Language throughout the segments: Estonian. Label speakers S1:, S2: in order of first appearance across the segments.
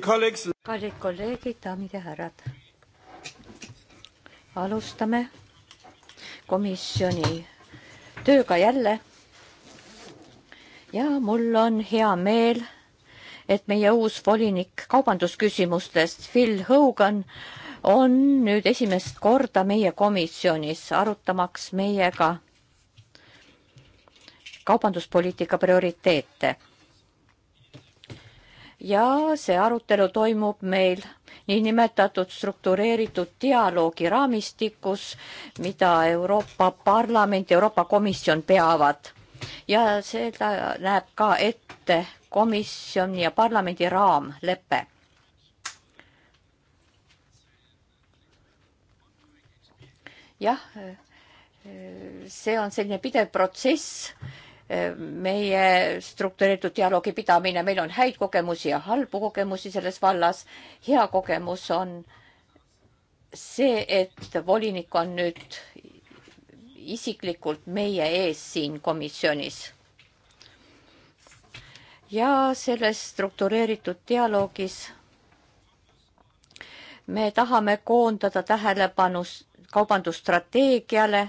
S1: kallid kolleegid, daamid ja härrad. alustame komisjoni tööga jälle. ja mul on hea meel, et meie uus volinik kaubandusküsimustest, Phil Hogan, on nüüd esimest korda meie komisjonis arutamaks meiega kaubanduspoliitika prioriteete ja see arutelu toimub meil niinimetatud struktureeritud dialoogi raamistikus, mida Euroopa Parlament ja Euroopa Komisjon peavad. ja seda näeb ka ette komisjoni ja parlamendi raamlepe. jah, see on selline pidev protsess meie struktureeritud dialoogi pidamine, meil on häid kogemusi ja halbu kogemusi selles vallas. hea kogemus on see, et volinik on nüüd isiklikult meie ees siin komisjonis. ja selles struktureeritud dialoogis me tahame koondada tähelepanu kaubandusstrateegiale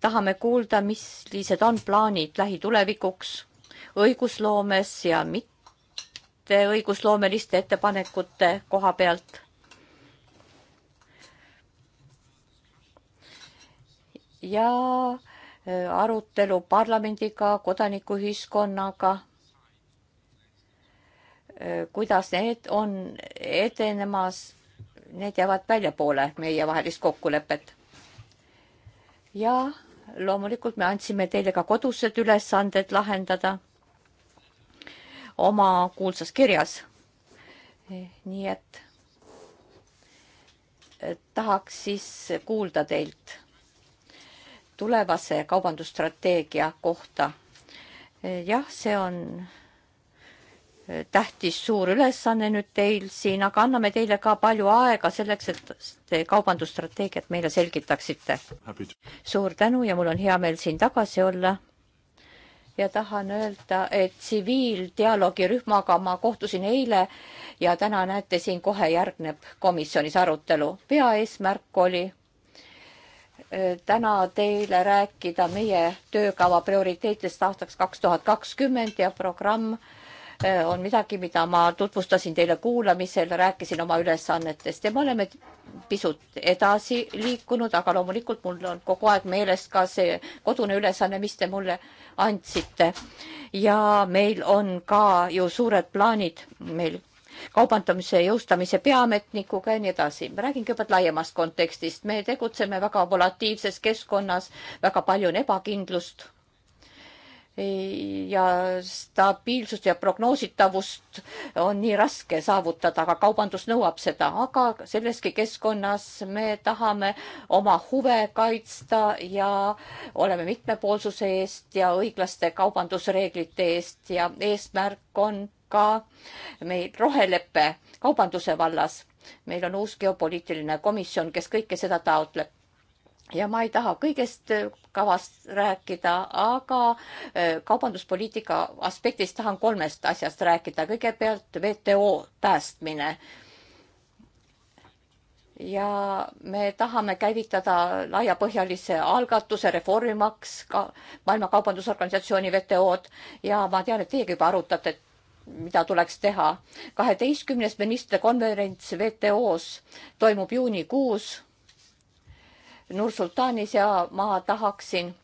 S1: tahame kuulda, millised on plaanid lähitulevikuks õigusloomes ja mitte õigusloomeliste ettepanekute koha pealt. ja äh, arutelu parlamendiga, kodanikuühiskonnaga äh, kuidas need on edenemas, need jäävad väljapoole meievahelist kokkulepet. ja loomulikult me andsime teile ka kodused ülesanded lahendada oma kuulsas kirjas. nii et, et eh, tahaks siis kuulda teilt tulevase kaubandusstrateegia kohta. Eh, jah, see on tähtis suur ülesanne nüüd teil siin, aga anname teile ka palju aega selleks, et te kaubandusstrateegiat meile selgitaksite. suur tänu ja mul on hea meel siin tagasi olla. ja tahan öelda, et tsiviildialoogirühmaga ma kohtusin eile ja täna näete siin kohe järgneb komisjonis arutelu. peaeesmärk oli e, täna teile rääkida meie töökava prioriteetidest aastaks kaks tuhat kakskümmend ja programm Äh, on midagi, mida ma tutvustasin teile kuulamisel, rääkisin oma ülesannetest ja me oleme pisut edasi liikunud, aga loomulikult mul on kogu aeg meeles ka see kodune ülesanne, mis te mulle andsite. ja meil on ka ju suured plaanid meil kaubandamise jõustamise peaametnikuga ja nii edasi. ma räägin kõigepealt laiemast kontekstist. me tegutseme väga volatiivses keskkonnas, väga palju on ebakindlust ja stabiilsust ja prognoositavust on nii raske saavutada, aga kaubandus nõuab seda, aga selleski keskkonnas me tahame oma huve kaitsta ja oleme mitmepoolsuse eest ja õiglaste kaubandusreeglite eest ja eesmärk on ka meil rohelepe kaubanduse vallas. meil on uus geopoliitiline komisjon, kes kõike seda taotleb ja ma ei taha kõigest äh, kavast rääkida, aga äh, kaubanduspoliitika aspektist tahan kolmest asjast rääkida. kõigepealt WTO päästmine. ja me tahame käivitada laiapõhjalise algatuse reformimaks ka Maailma Kaubandusorganisatsiooni WTO-d ja ma tean, et teiegi juba arutate, mida tuleks teha. kaheteistkümnes ministrite konverents WTO-s toimub juunikuus Nursultanis ja ma tahaksin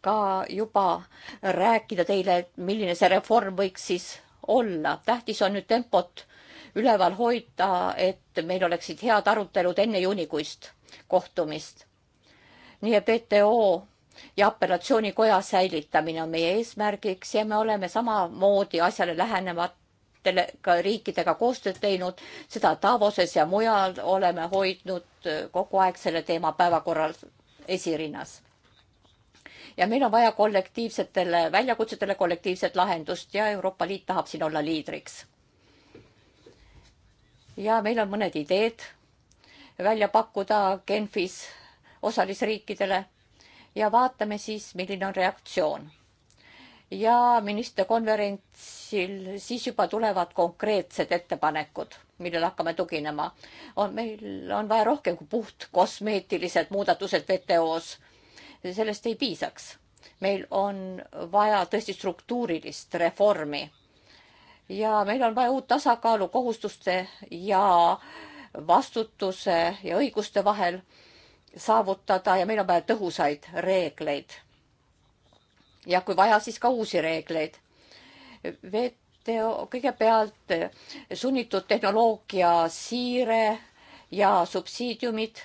S1: ka juba rääkida teile, milline see reform võiks siis olla. tähtis on nüüd tempot üleval hoida, et meil oleksid head arutelud enne juunikuist kohtumist. nii et WTO ja apellatsioonikoja säilitamine on meie eesmärgiks ja me oleme samamoodi asjale lähenevad ka riikidega koostööd teinud, seda Davoses ja mujal oleme hoidnud äh, kogu aeg selle teema päevakorral esirinnas. ja meil on vaja kollektiivsetele väljakutsetele kollektiivset lahendust ja Euroopa Liit tahab siin olla liidriks. ja meil on mõned ideed välja pakkuda Genfis osalisriikidele ja vaatame siis, milline on reaktsioon ja ministrikonverentsil siis juba tulevad konkreetsed ettepanekud, millele hakkame tuginema. on, meil on vaja rohkem kui puht kosmeetilised muudatused WTO-s. sellest ei piisaks. meil on vaja tõesti struktuurilist reformi. ja meil on vaja uut tasakaalu kohustuste ja vastutuse ja õiguste vahel saavutada ja meil on vaja tõhusaid reegleid ja kui vaja, siis ka uusi reegleid. WTO kõigepealt sunnitud tehnoloogia siire ja subsiidiumid,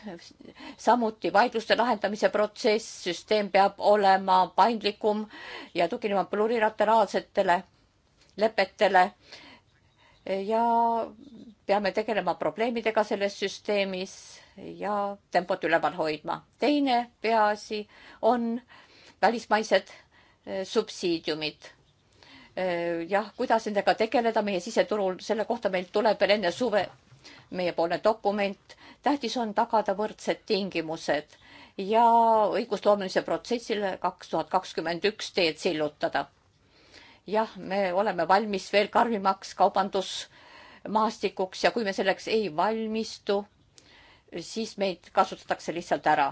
S1: samuti vaidluste lahendamise protsess, süsteem peab olema paindlikum ja tuginema plurilateraalsetele lepetele. ja peame tegelema probleemidega selles süsteemis ja tempot üleval hoidma. teine peaasi on välismaised Eh, subsiidiumid. Eh, jah, kuidas nendega tegeleda meie siseturul, selle kohta meil tuleb veel enne suve meiepoolne dokument. tähtis on tagada võrdsed tingimused ja õigusloomelise protsessile kaks tuhat kakskümmend üks teed sillutada. jah, me oleme valmis veel karmimaks kaubandusmaastikuks ja kui me selleks ei valmistu, siis meid kasutatakse lihtsalt ära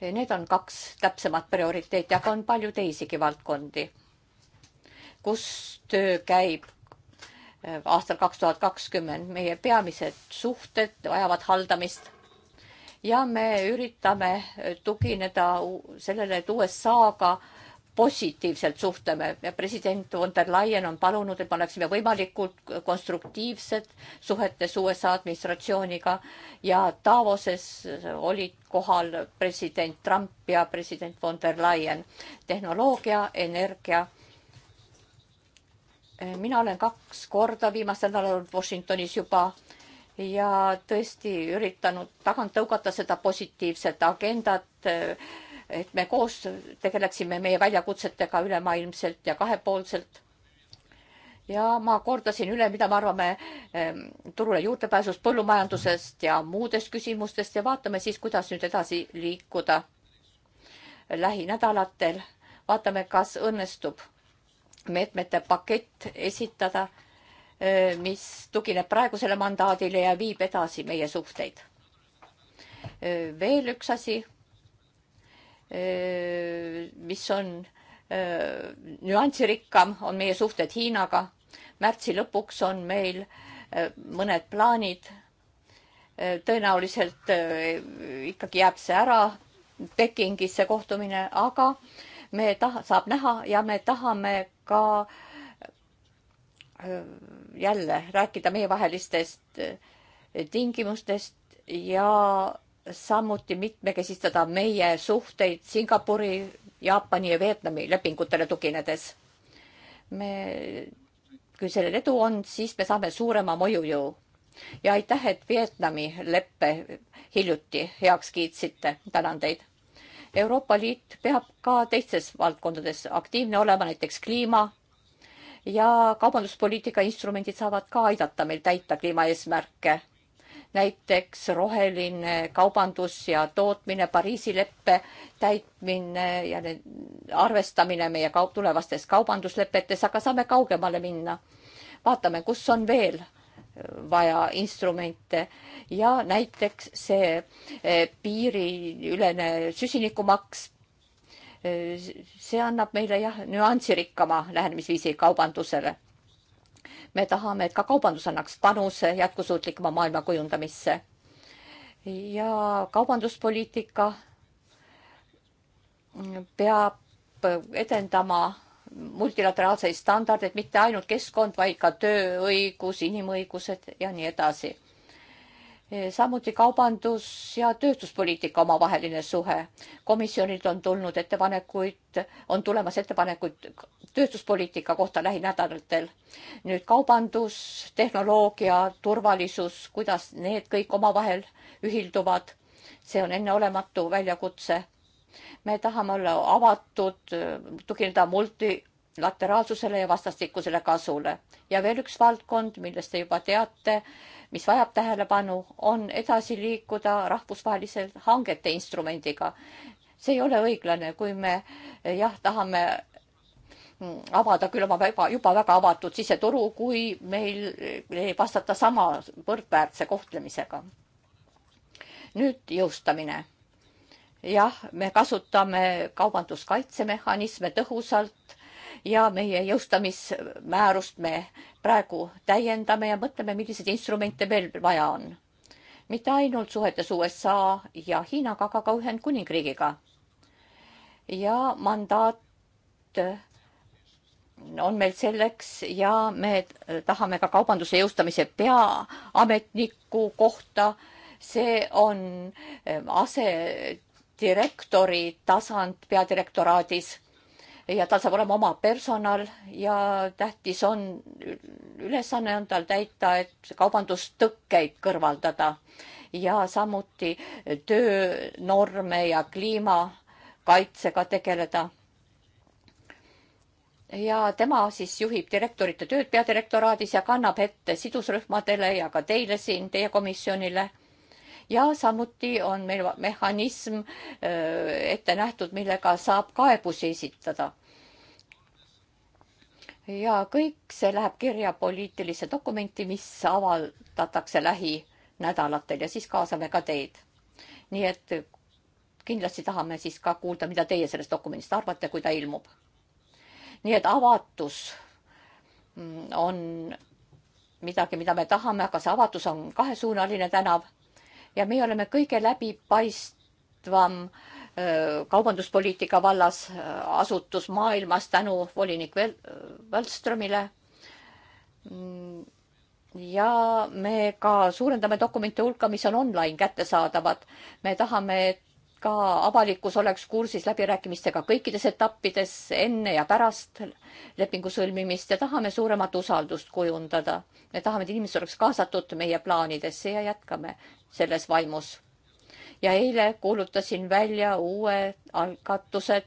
S1: Need on kaks täpsemat prioriteeti, aga on palju teisigi valdkondi, kus töö käib eh, aastal kaks tuhat kakskümmend. meie peamised suhted vajavad haldamist ja me üritame tugineda sellele, et USA-ga positiivselt suhtleme ja president von der Leyen on palunud, et me oleksime võimalikult konstruktiivsed suhetes USA administratsiooniga ja Davoses olid kohal president Trump ja president von der Leyen. tehnoloogia, energia. mina olen kaks korda viimasel nädalal olnud Washingtonis juba ja tõesti üritanud tagant tõugata seda positiivset agendat et me koos tegeleksime meie väljakutsetega ülemaailmselt ja kahepoolselt. ja ma kordasin üle, mida me arvame ehm, turule juurdepääsust, põllumajandusest ja muudest küsimustest ja vaatame siis, kuidas nüüd edasi liikuda lähinädalatel. vaatame, kas õnnestub meetmete pakett esitada, ehm, mis tugineb praegusele mandaadile ja viib edasi meie suhteid. Ehm, veel üks asi mis on nüansirikkam, on meie suhted Hiinaga. märtsi lõpuks on meil mõned plaanid. tõenäoliselt ikkagi jääb see ära, Pekingis see kohtumine, aga me taha, saab näha ja me tahame ka jälle rääkida meievahelistest tingimustest ja samuti mitmekesistada meie suhteid Singapuri, Jaapani ja Vietnami lepingutele tuginedes. me, kui sellel edu on, siis me saame suurema mõjujõu. ja aitäh, et Vietnami leppe hiljuti heaks kiitsite. tänan teid. Euroopa Liit peab ka teistes valdkondades aktiivne olema, näiteks kliima ja kaubanduspoliitika instrumendid saavad ka aidata meil täita kliimaeesmärke näiteks roheline kaubandus ja tootmine, Pariisi leppe täitmine ja need arvestamine meie kaup, tulevastes kaubanduslepetes, aga saame kaugemale minna. vaatame, kus on veel vaja instrumente ja näiteks see eh, piiriülene süsinikumaks. Eh, see annab meile jah, nüansirikkama lähenemisviisi kaubandusele me tahame, et ka kaubandus annaks panuse jätkusuutlikuma maailma kujundamisse. ja kaubanduspoliitika peab edendama multilateraalseid standardeid, mitte ainult keskkond, vaid ka tööõigus, inimõigused ja nii edasi. Eh, samuti kaubandus- ja tööstuspoliitika omavaheline suhe. komisjonilt on tulnud ettepanekuid, on tulemas ettepanekuid tööstuspoliitika kohta lähinädalatel. nüüd kaubandus, tehnoloogia, turvalisus, kuidas need kõik omavahel ühilduvad, see on enneolematu väljakutse. me tahame olla avatud, tugineda multilateraalsusele ja vastastikusele kasule. ja veel üks valdkond, millest te juba teate mis vajab tähelepanu, on edasi liikuda rahvusvahelise hangete instrumendiga. see ei ole õiglane, kui me jah, tahame avada küll oma väga, juba väga avatud siseturu, kui meil ei vastata sama võrdväärse kohtlemisega. nüüd jõustamine. jah, me kasutame kaubanduskaitsemehhanisme tõhusalt ja meie jõustamismäärust me praegu täiendame ja mõtleme, milliseid instrumente veel vaja on. mitte ainult suhetes USA ja Hiinaga, aga ka Ühendkuningriigiga. ja mandaat on meil selleks ja me tahame ka kaubanduse jõustamise peaametniku kohta. see on eh, asedirektori tasand peadirektoraadis ja tal saab olema oma personal ja tähtis on, ülesanne on tal täita, et kaubandustõkkeid kõrvaldada ja samuti töönorme ja kliimakaitsega tegeleda. ja tema siis juhib direktorite tööd peadirektoraadis ja kannab ette sidusrühmadele ja ka teile siin, teie komisjonile ja samuti on meil mehhanism äh, ette nähtud, millega saab kaebusi esitada ja kõik see läheb kirja poliitilisse dokumenti, mis avaldatakse lähinädalatel ja siis kaasame ka teid. nii et kindlasti tahame siis ka kuulda, mida teie sellest dokumendist arvate, kui ta ilmub. nii et avatus on midagi, mida me tahame, aga see avatus on kahesuunaline tänav ja meie oleme kõige läbipaistvam äh, Äh, kaubanduspoliitika vallas äh, asutus maailmas tänu volinik Välströmile. Mm, ja me ka suurendame dokumente hulka, mis on online kättesaadavad. me tahame, et ka avalikkus oleks kursis läbirääkimistega kõikides etappides enne ja pärast lepingu sõlmimist ja tahame suuremat usaldust kujundada. me tahame, et inimesed oleks kaasatud meie plaanidesse ja jätkame selles vaimus ja eile kuulutasin välja uue algatused,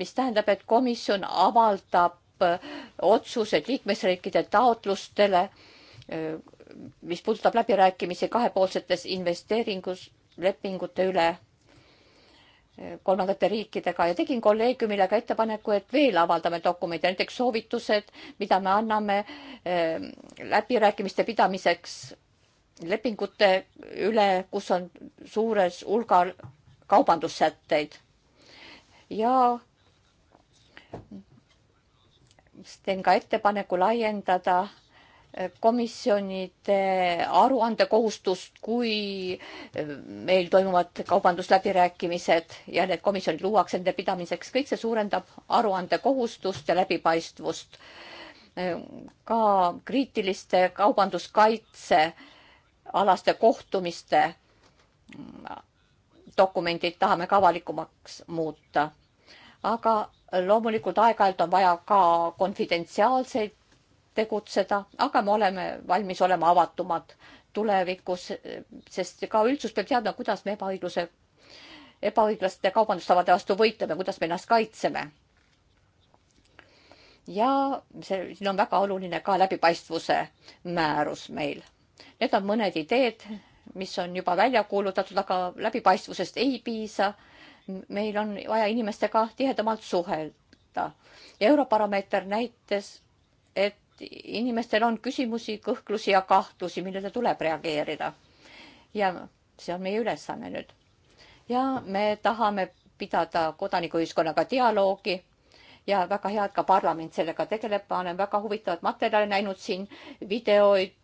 S1: mis tähendab, et komisjon avaldab äh, otsused liikmesriikide taotlustele, äh, mis puudutab läbirääkimisi kahepoolsetes investeeringuslepingute üle äh, kolmandate riikidega ja tegin kolleegiumile ka ettepaneku, et veel avaldame dokumente, näiteks soovitused, mida me anname läbirääkimiste pidamiseks lepingute üle, kus on suures hulgal kaubandussätteid. ja teen ka ettepaneku laiendada komisjonide aruandekohustust, kui meil toimuvad kaubandusläbirääkimised ja need komisjonid luuakse nende pidamiseks, kõik see suurendab aruandekohustust ja läbipaistvust. ka kriitiliste kaubanduskaitse alaste kohtumiste mm, dokumendid tahame ka avalikumaks muuta. aga loomulikult aeg-ajalt on vaja ka konfidentsiaalseid tegutseda, aga me oleme valmis olema avatumad tulevikus, sest ka üldsus peab teadma, kuidas me ebaõigluse, ebaõiglaste kaubandustavade vastu võitleme, kuidas me ennast kaitseme. ja see, siin on väga oluline ka läbipaistvuse määrus meil Need on mõned ideed, mis on juba välja kuulutatud, aga läbipaistvusest ei piisa. meil on vaja inimestega tihedamalt suhelda. Eurobaromeeter näitas, et inimestel on küsimusi, kõhklusi ja kahtlusi, millele tuleb reageerida. ja see on meie ülesanne nüüd. ja me tahame pidada kodanikuühiskonnaga dialoogi ja väga hea, et ka parlament sellega tegeleb, ma olen väga huvitavat materjali näinud siin, videoid,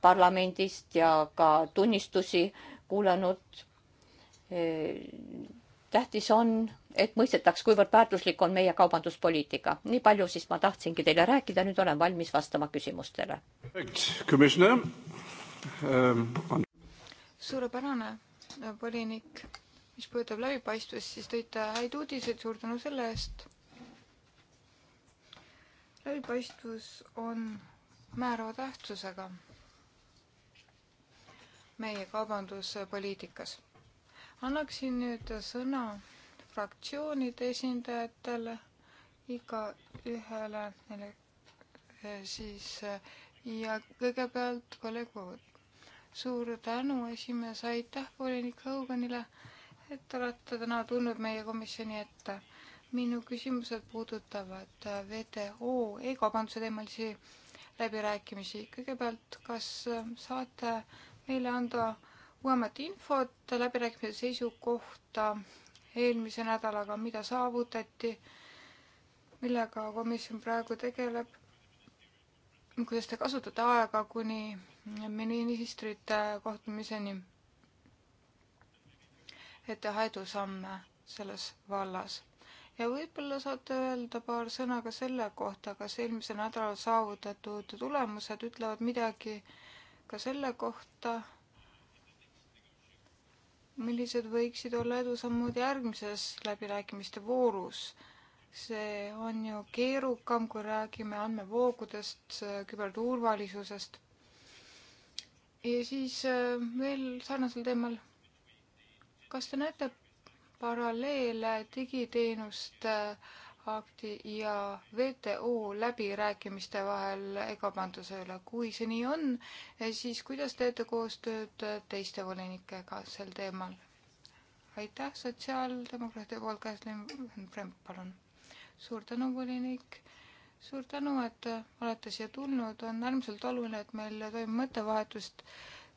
S1: parlamendist ja ka tunnistusi kuulanud. tähtis on, et mõistetaks, kuivõrd väärtuslik on meie kaubanduspoliitika. nii palju siis ma tahtsingi teile rääkida, nüüd olen valmis vastama küsimustele. Ähm,
S2: suurepärane, äh, volinik. mis puudutab läbipaistvust, siis tõite häid uudiseid, suur tänu selle eest. läbipaistvus on määrava tähtsusega meie kaubanduspoliitikas. annaksin nüüd sõna fraktsioonide esindajatele, igaühele neile eh, siis eh, ja kõigepealt kolleeg Vood. suur tänu, esimees, aitäh volinik Hauganile, et te olete täna tulnud meie komisjoni ette. minu küsimused puudutavad WTO eh, e-kaubanduse teemalisi läbirääkimisi. kõigepealt, kas saate meile anda uuemat infot läbirääkimise seisukohta eelmise nädalaga, mida saavutati, millega komisjon praegu tegeleb, kuidas te kasutate aega kuni ministrite kohtumiseni, et teha edusamme selles vallas ja võib-olla saate öelda paar sõna ka selle kohta, kas eelmisel nädalal saavutatud tulemused ütlevad midagi äh, ka selle kohta, millised võiksid olla edusammud järgmises läbirääkimiste voorus. see on ju keerukam, kui räägime andmevoogudest, küberturvalisusest. ja siis äh, veel sarnasel teemal. kas te näete paralleele digiteenuste äh, akti ja WTO läbirääkimiste vahel e-kaubanduse üle. kui see nii on, eh, siis kuidas teete koostööd teiste volinikega sel teemal? aitäh, sotsiaaldemokraatide poolt Käslin Bremp, palun. suur tänu, volinik. suur tänu, et olete siia tulnud. on äärmiselt oluline, et meil toimub mõttevahetust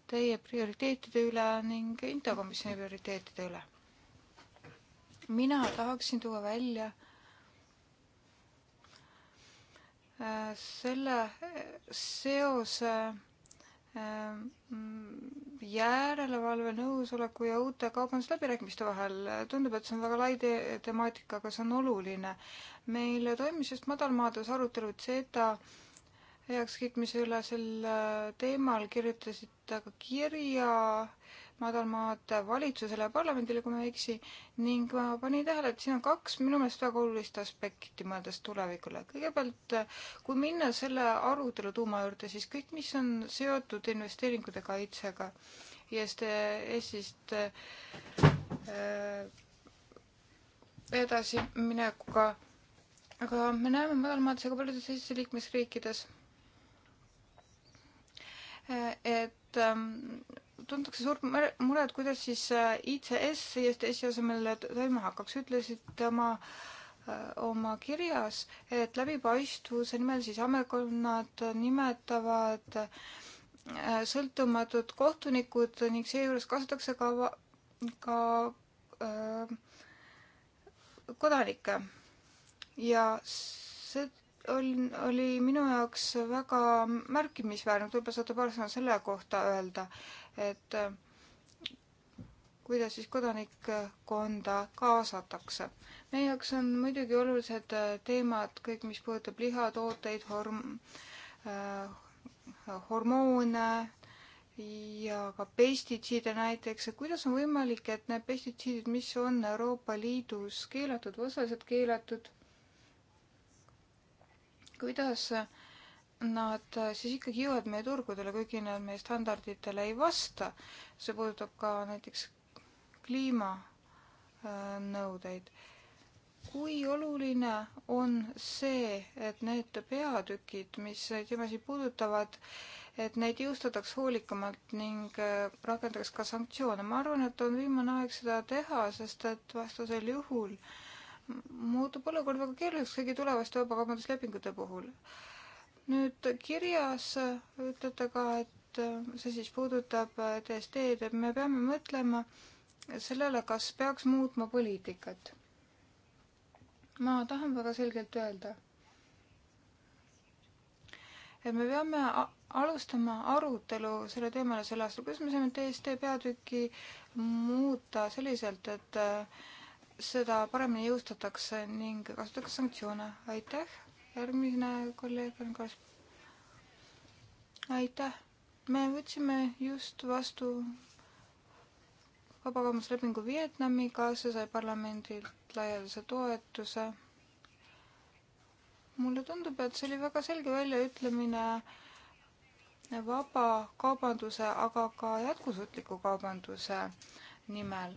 S2: teie prioriteetide üle ning Intokomisjoni prioriteetide üle. mina tahaksin tuua välja selle seose ehm, järelevalve nõusoleku ja uute kaubandusläbirääkimiste vahel. tundub, et see on väga lai te temaatika, aga see on oluline. meil toimus just madalmaades arutelud seda heakskiitmise üle sel ehm, teemal, kirjutasite ka kirja äh, madalmaad valitsusele ja parlamendile, kui ma ei eksi, ning ma panin tähele, et siin on kaks minu meelest väga olulist aspekti, mõeldes tulevikule. kõigepealt, kui minna selle arutelu tuuma juurde, siis kõik, mis on seotud investeeringute kaitsega, ISDS-ist äh, äh, edasiminekuga, aga me näeme madalmaadusega paljudes teistes liikmesriikides, äh, et ähm, tuntakse suurt muret, kuidas siis äh, ICS ISTS-i asemel toime hakkaks, ütlesite oma äh, oma kirjas, et läbipaistvuse nimel siis ametkonnad nimetavad äh, sõltumatud kohtunikud ning seejuures kasutatakse ka, ka äh, kodanikke. ja see oli, oli minu jaoks väga märkimisväärne, võib-olla saate paar sõna selle kohta öelda, et äh, kuidas siis kodanikkonda kaasatakse. meie jaoks on muidugi olulised äh, teemad, kõik, mis puudutab lihatooteid, horm- äh,, hormoone ja ka pestitsiide näiteks, et kuidas on võimalik, et need pestitsiidid, mis on Euroopa Liidus keelatud või osaliselt keelatud, kuidas äh, nad äh, siis ikkagi jõuavad meie turgudele, kuigi nad meie standarditele ei vasta. see puudutab ka näiteks kliimanõudeid. Äh, kui oluline on see, et need peatükid, mis neid äh, teemasid puudutavad, et neid jõustataks hoolikamalt ning rakendaks ka sanktsioone. ma arvan, et on viimane aeg seda teha, sest et vastasel juhul muutub olukord väga keeruliseks kõigi tulevaste vabakaubanduslepingute puhul nüüd kirjas ütlete ka, et see siis puudutab DSD-d, et me peame mõtlema sellele, kas peaks muutma poliitikat. ma tahan väga selgelt öelda, et me peame alustama arutelu selle teemale sel aastal, kuidas me saame DSD peatüki muuta selliselt, et seda paremini jõustatakse ning kasutatakse sanktsioone. aitäh! järgmine kolleeg on kas-. aitäh, me võtsime just vastu vabakaubanduslepingu Vietnamiga, see sai parlamendilt laialdase toetuse. mulle tundub, et see oli väga selge väljaütlemine vaba kaubanduse, aga ka jätkusuutliku kaubanduse nimel.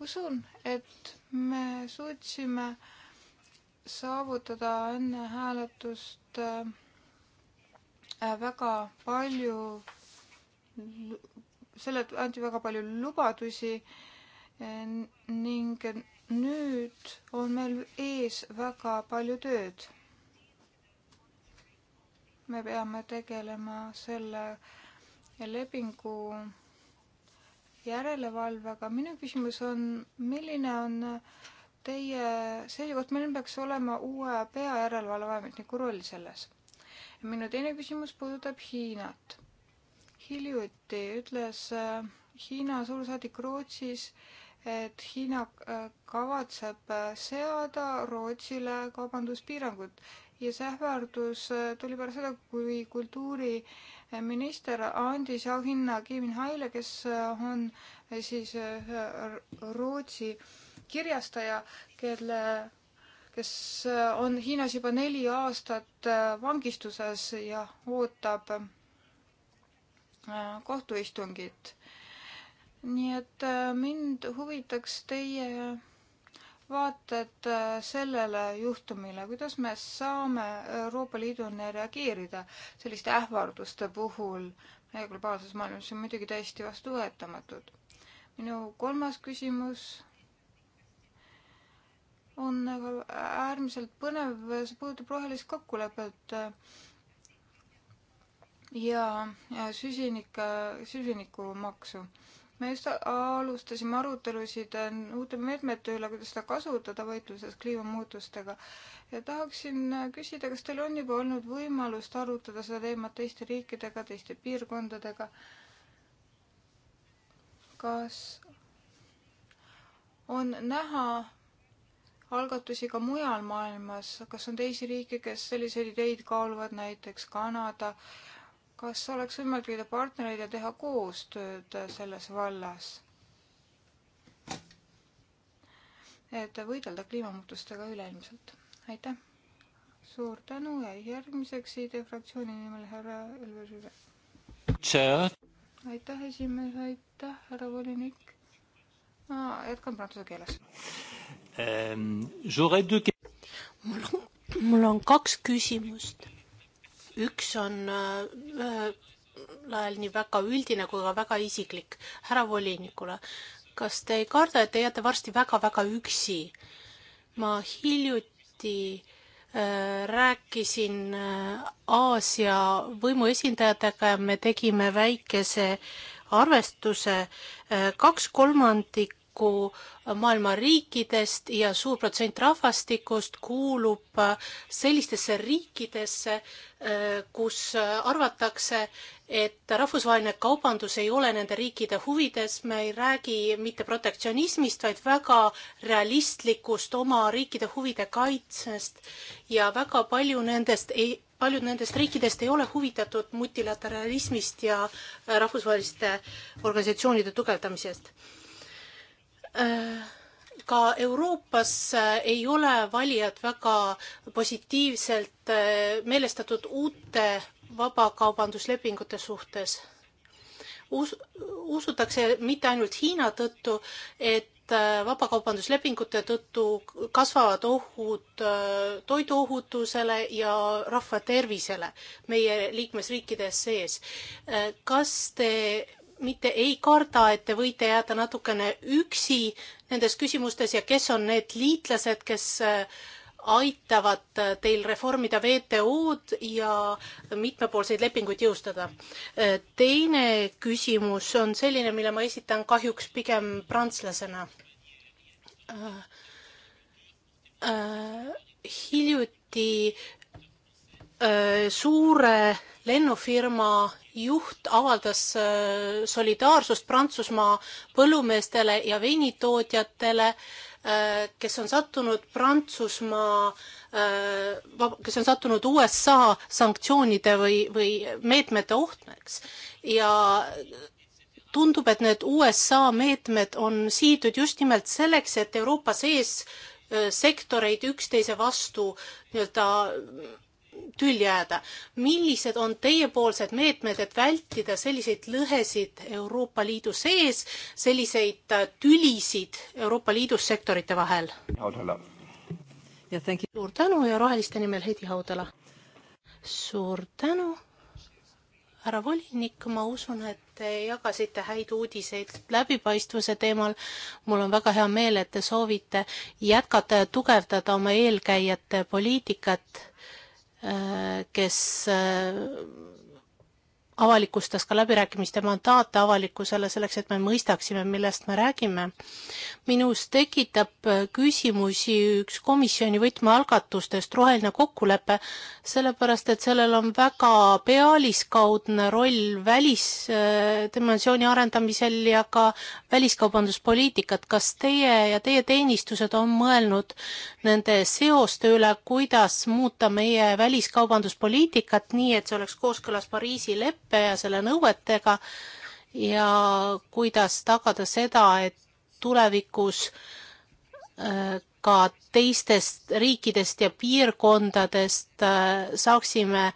S2: usun, et me suutsime äh, saavutada enne hääletust äh, väga palju, selle, anti väga palju lubadusi äh, ning nüüd on meil ees väga palju tööd. me peame tegelema selle lepingu järelevalvega. minu küsimus on, milline on äh, teie seisukoht, milline peaks olema uue peajärelevalveametniku roll selles? minu teine küsimus puudutab Hiinat. hiljuti ütles äh, Hiina suursaadik Rootsis, et Hiina äh, kavatseb äh, seada Rootsile kaubanduspiirangud ja see ähvardus tuli pärast seda, kui kultuuriminister andis auhinna Kim Haile, kes on siis Rootsi äh, kirjastaja, kelle, kes on Hiinas juba neli aastat äh, vangistuses ja ootab äh, kohtuistungit. nii et äh, mind huvitaks teie vaated sellele juhtumile, kuidas me saame Euroopa Liiduna reageerida selliste ähvarduste puhul meie globaalses maailmas, see on muidugi täiesti vastuvõetamatud. minu kolmas küsimus on aga nagu äärmiselt põnev, see puudutab rohelist kokkulepet ja, ja süsinike, süsinikumaksu. me just alustasime arutelusid uute meetmete üle, kuidas seda kasutada võitluses kliimamuutustega ja tahaksin küsida, kas teil on juba olnud võimalust arutada seda teemat teiste riikidega, teiste piirkondadega? kas on näha, algatusi ka mujal maailmas, kas on teisi riike, kes selliseid ideid kaaluvad, näiteks Kanada, kas oleks võimalik leida partnereid ja teha koostööd selles vallas? et võidelda kliimamuutustega üleilmselt. aitäh! suur tänu ja järgmiseks ID fraktsiooni nimel härra Elver Hüve. aitäh, esimees, aitäh, härra volinik. ma jätkan prantsuse keeles Ehm, mul
S3: on, mul on kaks küsimust. üks on ühel äh, äh, ajal nii väga üldine kui ka väga isiklik härra volinikule. kas te ei karda, et te jääte varsti väga-väga üksi? ma hiljuti äh, rääkisin äh, Aasia võimuesindajatega ja me tegime väikese arvestuse äh,. kaks kolmandik kokku maailma riikidest ja suur protsent rahvastikust kuulub äh, sellistesse riikidesse, äh, kus äh, arvatakse, et rahvusvaheline kaubandus ei ole nende riikide huvides, me ei räägi mitte protektsionismist, vaid väga realistlikust oma riikide huvide kaitsest ja väga palju nendest ei, paljud nendest riikidest ei ole huvitatud multilateralismist ja rahvusvaheliste organisatsioonide tugevdamisest. Äh, ka Euroopas äh, ei ole valijad väga positiivselt äh, meelestatud uute vabakaubanduslepingute suhtes us-, usutakse mitte ainult Hiina tõttu, et vabakaubanduslepingute tõttu kasvavad ohud toiduohutusele ja rahva tervisele meie liikmesriikide sees. kas te mitte ei karda, et te võite jääda natukene üksi nendes küsimustes ja kes on need liitlased, kes äh, aitavad äh, teil reformida WTO-d ja mitmepoolseid lepinguid jõustada. Äh, teine küsimus on selline, mille ma esitan kahjuks pigem prantslasena. hiljuti Äh, suure lennufirma juht avaldas äh, solidaarsust Prantsusmaa põllumeestele ja veinitootjatele, äh, kes on sattunud Prantsusmaa, kes on sattunud USA sanktsioonide või, või meetmete ohtmeks ja tundub, et need USA meetmed on siidud just nimelt selleks, et Euroopa sees sektoreid üksteise vastu nii-öelda tülli jääda. millised on teiepoolsed meetmed, et vältida selliseid lõhesid Euroopa Liidu sees, selliseid äh, tülisid Euroopa Liidus sektorite vahel? suur tänu ja Roheliste nimel Heidi Haudala. suur tänu, härra volinik, ma usun, et te jagasite häid uudiseid läbipaistvuse teemal. mul on väga hea meel, et te soovite jätkata ja tugevdada oma eelkäijate poliitikat Äh, kes äh, avalikustas ka läbirääkimiste mandaate avalikkusele selleks, et me mõistaksime, millest me räägime. minus tekitab küsimusi üks komisjoni võtmealgatustest, roheline kokkulepe, sellepärast et sellel on väga pealiskaudne roll välisdimensiooni äh, arendamisel ja ka väliskaubanduspoliitikat. kas teie ja teie teenistused on mõelnud nende seoste üle, kuidas muuta meie väliskaubanduspoliitikat nii, et see oleks kooskõlas Pariisi leppega? leppe ja selle nõuetega ja kuidas tagada seda, et tulevikus äh, ka teistest riikidest ja piirkondadest äh, saaksime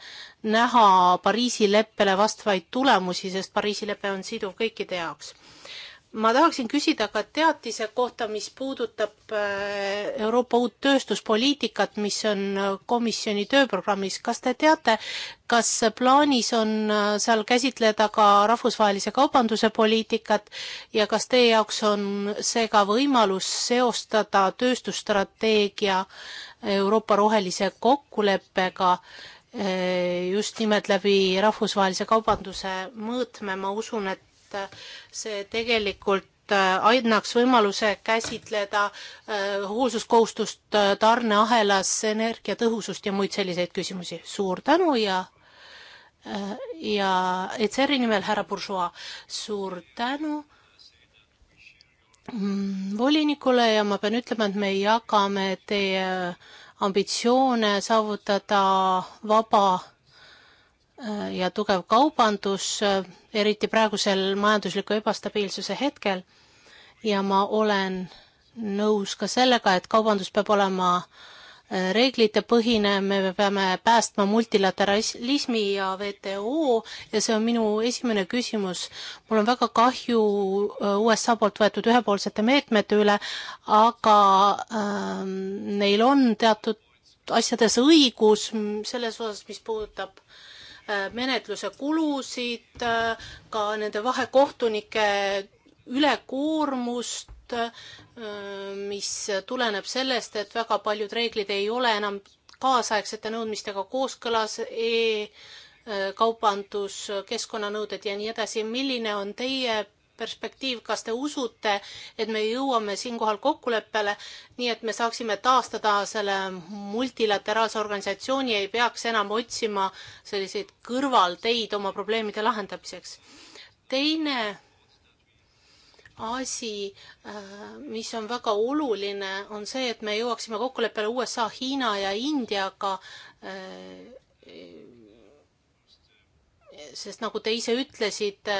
S3: näha Pariisi leppele vastavaid tulemusi, sest Pariisi lepe on siduv kõikide jaoks ma tahaksin küsida ka teatise kohta, mis puudutab äh, Euroopa uut tööstuspoliitikat, mis on äh, komisjoni tööprogrammis. kas te teate, kas plaanis on äh, seal käsitleda ka rahvusvahelise kaubanduse poliitikat ja kas teie jaoks on see ka võimalus seostada tööstusstrateegia Euroopa rohelise kokkuleppega just nimelt läbi rahvusvahelise kaubanduse mõõtme, ma usun, et et äh, see tegelikult äh, annaks võimaluse käsitleda äh, hoolsuskohustust tarneahelas, energiatõhusust ja muid selliseid küsimusi. suur tänu ja ja ECR-i nimel härra Bourgeois, suur tänu mm, volinikule ja ma pean ütlema, et me jagame teie ambitsioone saavutada vaba Äh, ja tugev kaubandus, äh, eriti praegusel majandusliku ebastabiilsuse hetkel. ja ma olen nõus ka sellega, et kaubandus peab olema äh, reeglitepõhine, me peame päästma multilateralismi ja WTO ja see on minu esimene küsimus. mul on väga kahju USA poolt võetud ühepoolsete meetmete üle, aga ähm, neil on teatud asjades õigus selles osas, mis puudutab Äh, menetluse kulusid, äh, ka nende vahekohtunike ülekoormust, äh, mis tuleneb sellest, et väga paljud reeglid ei ole enam kaasaegsete nõudmistega kooskõlas e, kaubandus, keskkonnanõuded ja nii edasi. milline on teie perspektiiv, kas te usute, et me jõuame siinkohal kokkuleppele, nii et me saaksime taastada selle multilateraalse organisatsiooni, ei peaks enam otsima selliseid kõrvalteid oma probleemide lahendamiseks. teine asi, äh, mis on väga oluline, on see, et me jõuaksime kokkuleppele USA, Hiina ja Indiaga äh, sest nagu te ise ütlesite,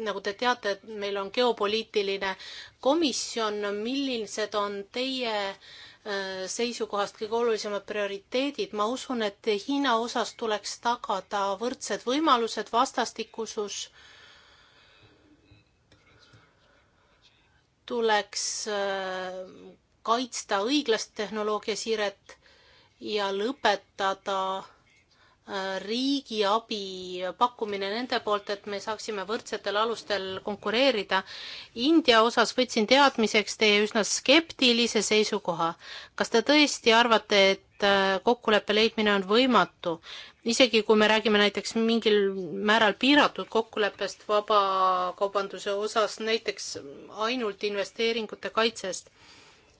S3: nagu te teate, et meil on geopoliitiline komisjon, millised on teie äh, seisukohast kõige olulisemad prioriteedid, ma usun, et Hiina osas tuleks tagada võrdsed võimalused, vastastikusus, tuleks äh, kaitsta õiglast tehnoloogiasiiret ja lõpetada riigiabi pakkumine nende poolt, et me saaksime võrdsetel alustel konkureerida. India osas võtsin teadmiseks teie üsna skeptilise seisukoha. kas te tõesti arvate, et äh, kokkuleppe leidmine on võimatu? isegi kui me räägime näiteks mingil määral piiratud kokkuleppest vabakaubanduse osas, näiteks ainult investeeringute kaitsest.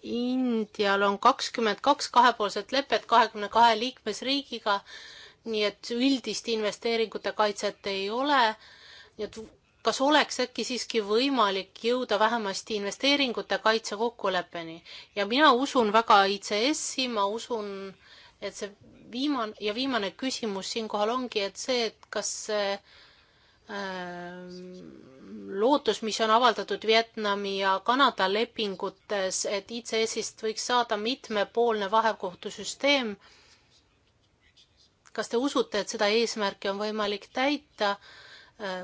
S3: Indial on kakskümmend kaks kahepoolset lepet kahekümne kahe liikmesriigiga nii et üldist investeeringute kaitset ei ole. nii et kas oleks äkki siiski võimalik jõuda vähemasti investeeringute kaitse kokkuleppeni ja mina usun väga ICS-i, ma usun, et see viimane ja viimane küsimus siinkohal ongi, et see, et kas see äh, lootus, mis on avaldatud Vietnami ja Kanada lepingutes, et ICS-ist võiks saada mitmepoolne vahekohtusüsteem äh,, kas te usute, et seda eesmärki on võimalik täita äh,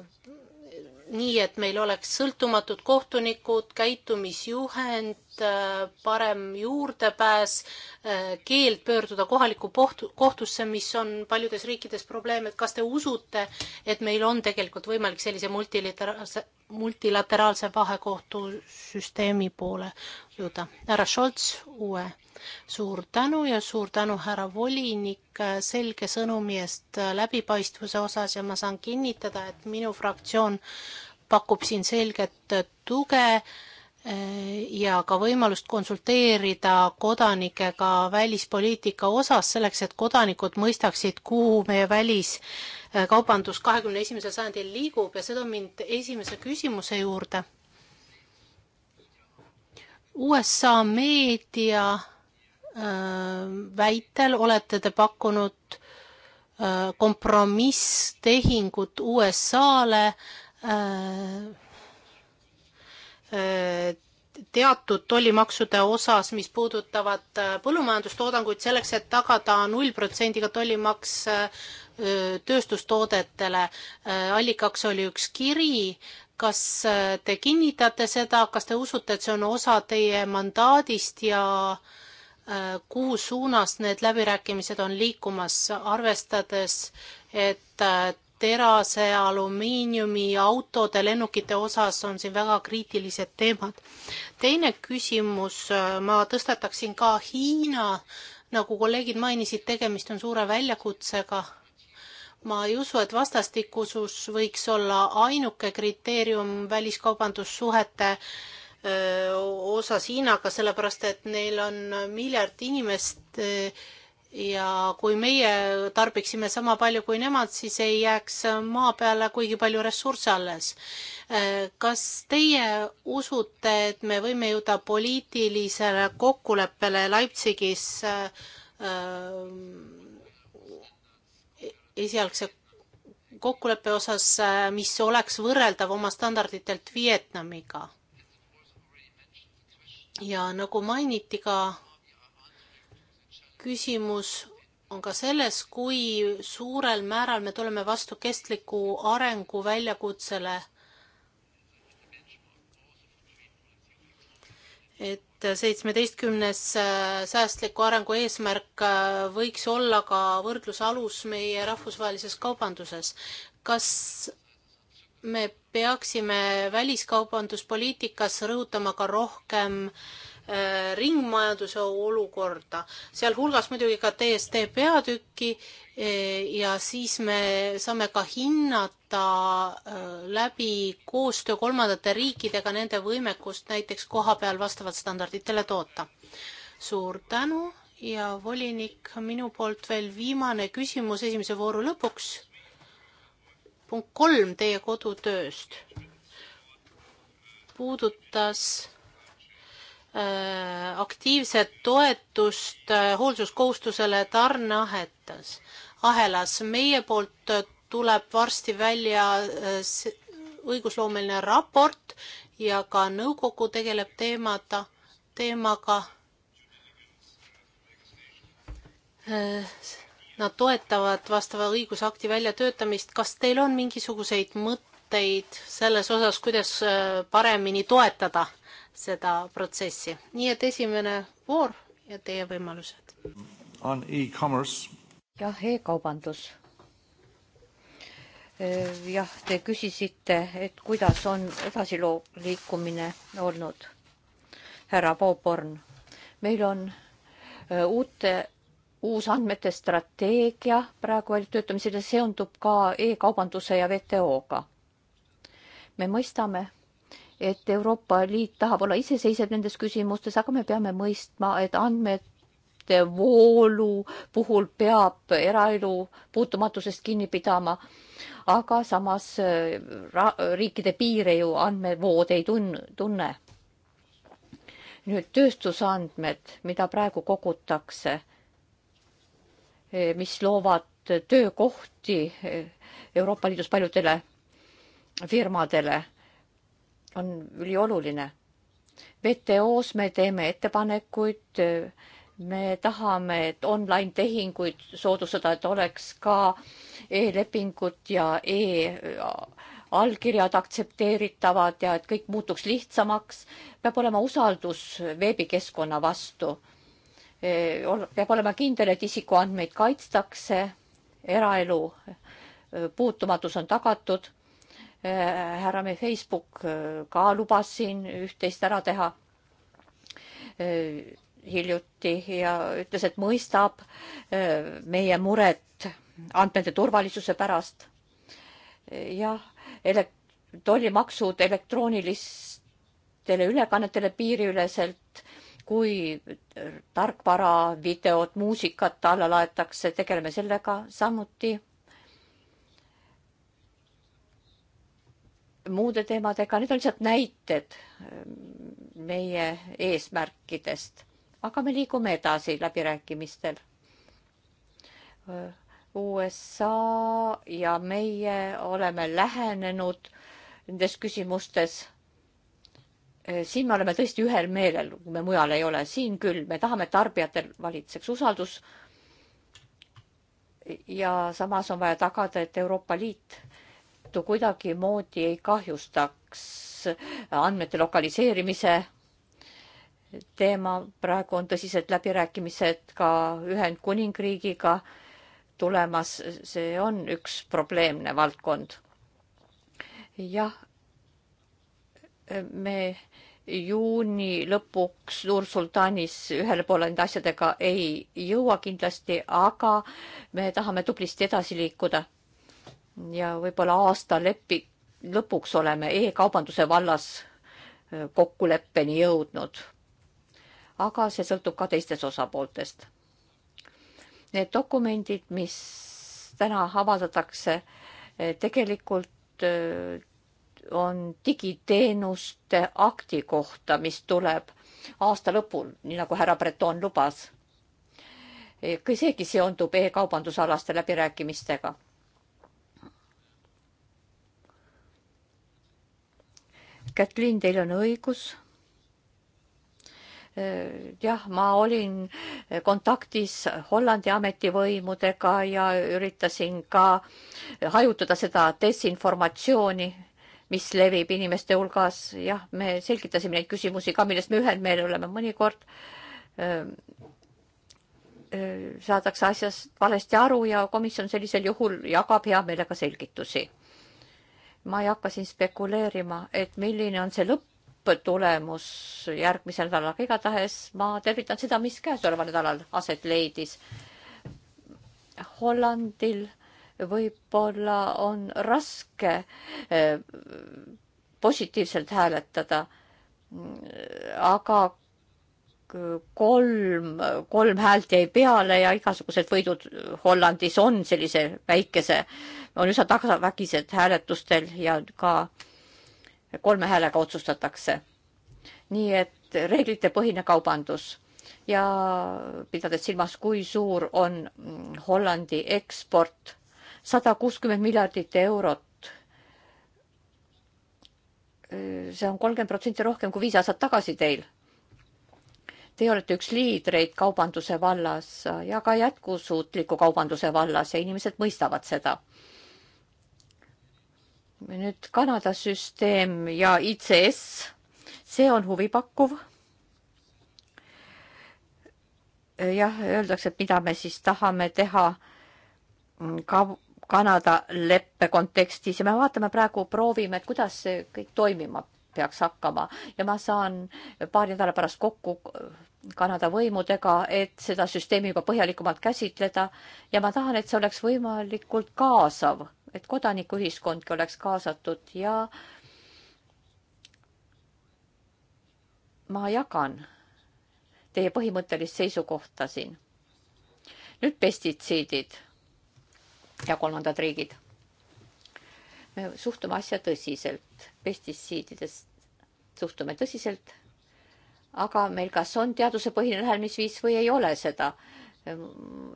S3: nii, et meil oleks sõltumatud kohtunikud, käitumisjuhend, Äh, parem juurdepääs, äh, keeld pöörduda kohalikku kohtu, kohtusse, mis on paljudes riikides probleem, et kas te usute, et meil on tegelikult võimalik sellise multilateraalse, multilateraalse vahekohtusüsteemi poole jõuda? härra Scholz, uue suur tänu ja suur tänu, härra volinik, äh, selge sõnumi eest läbipaistvuse osas ja ma saan kinnitada, et minu fraktsioon pakub siin selget tuge äh, ja ka võimalust konsulteerida kodanikega välispoliitika osas, selleks et kodanikud mõistaksid, kuhu meie väliskaubandus kahekümne esimesel sajandil liigub ja see toob mind esimese küsimuse juurde. USA meedia äh, väitel olete te pakkunud äh, kompromisstehingut USA-le äh, Äh, teatud tollimaksude osas, mis puudutavad äh, põllumajandustoodanguid, selleks et tagada null protsendiga tollimaks äh, tööstustoodetele. allikaks oli üks kiri, kas te kinnitate seda, kas te usute, et see on osa teie mandaadist ja kuhu suunas need läbirääkimised on liikumas, arvestades, et terase, alumiiniumi, autode, lennukite osas on siin väga kriitilised teemad. teine küsimus, äh, ma tõstataksin ka Hiina, nagu kolleegid mainisid, tegemist on suure väljakutsega. ma ei usu, et vastastikusus võiks olla ainuke kriteerium väliskaubandussuhete äh, osas Hiinaga, sellepärast et neil on miljard inimest äh, ja kui meie tarbiksime sama palju kui nemad, siis ei jääks maa peale kuigi palju ressursse alles. kas teie usute, et me võime jõuda poliitilisele kokkuleppele Leipzigis äh, esialgse kokkuleppe osas, mis oleks võrreldav oma standarditelt Vietnamiga? ja nagu mainiti ka küsimus on ka selles, kui suurel määral me tuleme vastu kestliku arengu väljakutsele. et seitsmeteistkümnes äh, säästliku arengu eesmärk äh, võiks olla ka võrdlusalus meie rahvusvahelises kaubanduses. kas me peaksime väliskaubanduspoliitikas rõhutama ka rohkem äh, Äh, ringmajanduse olukorda, sealhulgas muidugi ka DSD peatükki äh, ja siis me saame ka hinnata äh, läbi koostöö kolmandate riikidega nende võimekust näiteks koha peal vastavalt standarditele toota. suur tänu ja volinik, minu poolt veel viimane küsimus esimese vooru lõpuks. punkt kolm teie kodutööst puudutas Äh, aktiivset toetust äh, hoolsuskohustusele tarneahetas, ahelas. meie poolt tuleb varsti välja äh, õigusloomeline raport ja ka nõukogu tegeleb teemata, teemaga. Nad toetavad vastava õigusakti väljatöötamist. kas teil on mingisuguseid mõtteid selles osas, kuidas paremini toetada seda protsessi. nii et esimene voor ja teie võimalused.
S2: on e-commerce.
S3: jah
S1: e, e-kaubandus. Äh, jah, te küsisite, et kuidas on edasiloo liikumine olnud, härra Poporn. meil on äh, uute uus andmete strateegia praegu väljatöötamisel ja seondub ka e-kaubanduse ja WTO-ga. me mõistame, et Euroopa Liit tahab olla iseseisev nendes küsimustes, aga me peame mõistma, et andmete voolu puhul peab eraelu puutumatusest kinni pidama. aga samas äh, riikide piire ju andmevood ei tun-, tunne. nüüd tööstusandmed, mida praegu kogutakse, mis loovad töökohti äh, Euroopa Liidus paljudele firmadele on ülioluline. WTO-s me teeme ettepanekuid, me tahame, et online tehinguid soodustada, et oleks ka e-lepingut ja e-allkirjad aktsepteeritavad ja et kõik muutuks lihtsamaks. peab olema usaldus veebikeskkonna vastu. E, peab olema kindel, et isikuandmeid kaitstakse, eraelu e, puutumatus on tagatud Äh, härra me Facebook äh, ka lubas siin üht-teist ära teha äh, hiljuti ja ütles, et mõistab meie muret andmete turvalisuse pärast. jah, elek-, tollimaksud elektroonilistele ülekannetele piiriüleselt, kui tarkvara, videot, muusikat alla laetakse, tegeleme sellega samuti muude teemadega, need on lihtsalt näited ähm, meie eesmärkidest, aga me liigume edasi läbirääkimistel. Äh, USA ja meie oleme lähenenud nendes küsimustes. Äh, siin me oleme tõesti ühel meelel, kui me mujal ei ole, siin küll, me tahame, et tarbijatel valitseks usaldus. ja samas on vaja tagada, et Euroopa Liit tõttu kuidagimoodi ei kahjustaks andmete lokaliseerimise teema. praegu on tõsised läbirääkimised ka Ühendkuningriigiga tulemas, see on üks probleemne valdkond. jah, me juuni lõpuks Nursultanis ühele poole nende asjadega ei jõua kindlasti, aga me tahame tublisti edasi liikuda ja võib-olla aasta lepi-, lõpuks oleme e-kaubanduse vallas kokkuleppeni jõudnud. aga see sõltub ka teistest osapooltest. Need dokumendid, mis täna avaldatakse, tegelikult on digiteenuste akti kohta, mis tuleb aasta lõpul, nii nagu härra Breton lubas. seegi seondub e-kaubandusalaste läbirääkimistega Kätlin, teil on õigus. Äh, jah, ma olin äh, kontaktis Hollandi ametivõimudega ja üritasin ka hajutada seda desinformatsiooni, mis levib inimeste hulgas. jah, me selgitasime neid küsimusi ka, millest me ühel meelel oleme mõnikord äh, saadakse asjast valesti aru ja komisjon sellisel juhul jagab hea meelega selgitusi ma ei hakka siin spekuleerima, et milline on see lõpptulemus järgmisel nädalal, aga igatahes ma tervitan seda, mis käesoleval nädalal aset leidis. Hollandil võib-olla on raske eh, positiivselt hääletada, aga kolm, kolm häält jäi peale ja igasugused võidud Hollandis on sellise väikese, on üsna tagavägised hääletustel ja ka kolme häälega otsustatakse. nii et reeglitepõhine kaubandus ja pidades silmas, kui suur on Hollandi eksport, sada kuuskümmend miljardit eurot. see on kolmkümmend protsenti rohkem kui viis aastat tagasi teil Teie olete üks liidreid kaubanduse vallas ja ka jätkusuutliku kaubanduse vallas ja inimesed mõistavad seda. nüüd Kanada süsteem ja ICS, see on huvipakkuv. jah, öeldakse, et mida me siis tahame teha ka Kanada leppe kontekstis ja me vaatame praegu, proovime, et kuidas see kõik toimima peaks hakkama ja ma saan paari nädala pärast kokku Kanada võimudega, et seda süsteemi juba põhjalikumalt käsitleda ja ma tahan, et see oleks võimalikult kaasav, et kodanikuühiskondki oleks kaasatud ja ma jagan teie põhimõttelist seisukohta siin. nüüd pestitsiidid ja kolmandad riigid. me suhtume asja tõsiselt, pestitsiididest suhtume tõsiselt aga meil kas on teadusepõhine lähenemisviis või ei ole seda.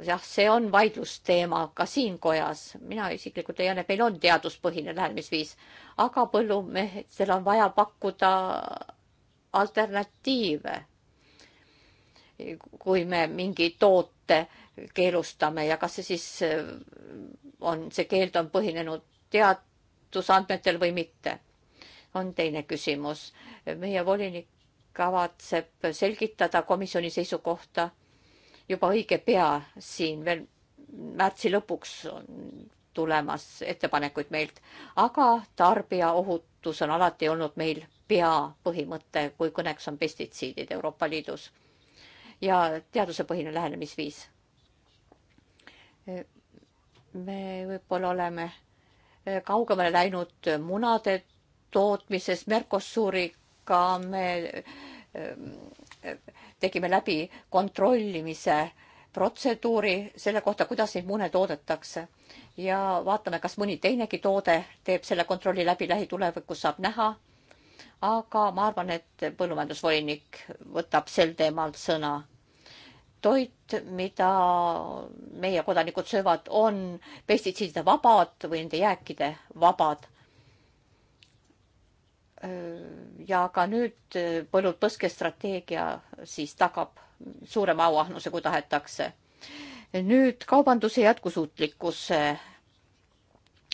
S1: jah, see on vaidlusteema ka siin kojas. mina isiklikult leian, et meil on teaduspõhine lähenemisviis, aga põllumehedel on vaja pakkuda alternatiive. kui me mingi toote keelustame ja kas see siis on, see keeld on põhinenud teadusandmetel või mitte, on teine küsimus. meie volinik kavatseb selgitada komisjoni seisukohta juba õige pea siin veel märtsi lõpuks on tulemas ettepanekuid meilt, aga tarbijaohutus on alati olnud meil peapõhimõte, kui kõneks on pestitsiidid Euroopa Liidus ja teadusepõhine lähenemisviis. me võib-olla oleme kaugemale läinud munade tootmises Mercosuri ka me eh, tegime läbi kontrollimise protseduuri selle kohta, kuidas neid mune toodetakse ja vaatame, kas mõni teinegi toode teeb selle kontrolli läbi lähitulevikus, saab näha. aga ma arvan, et põllumajandusvolinik võtab sel teemal sõna. toit, mida meie kodanikud söövad, on pestitsiidide vabad või nende jääkide vabad Äh, ja ka nüüd äh, põllult põskestrateegia siis tagab suurema auahnuse, kui tahetakse. nüüd kaubanduse jätkusuutlikkuse,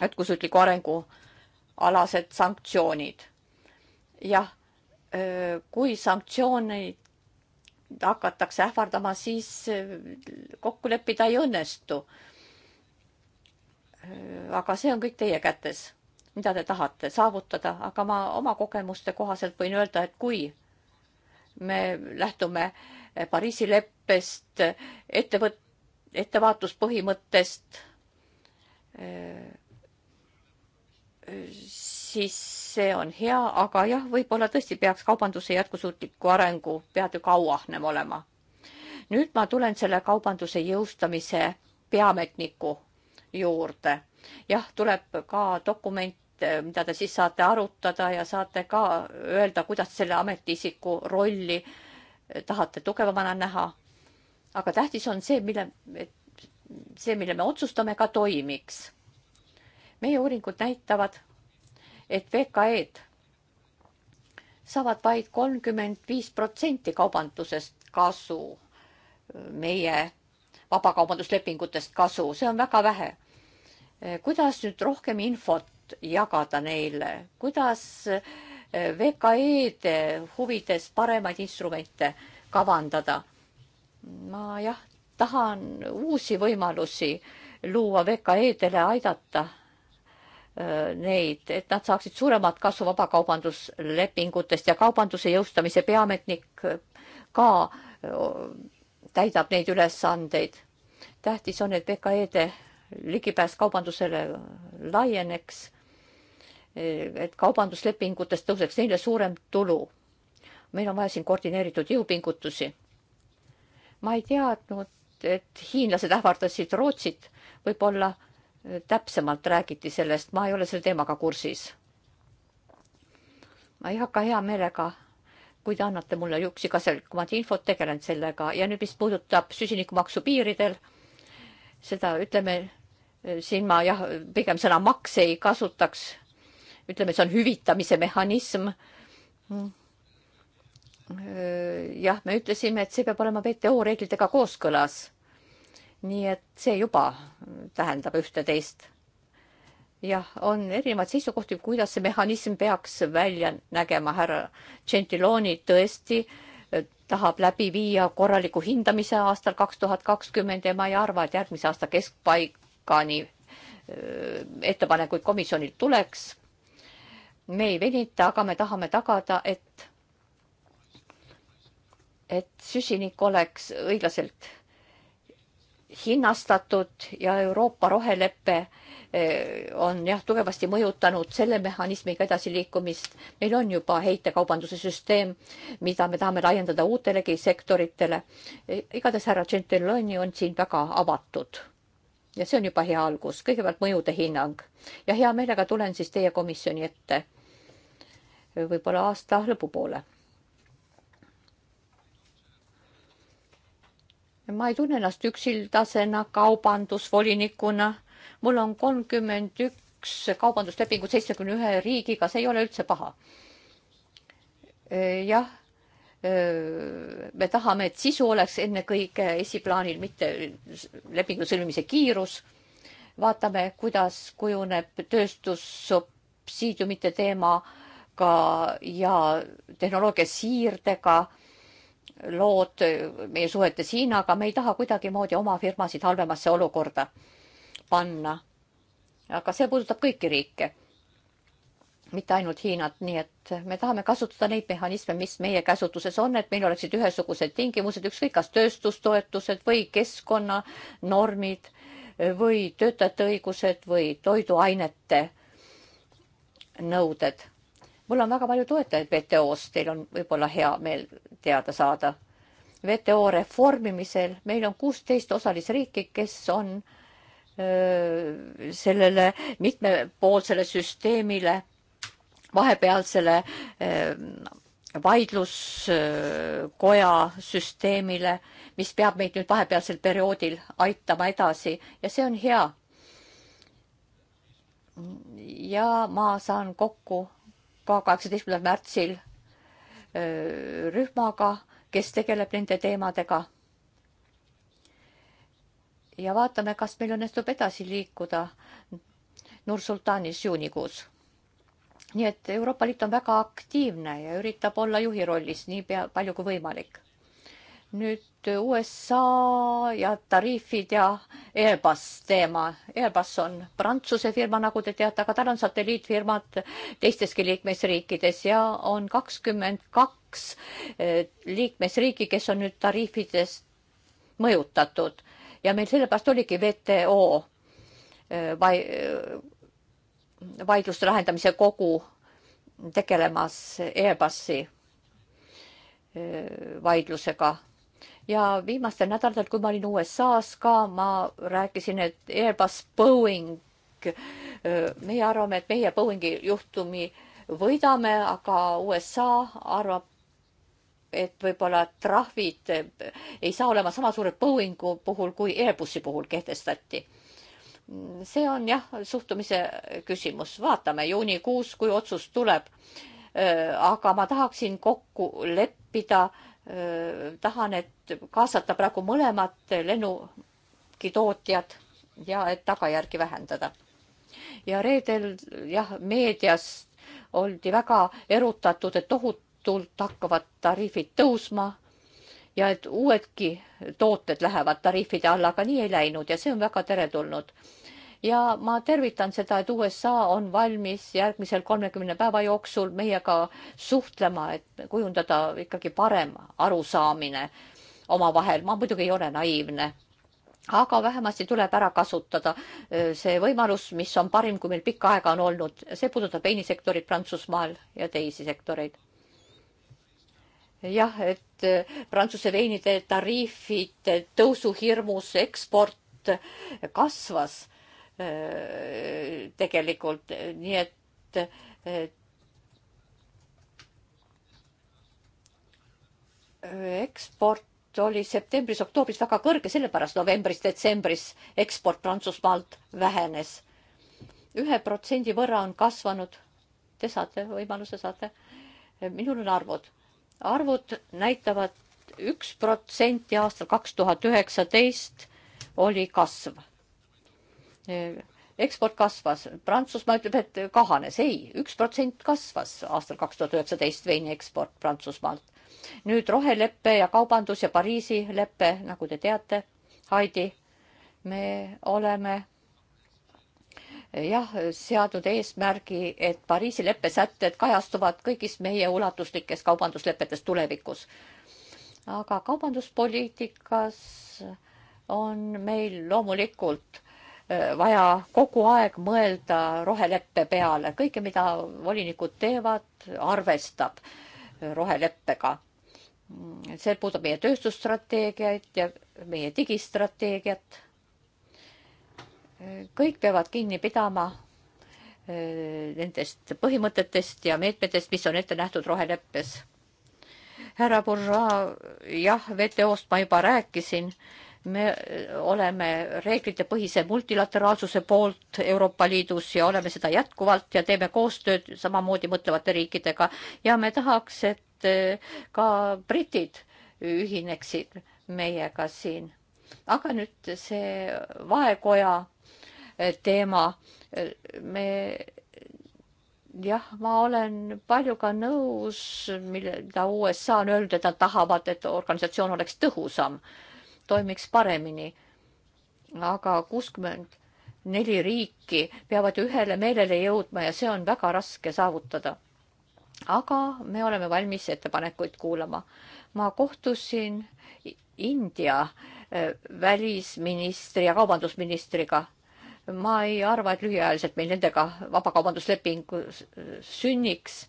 S1: jätkusuutliku arengu alased sanktsioonid. jah, äh, kui sanktsioonid hakatakse ähvardama, siis kokku leppida ei õnnestu. aga see on kõik teie kätes mida te tahate saavutada, aga ma oma kogemuste kohaselt võin öelda, et kui me lähtume Pariisi leppest, ettevõt-, ettevaatuspõhimõttest, siis see on hea, aga jah, võib-olla tõesti peaks kaubanduse jätkusuutliku arengu peatükk auahnem olema. nüüd ma tulen selle kaubanduse jõustamise peaametniku juurde. jah, tuleb ka dokumente, eh, mida te siis saate arutada ja saate ka öelda, kuidas selle ametiisiku rolli eh, tahate tugevamana näha. aga tähtis on see, mille, see, mille me otsustame, ka toimiks. meie uuringud näitavad, et VKE-d saavad vaid kolmkümmend viis protsenti kaubandusest kasu eh, meie vabakaubanduslepingutest kasu, see on väga vähe. Eh, kuidas nüüd rohkem infot jagada neile, kuidas eh, VKE-de huvides paremaid instrumente kavandada? ma jah, tahan uusi võimalusi luua VKE-dele, aidata eh, neid, et nad saaksid suuremat kasu vabakaubanduslepingutest ja kaubanduse jõustamise peametnik ka täidab neid ülesandeid. tähtis on, et VKE-de ligipääs kaubandusele laieneks, et kaubanduslepingutest tõuseks neile suurem tulu. meil on vaja siin koordineeritud jõupingutusi. ma ei teadnud, et hiinlased ähvardasid Rootsit, võib-olla täpsemalt räägiti sellest, ma ei ole selle teemaga kursis. ma ei hakka hea meelega kui te annate mulle üksikasjalikumat infot, tegelen sellega ja nüüd, mis puudutab süsinikumaksu piiridel, seda ütleme, siin ma jah, pigem sõna maks ei kasutaks. ütleme, see on hüvitamise mehhanism. jah, me ütlesime, et see peab olema WTO reeglitega kooskõlas. nii et see juba tähendab üht-teist jah, on erinevaid seisukohti, kuidas see mehhanism peaks välja nägema, härra Gentiloni tõesti eh, tahab läbi viia korraliku hindamise aastal kaks tuhat kakskümmend ja ma ei arva, et järgmise aasta keskpaigani eh, ettepanekuid komisjonilt tuleks. me ei venita, aga me tahame tagada, et et süsinik oleks õiglaselt hinnastatud ja Euroopa rohelepe äh, Eh, on jah, tugevasti mõjutanud selle mehhanismiga edasiliikumist. meil on juba heitekaubanduse süsteem, mida me tahame laiendada uutelegi sektoritele. E, igatahes härra Gentiloni on siin väga avatud. ja see on juba hea algus, kõigepealt mõjude hinnang ja hea meelega tulen siis teie komisjoni ette võib-olla aasta lõpupoole ma ei tunne ennast üksildasena kaubandusvolinikuna mul on kolmkümmend üks kaubanduslepingut seitsmekümne ühe riigiga, see ei ole üldse paha. Äh, jah, äh, me tahame, et sisu oleks ennekõike esiplaanil, mitte lepingu sõlmimise kiirus. vaatame, kuidas kujuneb tööstussubsiidiumite teemaga ja tehnoloogia siirdega lood meie suhetes Hiinaga, me ei taha kuidagimoodi oma firmasid halvemasse olukorda panna. aga see puudutab kõiki riike, mitte ainult Hiinat, nii et me tahame kasutada neid mehhanisme, mis meie käsutuses on, et meil oleksid ühesugused tingimused, ükskõik kas tööstustoetused või keskkonnanormid või töötajate õigused või toiduainete nõuded mul on väga palju toetajaid WTO-s, teil on võib-olla hea meel teada saada. WTO reformimisel meil on kuusteist osalisriiki, kes on sellele mitmepoolsele süsteemile, vahepealsele vaidluskoja süsteemile, mis peab meid nüüd vahepealsel perioodil aitama edasi ja see on hea. ja ma saan kokku ka kaheksateistkümnendal märtsil rühmaga, kes tegeleb nende teemadega ja vaatame, kas meil õnnestub edasi liikuda Nursultanis juunikuus. nii et Euroopa Liit on väga aktiivne ja üritab olla juhi rollis nii pea, palju kui võimalik. nüüd USA ja tariifid ja Airbus teema. Airbus on Prantsuse firma, nagu te teate, aga tal on satelliitfirmad teisteski liikmesriikides ja on kakskümmend kaks eh, liikmesriiki, kes on nüüd tariifidest mõjutatud ja meil sellepärast oligi WTO äh, vai-, äh, vaidluste lahendamise kogu tegelemas Airbusi äh, vaidlusega. ja viimastel nädalatel, kui ma olin USA-s ka, ma rääkisin, et Airbus Boeing, meie arvame, et meie Boeingi juhtumi võidame, aga USA arvab, et võib-olla trahvid eh, ei saa olema sama suured Boeingu puhul kui Airbusi puhul kehtestati. see on jah, suhtumise küsimus, vaatame juunikuus, kui otsus tuleb. Eh, aga ma tahaksin kokku leppida, eh, tahan, et kaasata praegu mõlemad lennukitootjad ja et tagajärgi vähendada. ja reedel jah, meedias oldi väga erutatud, et tohutu tult hakkavad tariifid tõusma ja et uuedki tooted lähevad tariifide alla, aga nii ei läinud ja see on väga teretulnud. ja ma tervitan seda, et USA on valmis järgmisel kolmekümne päeva jooksul meiega suhtlema, et kujundada ikkagi parem arusaamine omavahel. ma muidugi ei ole naiivne aga vähemasti tuleb ära kasutada see võimalus, mis on parim, kui meil pikka aega on olnud, see puudutab veinisektorit Prantsusmaal ja teisi sektoreid jah, et eh, Prantsuse veinide tariifid eh, tõusuhirmus, eksport eh, kasvas tegelikult, nii et, et eksport oli septembris-oktoobris väga kõrge, sellepärast novembris-detsembris eksport Prantsusmaalt vähenes. ühe protsendi võrra on kasvanud. Te saate võimaluse, saate. minul on arvud arvud näitavad üks protsenti aastal kaks tuhat üheksateist oli kasv. eksport kasvas, Prantsusmaa ütleb, et kahanes, ei, üks protsent kasvas aastal kaks tuhat üheksateist veini eksport Prantsusmaalt. nüüd roheleppe ja kaubandus ja Pariisi leppe, nagu te teate, Heidi, me oleme jah, seadnud eesmärgi, et Pariisi leppe sätted kajastuvad kõigis meie ulatuslikes kaubanduslepetes tulevikus. aga kaubanduspoliitikas on meil loomulikult äh, vaja kogu aeg mõelda roheleppe peale, kõike, mida volinikud teevad, arvestab roheleppega. see puudutab meie tööstusstrateegiat ja meie digistrateegiat kõik peavad kinni pidama eh, nendest põhimõtetest ja meetmetest, mis on ette nähtud roheleppes. härra Bourgeois, jah, WTO-st ma juba rääkisin, me eh, oleme reeglitepõhise multilateraalsuse poolt Euroopa Liidus ja oleme seda jätkuvalt ja teeme koostööd samamoodi mõtlevate riikidega ja me tahaks, et eh, ka britid ühineksid meiega siin. aga nüüd see vaekoja teema. me jah, ma olen paljuga nõus, mida USA on öelnud, et nad tahavad, et organisatsioon oleks tõhusam, toimiks paremini. aga kuuskümmend neli riiki peavad ühele meelele jõudma ja see on väga raske saavutada. aga me oleme valmis ettepanekuid kuulama. ma kohtusin India äh, välisministri ja kaubandusministriga ma ei arva, et lühiajaliselt meil nendega vabakaubandusleping sünniks.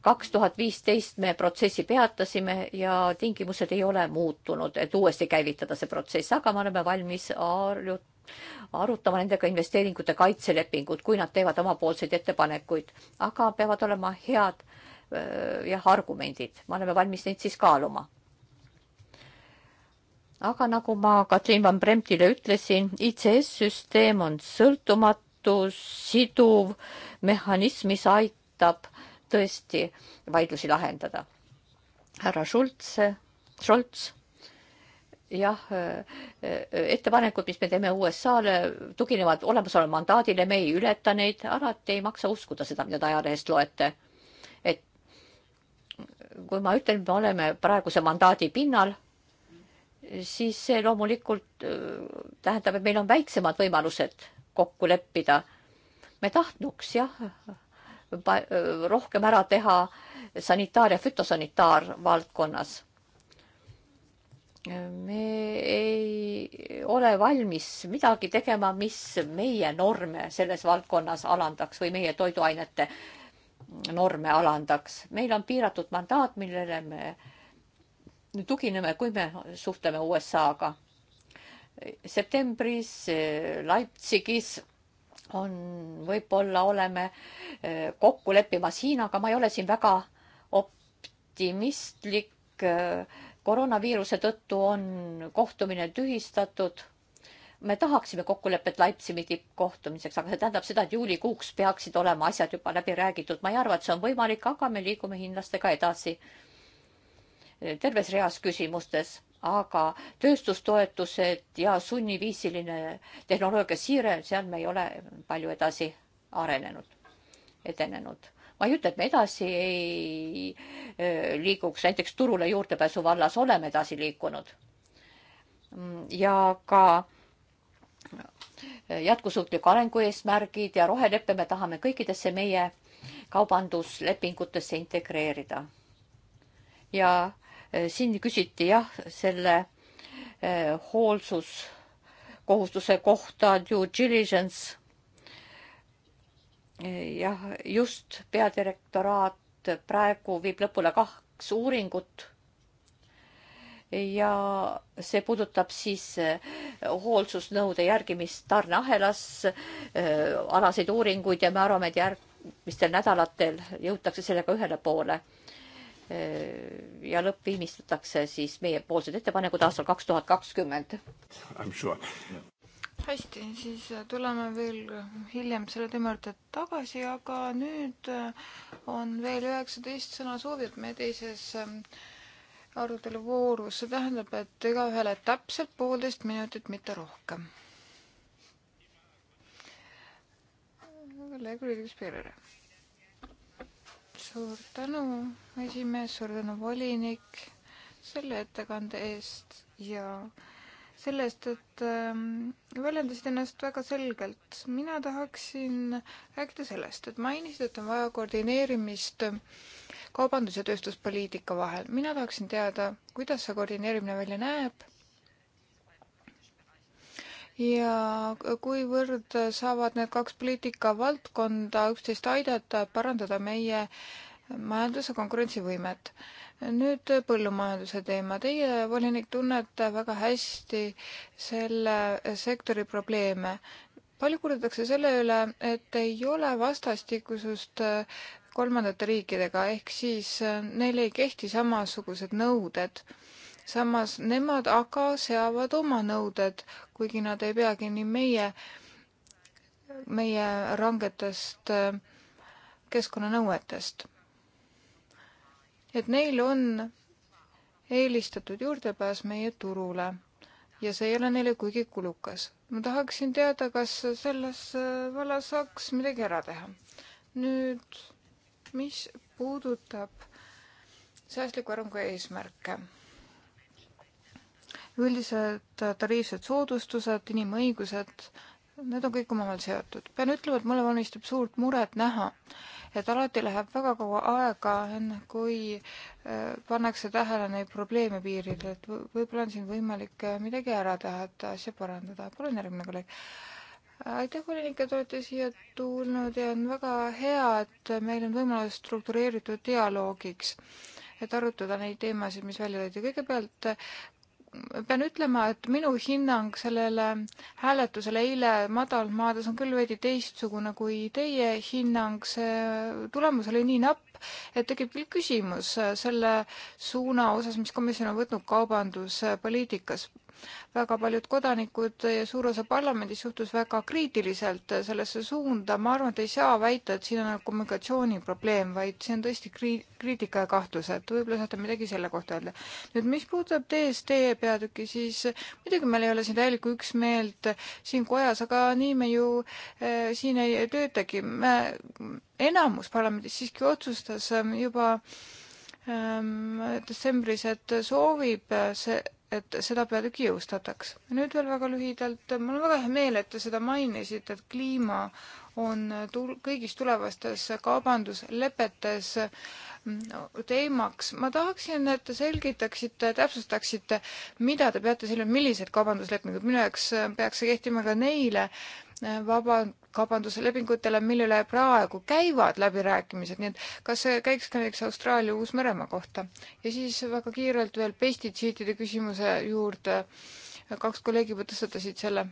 S1: kaks tuhat viisteist me protsessi peatasime ja tingimused ei ole muutunud, et uuesti käivitada see protsess, aga me oleme valmis arutama nendega investeeringute kaitselepingut, kui nad teevad omapoolseid ettepanekuid, aga peavad olema head äh, jah, argumendid, me oleme valmis neid siis kaaluma aga nagu ma Katrin Van Bremtile ütlesin, ICS-süsteem on sõltumatu, siduv mehhanism, mis aitab tõesti vaidlusi lahendada. härra Schultz, Scholz, jah, ettepanekud, mis me teeme USA-le, tuginevad olemasolevale mandaadile, me ei ületa neid, alati ei maksa uskuda seda, mida te ajalehest loete. et kui ma ütlen, me oleme praeguse mandaadi pinnal siis see loomulikult äh, tähendab, et meil on väiksemad võimalused kokku leppida. me tahtnuks jah äh, rohkem ära teha sanitaar- ja fütosanitaarvaldkonnas. me ei ole valmis midagi tegema, mis meie norme selles valdkonnas alandaks või meie toiduainete norme alandaks. meil on piiratud mandaat, millele me tugineme, kui me suhtleme USA-ga. septembris eh, Leipzigis on, võib-olla oleme eh, kokku leppimas Hiinaga, ma ei ole siin väga optimistlik. Eh, koroonaviiruse tõttu on kohtumine tühistatud me tahaksime kokkulepet Leipzigi tippkohtumiseks, aga see tähendab seda, et juulikuuks peaksid olema asjad juba läbi räägitud. ma ei arva, et see on võimalik, aga me liigume hiinlastega edasi terves reas küsimustes, aga tööstustoetused ja sunniviisiline tehnoloogia siire, seal me ei ole palju edasi arenenud, edenenud. ma ei ütle, et me edasi ei liiguks, näiteks turule juurdepääsu vallas oleme edasi liikunud. Mm, ja ka jätkusuutliku arengu eesmärgid ja roheleppe me tahame kõikidesse meie kaubanduslepingutesse integreerida. ja Äh, siin küsiti jah, selle äh, hoolsuskohustuse kohta due diligence. Äh, jah, just peadirektoraat praegu viib lõpule kaks uuringut. ja see puudutab siis hoolsusnõude järgimist tarneahelas, alaseid uuringuid ja me arvame, et järgmistel nädalatel jõutakse sellega ühele poole ja lõppviimistletakse siis meiepoolsed ettepanekud aastal kaks tuhat kakskümmend.
S2: hästi, siis tuleme veel hiljem selle teema juurde tagasi, aga nüüd on veel üheksateist sõnasoovijat meie teises ähm, arutelu voorus, see tähendab, et igaühele täpselt poolteist minutit, mitte rohkem. Legri Spirere suur tänu, esimees, suur tänu, volinik, selle ettekande eest ja selle eest, et ähm, väljendasid ennast väga selgelt. mina tahaksin rääkida sellest, et mainisid, et on vaja koordineerimist kaubandus- ja tööstuspoliitika vahel. mina tahaksin teada, kuidas see koordineerimine välja näeb ja kuivõrd saavad need kaks poliitikavaldkonda üksteist aidata, et parandada meie majanduse konkurentsivõimet. nüüd põllumajanduse teema. Teie, volinik, tunnete väga hästi selle sektori probleeme. palju kurdetakse selle üle, et ei ole vastastikusust kolmandate riikidega, ehk siis neile ei kehti samasugused nõuded samas nemad aga seavad oma nõuded, kuigi nad ei pea kinni meie, meie rangetest äh, keskkonnanõuetest. et neil on eelistatud juurdepääs meie turule ja see ei ole neile kuigi kulukas. ma tahaksin teada, kas selles äh, vallas saaks midagi ära teha. nüüd, mis puudutab säästliku arengu eesmärke üldised äh, tariifsed soodustused, inimõigused, need on kõik omavahel seotud. pean ütlema, et mulle valmistab suurt muret näha, et alati läheb väga kaua aega, enne kui äh, pannakse tähele neid probleeme piiridel, et võib-olla on siin võimalik äh, midagi ära teha, et asja parandada. palun järgmine kolleeg. aitäh, volinik, et olete siia tulnud ja on väga hea, et meil on võimalus struktureeritud dialoogiks et arutada neid teemasid, mis välja tõid ja kõigepealt pean ütlema, et minu hinnang sellele hääletusele eile madalmaades on küll veidi teistsugune kui teie hinnang, see tulemus oli nii napp, et tekib küll küsimus selle suuna osas, mis komisjon on võtnud kaubanduspoliitikas väga paljud kodanikud ja suur osa parlamendist suhtus väga kriitiliselt sellesse suunda. ma arvan, et ei saa väita, et siin on nagu kommunikatsiooniprobleem, vaid see on tõesti kri-, kriitika ja kahtlused. võib-olla saate midagi selle kohta öelda. nüüd, mis puudutab DSD peatükki, siis muidugi meil ei ole siin täielikku üksmeelt siin kojas, aga nii me ju äh, siin ei töötagi. me, enamus parlamendis siiski otsustas ähm, juba ähm, detsembris, et soovib äh, see et seda peatükki jõustataks. nüüd veel väga lühidalt, mul on väga hea meel, et te seda mainisite, et kliima on tul-, kõigis tulevastes kaubanduslepetes mm, teemaks. ma tahaksin, et te selgitaksite, täpsustaksite, mida te peate silmas, millised kaubanduslepingud, minu jaoks peaks see kehtima ka neile eh, vaba, vabakaubanduslepingutele, mille üle praegu käivad läbirääkimised, nii et kas see käiks ka näiteks Austraalia Uus-Meremaa kohta? ja siis väga kiirelt veel pestitsiidide küsimuse juurde, kaks kolleegi juba tõstatasid selle.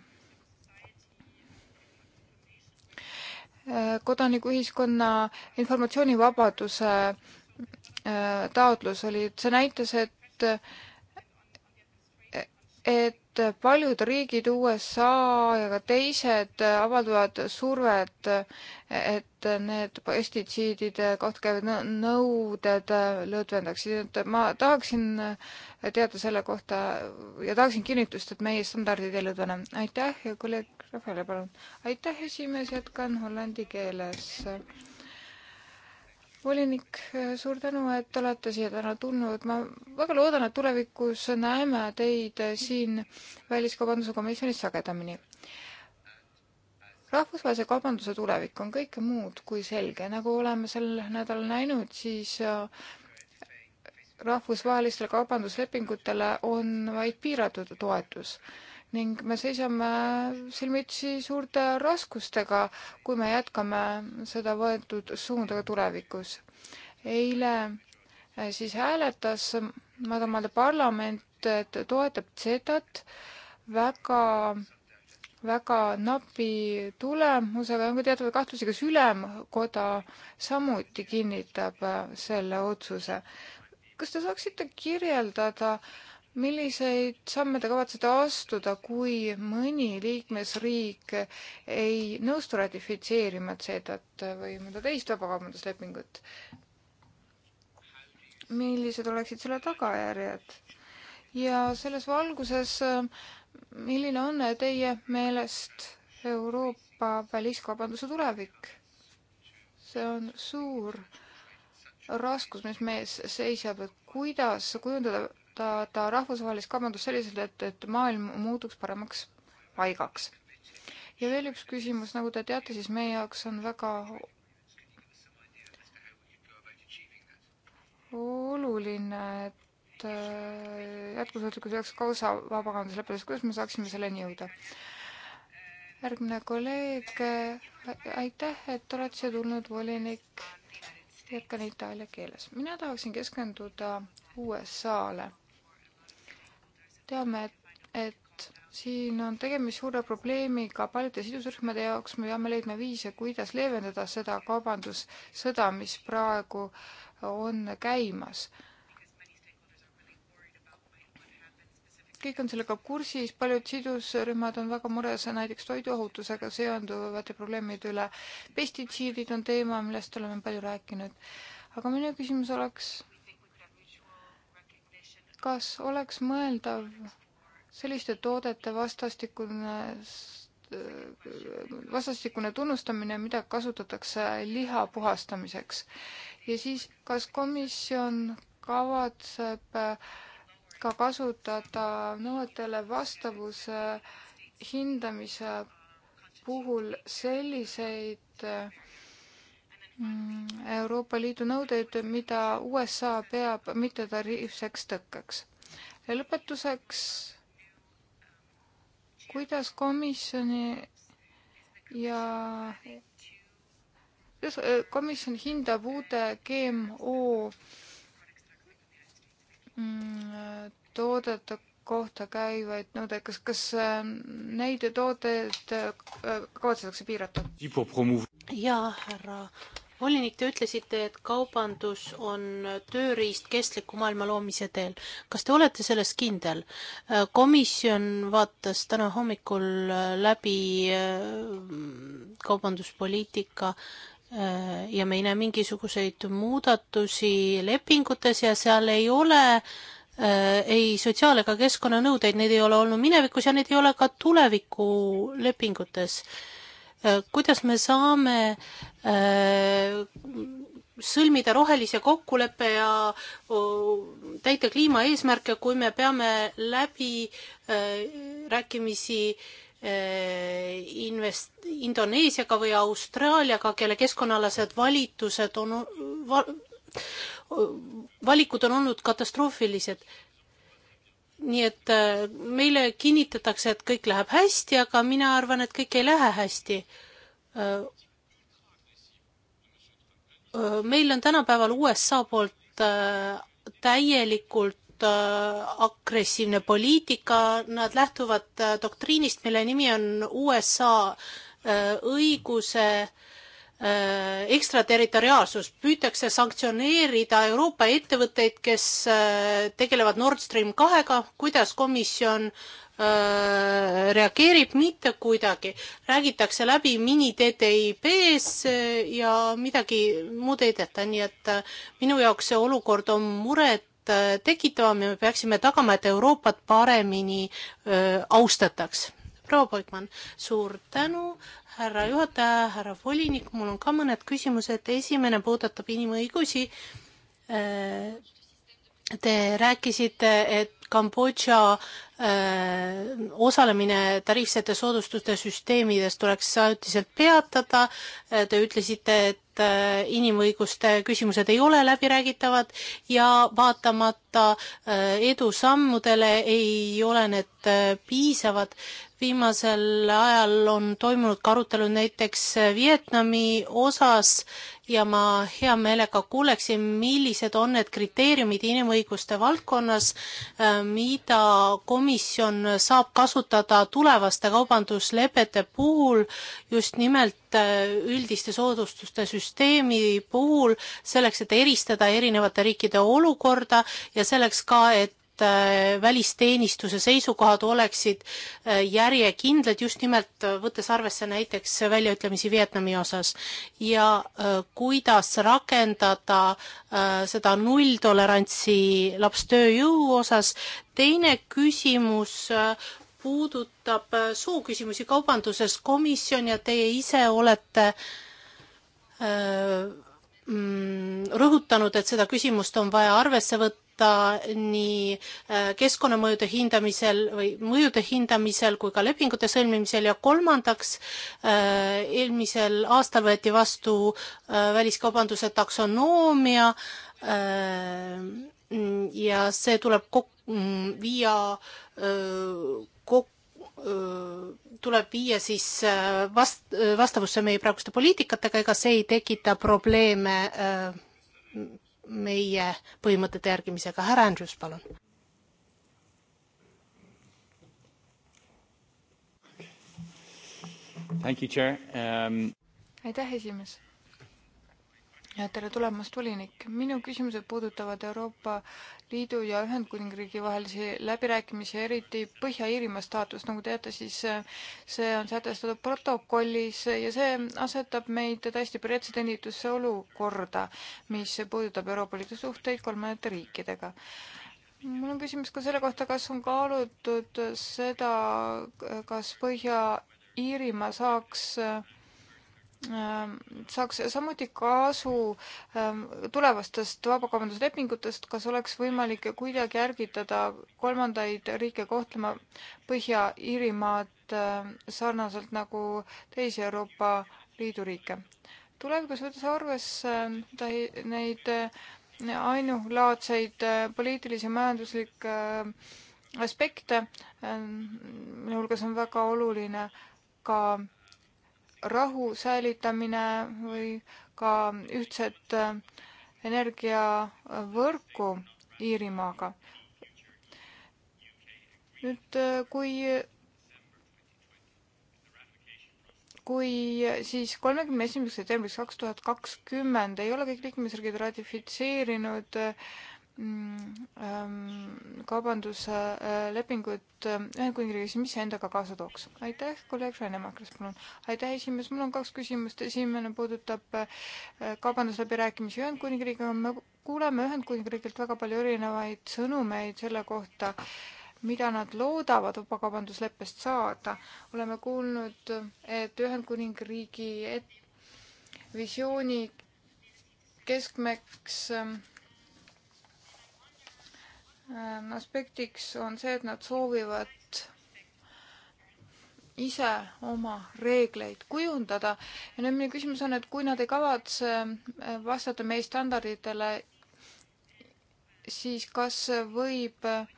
S2: kodanikuühiskonna informatsioonivabaduse äh, taotlus oli, see näitas, et et paljud riigid, USA ja ka teised avaldavad survet, et need pestitsiidide kohta käivad nõuded lõdvendaksid, et ma tahaksin teada selle kohta ja tahaksin kinnitust, et meie standardid ei lõdvene. aitäh ja kolleeg Rafale, palun. aitäh, esimees, jätkan hollandi keeles volinik, äh, suur tänu, et olete siia täna tulnud. ma väga loodan, et tulevikus näeme teid äh, siin Väliskaubanduse komisjonis sagedamini. rahvusvahelise kaubanduse tulevik on kõike muud kui selge, nagu oleme sel nädalal näinud, siis äh, rahvusvahelistele kaubanduslepingutele on vaid piiratud toetus ning me seisame silmitsi suurte raskustega, kui me jätkame seda võetud suunda ka tulevikus. eile eh, siis hääletas Madamale parlament, et toetab CETA-t väga väga napi tulemusega, on ka teatavaid kahtlusi, kas ülemkoda samuti kinnitab eh, selle otsuse. kas te saaksite kirjeldada äh, milliseid samme te kavatsete astuda, kui mõni liikmesriik ei nõustu ratifitseerima CETA-t või mõnda teist vabakaubanduslepingut? millised oleksid selle tagajärjed? ja selles valguses, milline on teie meelest Euroopa väliskaubanduse tulevik? see on suur raskus, mis mees seisab, et kuidas kujundada kasutada rahvusvahelist kaubandust selliselt, et, et maailm muutuks paremaks paigaks. ja veel üks küsimus, nagu te teate, siis meie jaoks on väga oluline, et äh, jätkusuutlikkus oleks ka osa vabakaubandusleppest, kuidas me saaksime selleni jõuda? järgmine kolleeg, äh, aitäh, et olete siia tulnud, volinik, jätkan itaalia keeles. mina tahaksin keskenduda USA-le teame, et siin on tegemist suure probleemiga paljude sidusrühmade jaoks, me peame leidma viise, kuidas leevendada seda kaubandussõda, mis praegu on käimas. kõik on sellega kursis, paljud sidusrühmad on väga mures näiteks toiduohutusega seonduvate probleemide üle. pestitsiidid on teema, millest oleme palju rääkinud. aga minu küsimus oleks kas oleks mõeldav selliste toodete vastastikune äh, vastastikune tunnustamine, mida kasutatakse liha puhastamiseks. ja siis, kas komisjon kavatseb äh, ka kasutada nõuetele vastavuse hindamise puhul selliseid äh, Mm, Euroopa Liidu nõudeid, mida USA peab mittetariifseks tõkkeks. ja lõpetuseks, kuidas komisjoni ja kuidas äh, komisjon hindab uute GMO mm, toodete kohta käivaid nõudeid, kas, kas ähm, neid tooteid äh, kavatsetakse piirata? ja härra volinik, te ütlesite, et kaubandus on
S3: tööriist kestliku maailma loomise teel. kas te olete selles kindel? komisjon vaatas täna hommikul läbi äh, kaubanduspoliitika äh, ja me ei näe mingisuguseid muudatusi lepingutes ja seal ei ole äh, ei sotsiaal- ega keskkonnanõudeid, neid ei ole olnud minevikus ja neid ei ole ka tulevikulepingutes Äh, kuidas me saame äh, sõlmida rohelise kokkuleppe ja täita kliimaeesmärke, kui me peame läbi äh, rääkimisi invest-, Indoneesiaga või Austraaliaga, kelle keskkonnaalased valitused on val,, valikud on olnud katastroofilised nii et äh, meile kinnitatakse, et kõik läheb hästi, aga mina arvan, et kõik ei lähe hästi. Äh, äh, meil on tänapäeval USA poolt täielikult agressiivne poliitika, nad lähtuvad doktriinist, mille nimi on USA õiguse äh, Äh, ekstraterritoriaalsust, püütakse sanktsioneerida Euroopa ettevõtteid, kes äh, tegelevad Nord Stream kahega, kuidas komisjon äh, reageerib mitte kuidagi, räägitakse läbi mini-TTIP-s ja midagi muud ei tehta, nii et minu jaoks see olukord on muret tekitavam ja me peaksime tagama, et Euroopat paremini öö, austataks. proua Poikmann, suur tänu, härra juhataja, härra volinik, mul on ka mõned küsimused, esimene puudutab inimõigusi. Äh, te rääkisite, et Kambodža äh, osalemine tariifsete soodustuste süsteemides tuleks ajutiselt peatada, äh, te ütlesite, et inimõiguste küsimused ei ole läbiräägitavad ja vaatamata edusammudele ei ole need piisavad viimasel ajal on toimunud ka arutelud näiteks äh, Vietnami osas ja ma hea meelega kuuleksin, millised on need kriteeriumid inimõiguste valdkonnas, äh, mida komisjon saab kasutada tulevaste kaubanduslepete puhul just nimelt äh, üldiste soodustuste süsteemi puhul, selleks, et eristada erinevate riikide olukorda ja selleks ka, et Äh, välisteenistuse seisukohad oleksid äh, järjekindlad, just nimelt äh, võttes arvesse näiteks väljaütlemisi Vietnami osas ja kuidas rakendada seda nulltolerantsi lapstööjõu osas. teine küsimus puudutab sooküsimusi kaubanduses. komisjon ja teie ise olete mm, rõhutanud, et seda küsimust on vaja arvesse võtta võtta nii äh, keskkonnamõjude hindamisel või mõjude hindamisel kui ka lepingute sõlmimisel ja kolmandaks, äh, eelmisel aastal võeti vastu äh, väliskaubanduse taksonoomia ja see tuleb kok-, mm, viia kok-, tuleb viia siis vast-, vastavusse meie praeguste poliitikatega, ega see ei tekita probleeme meie põhimõtete järgimisega. härra Andrus, palun.
S2: Um... aitäh, esimees ja tere tulemast, volinik. minu küsimused puudutavad Euroopa Liidu ja Ühendkuningriigi vahelisi läbirääkimisi, eriti Põhja-Iirimaa staatust. nagu teate, siis eh, see on sätestatud protokollis ja see asetab meid täiesti pretsedenditusse olukorda, mis puudutab Euroopa Liidu suhteid kolmandate riikidega mul on küsimus ka selle kohta, kas on kaalutud seda, kas Põhja-Iirimaa saaks äh, Ähm, saaks samuti kasu ähm, tulevastest vabakaubanduslepingutest, kas oleks võimalik kuidagi ärgitada kolmandaid riike kohtlema Põhja-Iirimaad ähm, sarnaselt nagu teisi Euroopa Liidu riike? tulevikus võttes arvesse neid äh, ainulaadseid äh, poliitilisi ja majanduslikke äh, aspekte, minu hulgas on väga oluline ka rahu säilitamine või ka ühtset äh, energiavõrku Iirimaaga. nüüd, äh, kui kui siis kolmekümne esimeseks septembriks kaks tuhat kakskümmend ei ole kõik liikmesriigid ratifitseerinud äh, Mm, ähm, kaubanduslepingut äh, Ühendkuningriigis, mis see endaga kaasa tooks? aitäh, kolleeg Rene Makras, palun. aitäh, esimees, mul on kaks küsimust, esimene puudutab äh, kaubandusläbirääkimisi Ühendkuningriigiga, me kuuleme Ühendkuningriigilt väga palju erinevaid sõnumeid selle kohta, mida nad loodavad vabakaubandusleppest saada. oleme kuulnud, et Ühendkuningriigi et visiooni keskmeks ähm, Äh, aspektiks on see, et nad soovivad ise oma reegleid kujundada ja nüüd minu küsimus on, et kui nad ei kavatse äh, vastata meie standarditele, siis kas võib äh,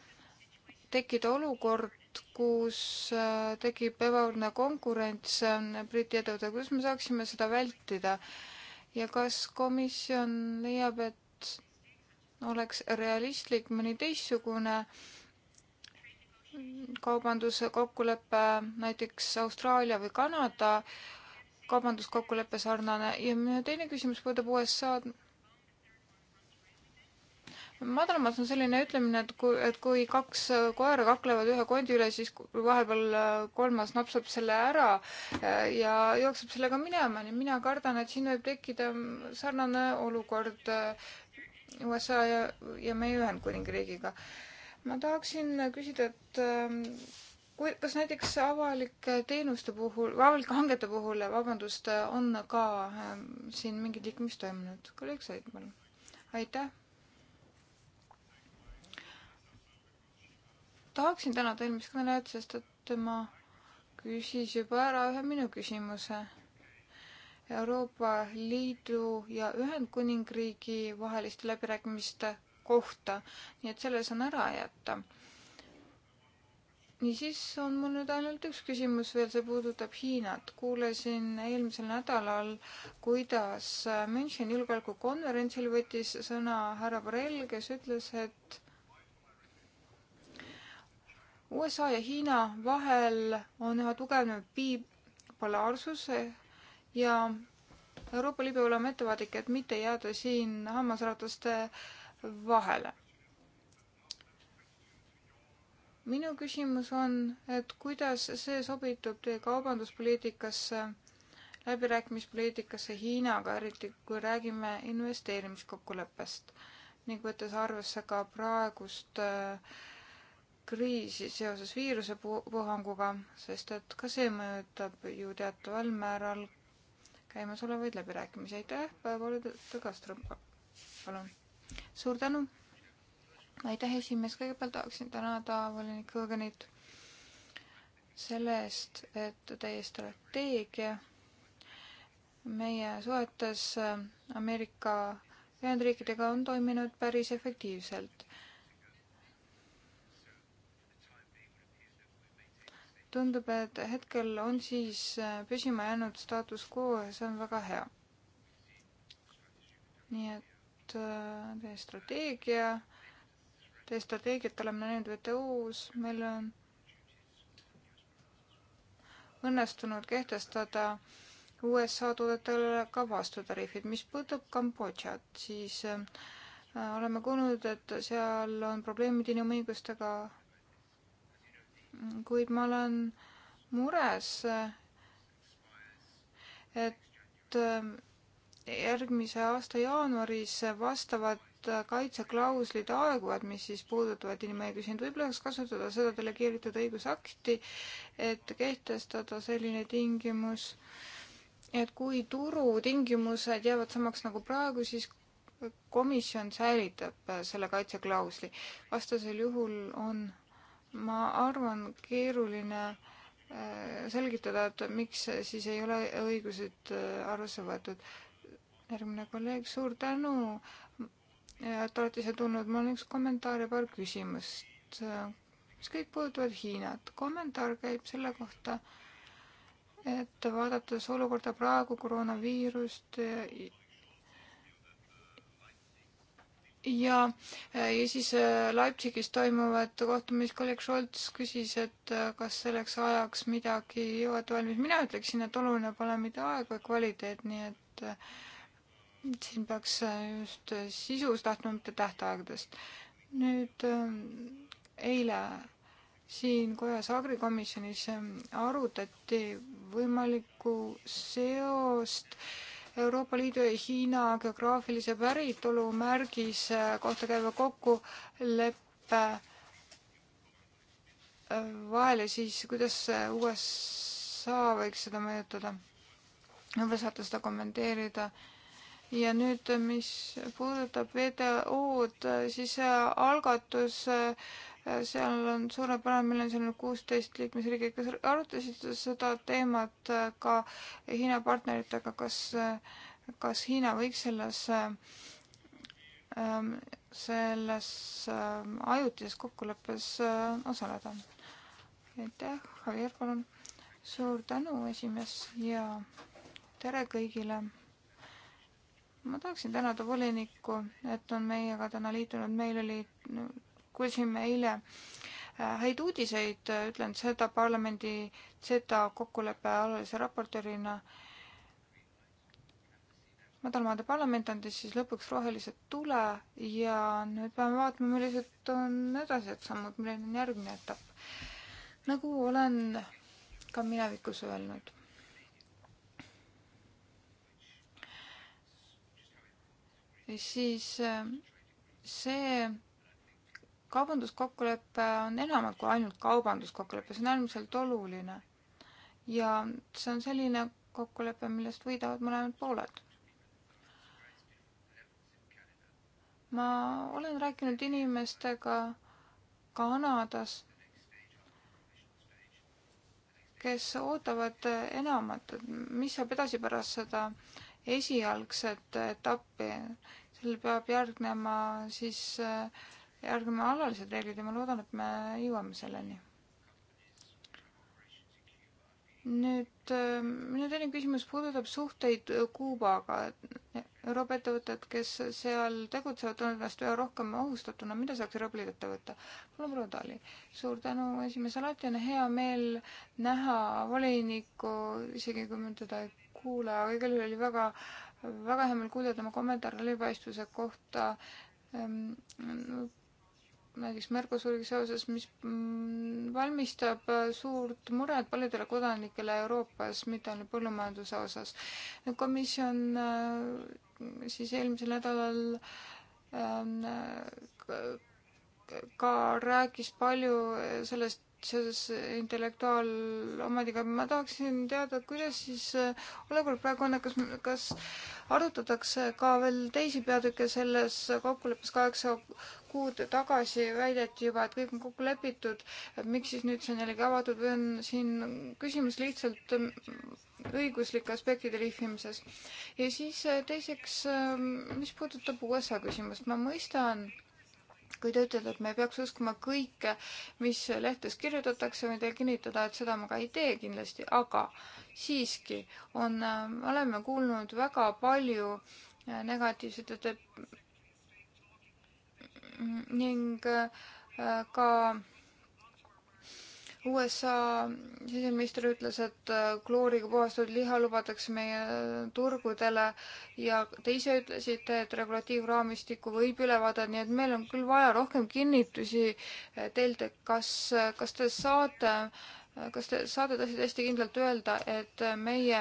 S2: tekkida olukord, kus tekib ebavõrdne konkurents Briti ettevõttega, kuidas me saaksime seda vältida? ja kas komisjon leiab, et oleks realistlik mõni teistsugune kaubanduse kokkulepe, näiteks Austraalia või Kanada kaubanduskokkulepe sarnane ja minu teine küsimus puudutab USA-d madalamas on selline ütlemine, et kui, et kui kaks koera kaklevad ühe kondi üle, siis vahepeal äh, kolmas napsab selle ära äh, ja jookseb sellega minema, nii mina kardan, et siin võib tekkida sarnane olukord äh, USA ja, ja meie Ühendkuningriigiga. ma tahaksin küsida, et ähm, kui, kas näiteks avalike teenuste puhul, avalike hangete puhul, vabandust, on ka äh, siin mingid liikumist toimunud? kolleeg Said, palun. aitäh. tahaksin tänada eelmist kõnelejat, sest et tema küsis juba ära ühe minu küsimuse Euroopa Liidu ja Ühendkuningriigi vaheliste läbirääkimiste kohta, nii et selle saan ära jätta. niisiis on mul nüüd ainult üks küsimus veel, see puudutab Hiinat. kuulasin eelmisel nädalal, kuidas Müncheni julgeolekukonverentsil võttis sõna härra Borrell, kes ütles, et USA ja Hiina vahel on üha tugevnev bipolaarsus ja Euroopa Liidu oleme ettevaatlik, et mitte jääda siin hammasrataste vahele. minu küsimus on, et kuidas see sobitub teie kaubanduspoliitikasse, läbirääkimispoliitikasse Hiinaga, eriti kui räägime investeerimiskokkuleppest ning võttes arvesse ka praegust äh, kriisi seoses viirusepuhanguga, sest et ka see mõjutab ju teataval määral käimasolevaid läbirääkimisi. aitäh, Paolo de Castro, palun. suur tänu. aitäh, esimees, kõigepealt tahaksin tänada volinik Hõõganit selle eest, et teie strateegia meie suhetes Ameerika Ühendriikidega on toiminud päris efektiivselt tundub, et hetkel on siis äh, püsima jäänud staatus quo ja see on väga hea. nii et äh, teie strateegia, teie strateegiat oleme näinud WTO-s, meil on õnnestunud kehtestada USA toodetele ka vastutariifid. mis puudutab Kambodžat, siis äh, oleme kuulnud, et seal on probleemid inimõigustega kuid ma olen mures, et ähm, järgmise aasta jaanuaris vastavad kaitseklauslid aeguvad, mis siis puudutavad inimõigusi, et võib-olla saaks kasutada seda delegeeritud õigusakti, et kehtestada selline tingimus, et kui turutingimused jäävad samaks nagu praegu, siis komisjon säilitab selle kaitseklausli. vastasel juhul on ma arvan, keeruline äh, selgitada, et miks siis ei ole õigused äh, arvesse võetud. järgmine kolleeg, suur tänu, äh, et olete ise tulnud. mul on üks kommentaar ja paar küsimust, mis kõik puudutavad Hiinat. kommentaar käib selle kohta, et vaadates olukorda praegu, koroonaviirust ja, äh, ja siis äh, Leipzigis toimuvat kohtumist kolleeg Scholz küsis, et äh, kas selleks ajaks midagi jõuad valmis. mina ütleksin, et oluline pole mitte aeg, vaid kvaliteet, nii et siin peaks just sisus tahtma, mitte tähtaegadest. nüüd eile siin kojas agrikomisjonis arutati võimalikku seost äh, Euroopa Liidu ja Hiina geograafilise päritolu märgise eh, kohta käiva kokkuleppe eh, vahel ja siis kuidas eh, USA võiks seda mõjutada? võib-olla saate seda kommenteerida. ja nüüd, mis puudutab WTO-d, siis algatus äh, seal on suurepärane, meil on selline kuusteist liikmesriigi, kas arutasid seda teemat ka Hiina partneritega, kas, kas Hiina võiks selles, ähm, selles ähm, ajutises kokkuleppes äh, osaleda? aitäh, Javier, palun. suur tänu, esimees ja tere kõigile ma tahaksin tänada volinikku, et on meiega täna liitunud, meil oli kuulsime eile äh, häid uudiseid, äh, ütlen seda parlamendi seda kokkuleppe alalise raportöörina. madalmaade parlament andis siis lõpuks rohelise tule ja nüüd peame vaatama, millised on edasised sammud, milline on järgmine etapp. nagu olen ka minevikus öelnud. siis äh, see kaubanduskokkulepe on enamalt kui ainult kaubanduskokkulepe, see on äärmiselt oluline. ja see on selline kokkulepe, millest võidavad mõlemad pooled. ma olen rääkinud inimestega Kanadas, kes ootavad enamat, et mis saab edasi pärast seda esialgset etappi. sellel peab järgnema siis äh, järgime alalised reeglid ja ma loodan, et me jõuame selleni. nüüd äh, minu teine küsimus puudutab suhteid Kuubaga. Euroopa ettevõtted, kes seal tegutsevad, tunnevad ennast üha rohkem ohustatuna. mida saaks Euroopa Liit ette võtta? mul on proua Taali. suur tänu, esimees. alati on hea meel näha volinikku, isegi kui me teda ei kuule, aga igal juhul oli väga, väga hea meel kuulda tema kommentaare läbipaistvuse kohta ehm, näiteks Mercosuriga seoses, mis mm, valmistab äh, suurt muret paljudele kodanikele Euroopas, mitte ainult põllumajanduse osas. komisjon äh, siis eelmisel nädalal ähm, äh, ka rääkis palju sellest, seoses äh, intellektuaalomandiga, ma tahaksin teada, kuidas siis äh, olukord praegu on, kas, kas arutatakse ka veel teisi peatükke selles kokkuleppes kaheksa kuud tagasi väideti juba, et kõik on kokku lepitud, et miks siis nüüd see on jällegi avatud või on siin küsimus lihtsalt mm, õiguslike aspektide lihvimises. ja siis äh, teiseks, mis puudutab USA küsimust, ma mõistan, kui te ütlete, et me peaks uskuma kõike, mis lehtes kirjutatakse, võin teile kinnitada, et seda ma ka ei tee kindlasti, aga siiski on, äh, oleme kuulnud väga palju äh, negatiivset, et ning äh, ka USA siseminister ütles, et äh, klooriga puhastatud liha lubatakse meie turgudele ja te ise ütlesite, et regulatiivraamistikku võib üle vaadata, nii et meil on küll vaja rohkem kinnitusi äh, teilt, et kas, äh, kas te saate, kas te saate tõesti hästi kindlalt öelda, et meie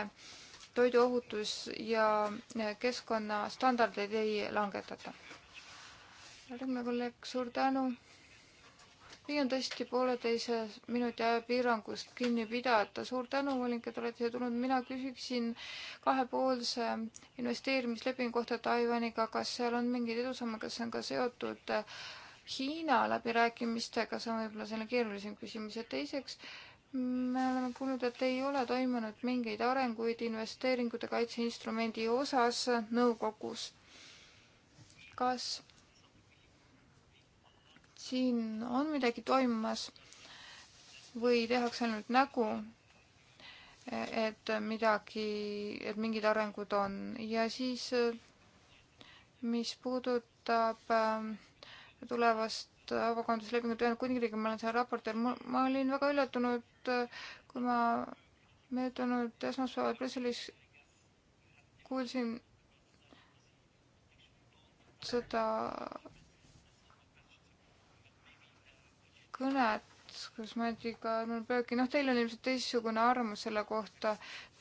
S2: toiduohutus ja keskkonnastandardid ei langetata? Rõõmne kolleeg, suur tänu püüan tõesti pooleteise minuti piirangust kinni pidada. suur tänu, Monika, et olete siia tulnud. mina küsiksin kahepoolse investeerimislepingu kohta Taiwaniga, kas seal on mingeid edusamme, kas see on ka seotud Hiina läbirääkimistega, see on võib-olla selline keerulisem küsimus. ja teiseks, me oleme kuulnud, et ei ole toimunud mingeid arenguid investeeringute kaitseinstrumendi osas nõukogus. kas siin on midagi toimumas või tehakse ainult nägu, et midagi, et mingid arengud on ja siis, mis puudutab äh, tulevast vabakaubanduslepingut Ühendkuningriigiga, ma olen seal raportöör, ma olin väga üllatunud, äh, kui ma möödunud esmaspäeval Brüsselis kuulsin seda kõnet, kus Madriga Nürnbergi, noh, teil on ilmselt teistsugune arvamus selle kohta,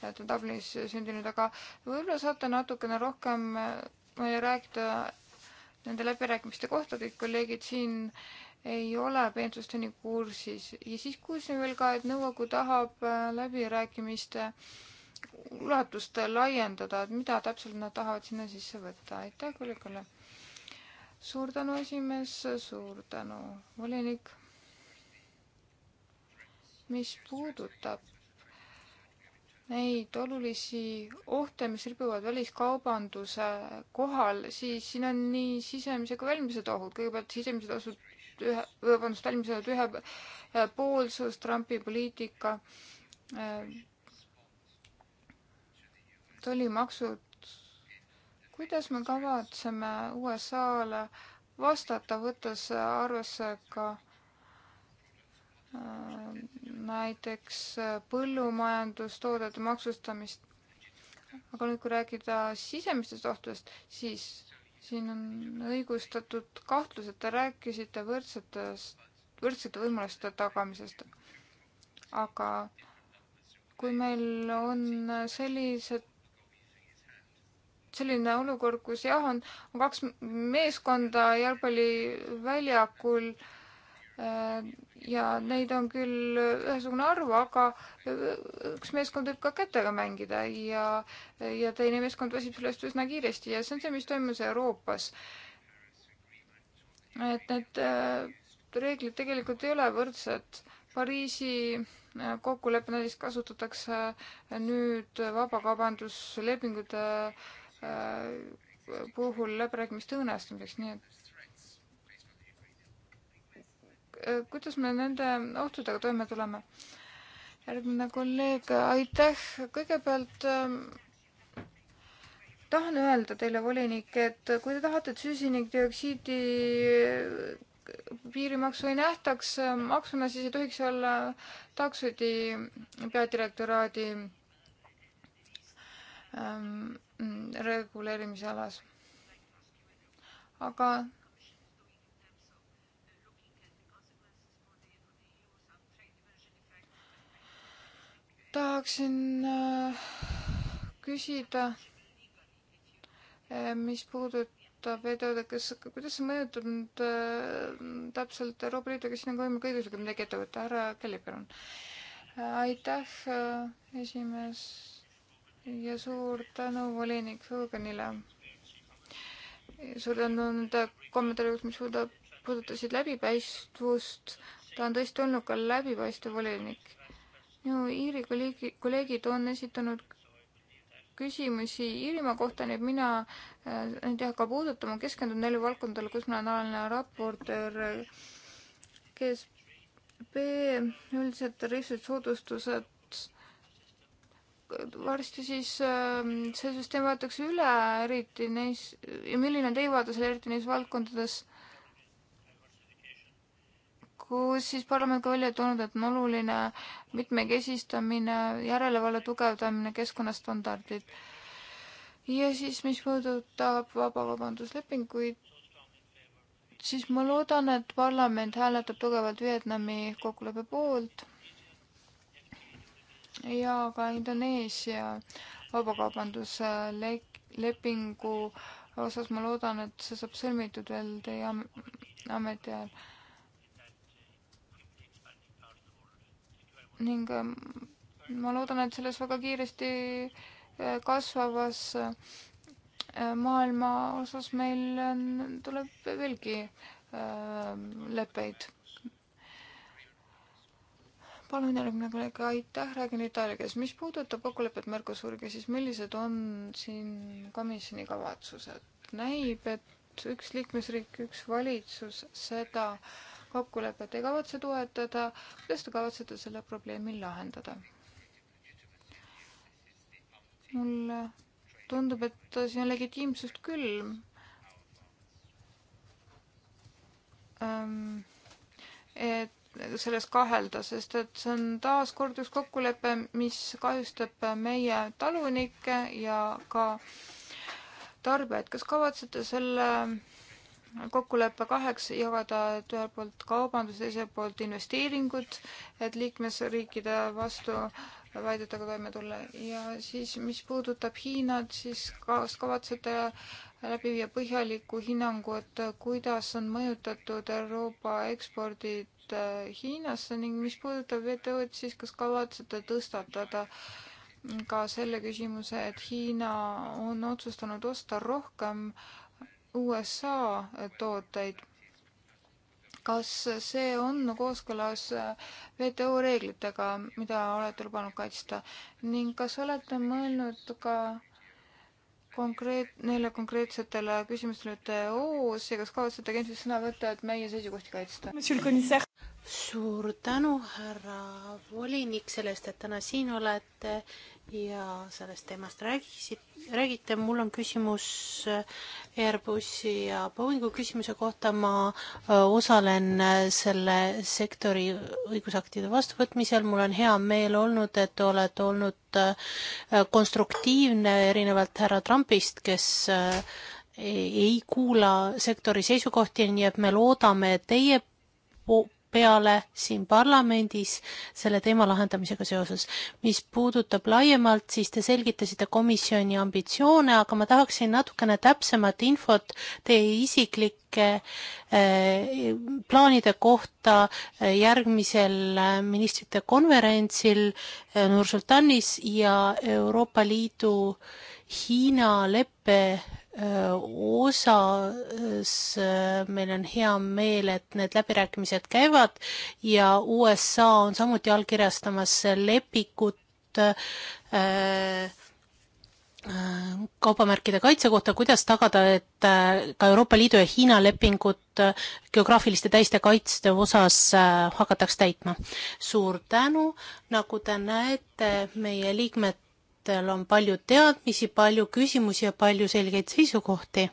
S2: et on Dublinis sündinud, aga võib-olla saate natukene rohkem äh, meile rääkida nende läbirääkimiste kohta, kõik kolleegid siin ei ole peensusteni kursis ja siis kuulsin veel ka, et nõukogu tahab äh, läbirääkimiste ulatust laiendada, et mida täpselt nad tahavad sinna sisse võtta. aitäh kolleegile. suur tänu, esimees, suur tänu, volinik mis puudutab neid olulisi ohte, mis ribuvad väliskaubanduse kohal, siis siin on nii sisemise kui välimised ohud. kõigepealt sisemised osud ühe, vabandust, välimised ühepoolsus, Trumpi poliitika, äh, tollimaksud. kuidas me kavatseme USA-le vastata, võttes arvesse ka Äh, näiteks äh, põllumajandustoodete maksustamist. aga nüüd, kui rääkida sisemistest ohtudest, siis siin on õigustatud kahtlus, et te rääkisite võrdsetest, võrdsete võimaluste tagamisest. aga kui meil on sellised, selline olukord, kus jah, on, on kaks meeskonda jalgpalliväljakul äh, ja neid on küll ühesugune arv, aga üks meeskond võib ka kätega mängida ja, ja teine meeskond väsib sellest üsna kiiresti ja see on see, mis toimus Euroopas. et need äh, reeglid tegelikult ei ole võrdsed. Pariisi äh, kokkuleppe näiteks kasutatakse äh, nüüd vabakaubanduslepingute puhul läbirääkimiste õõnestamiseks, nii et Äh, kuidas me nende ohtudega toime tuleme? järgmine kolleeg, aitäh, kõigepealt äh, tahan öelda teile, volinik, et kui te tahate, et süsinikdioksiidi äh, piirimaksu ei nähtaks äh, maksuna, siis ei tohiks olla taksodi peadirektoraadi ähm, reguleerimisalas. aga tahaksin äh, küsida, äh, mis puudutab vedude, kas, kuidas see mõjutab nüüd äh, täpselt Euroopa Liidu, kas siin on võimalik õigusega midagi ette võtta, härra Kelly, palun. aitäh, esimees ja suur tänu volinik Hoganile. suur tänu nende kommentaarides, mis puudutab, puudutasid läbipaistvust. ta on tõesti olnud ka läbipaistev volinik minu Iiri kolleegi, kolleegid on esitanud küsimusi Iirimaa kohta, äh, nüüd mina neid ei hakka puudutama, keskendun neile valdkondadele, kus ma olen alaline raportöör, kes B üldised tariifsed soodustused varsti siis ähm, see süsteem võetakse üle, eriti neis, milline on teie vaade selle, eriti neis valdkondades kus siis parlament ka välja toonud, et on oluline mitmekesistamine, järelevalve tugevdamine, keskkonnastandardid. ja siis, mis puudutab vabakaubanduslepinguid, siis ma loodan, et parlament hääletab tugevalt Vietnami kokkuleppe poolt ja ka Indoneesia vabakaubanduslepingu osas ma loodan, et see saab sõlmitud veel teie ametiajal. Ameti ning ähm, ma loodan, et selles väga kiiresti äh, kasvavas äh, maailma osas meil äh, tuleb veelgi ähm, leppeid. palun järgmine kolleeg, aitäh, räägin itaalia keeles. mis puudutab kokkulepet Mercosuriga, siis millised on siin komisjoni kavatsused? näib, et üks liikmesriik, üks valitsus seda äh, kokkulepet ei kavatse toetada, kuidas te kavatsete selle probleemi lahendada? mulle tundub, et siin on legitiimsust küll ähm,. et selles kahelda, sest et see on taaskord üks kokkulepe, mis kahjustab meie talunikke ja ka tarbijaid. kas kavatsete selle kokkulepe kaheks jagada, et ühelt poolt kaubandus, teiselt poolt investeeringud, et liikmesriikide vastu väidetega toime tulla ja siis, mis puudutab Hiinat, siis kas kavatsete läbi viia põhjaliku hinnangu, et kuidas on mõjutatud Euroopa ekspordid äh, Hiinasse ning mis puudutab WTO-d, siis kas kavatsete tõstatada ka selle küsimuse, et Hiina on otsustanud osta rohkem äh, USA tooteid. kas see on kooskõlas WTO reeglitega, mida olete lubanud kaitsta ning kas olete mõelnud ka konkreet-, neile konkreetsetele küsimustele TO-s ja kas kavatsete Genfis sõna võtta, et meie seisukohti kaitsta?
S3: suur tänu, härra volinik, selle eest, et täna siin olete ja sellest teemast räägisid, räägite. mul on küsimus äh, Airbusi ja Boeingu küsimuse kohta. ma äh, osalen äh, selle sektori õigusaktide vastuvõtmisel. mul on hea meel olnud, et te olete olnud konstruktiivne, erinevalt härra Trumpist, kes ei kuula sektori seisukohti, nii et me loodame teie peale siin parlamendis selle teema lahendamisega seoses. mis puudutab laiemalt, siis te selgitasite komisjoni ambitsioone, aga ma tahaksin natukene täpsemat infot teie isiklike eh, plaanide kohta eh, järgmisel eh, ministrite konverentsil Nursultanis ja Euroopa Liidu Hiina leppe USA-s meil on hea meel, et need läbirääkimised käivad ja USA on samuti allkirjastamas lepikut kaubamärkide kaitse kohta, kuidas tagada, et äh, ka Euroopa Liidu ja Hiina lepingut äh, geograafiliste täiste kaitste osas äh, hakataks täitma. suur tänu, nagu te näete, meie liikmed raportööritel on palju teadmisi, palju küsimusi ja palju selgeid seisukohti.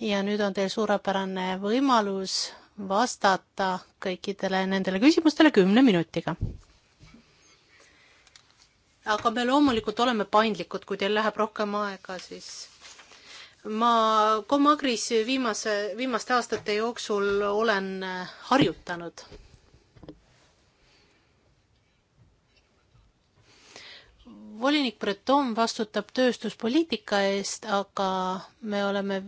S3: ja nüüd on teil suurepärane võimalus vastata kõikidele nendele küsimustele kümne minutiga. aga me loomulikult oleme paindlikud, kui teil läheb rohkem aega, siis ma Comagris viimase, viimaste aastate jooksul olen harjutanud volinik Breton vastutab tööstuspoliitika eest, aga me oleme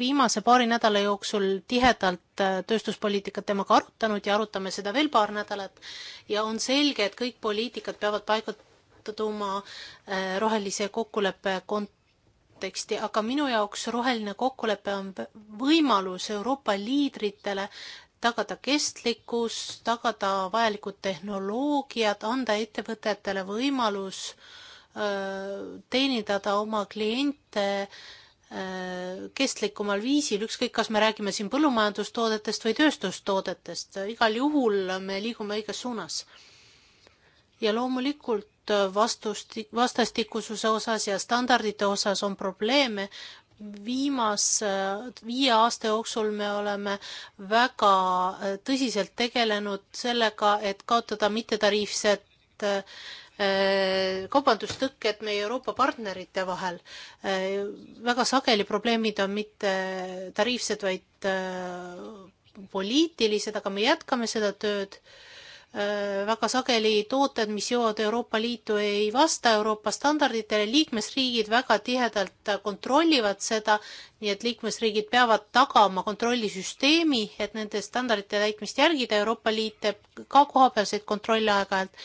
S3: viimase paari nädala jooksul tihedalt äh, tööstuspoliitikat temaga arutanud ja arutame seda veel paar nädalat ja on selge, et kõik poliitikad peavad paigutuma äh, rohelise kokkuleppe konteksti, aga minu jaoks roheline kokkulepe on võimalus Euroopa liidritele tagada kestlikkus, tagada vajalikud tehnoloogiad, anda ettevõtetele võimalus teenindada oma kliente kestlikumal viisil, ükskõik, kas me räägime siin põllumajandustoodetest või tööstustoodetest, igal juhul me liigume õiges suunas. ja loomulikult vastust, vastastikususe osas ja standardite osas on probleeme, viimase viie aasta jooksul me oleme väga tõsiselt tegelenud sellega, et kaotada mittetariifsed eh, kaubandustõkked meie Euroopa partnerite vahel. Eh, väga sageli probleemid on mitte tariifsed, vaid eh, poliitilised, aga me jätkame seda tööd Äh, väga sageli tooted, mis jõuavad Euroopa Liitu, ei vasta Euroopa standarditele, liikmesriigid väga tihedalt kontrollivad seda, nii et liikmesriigid peavad tagama kontrollisüsteemi, et nende standardite täitmist järgida, Euroopa Liit teeb ka kohapealseid kontrolle aeg-ajalt.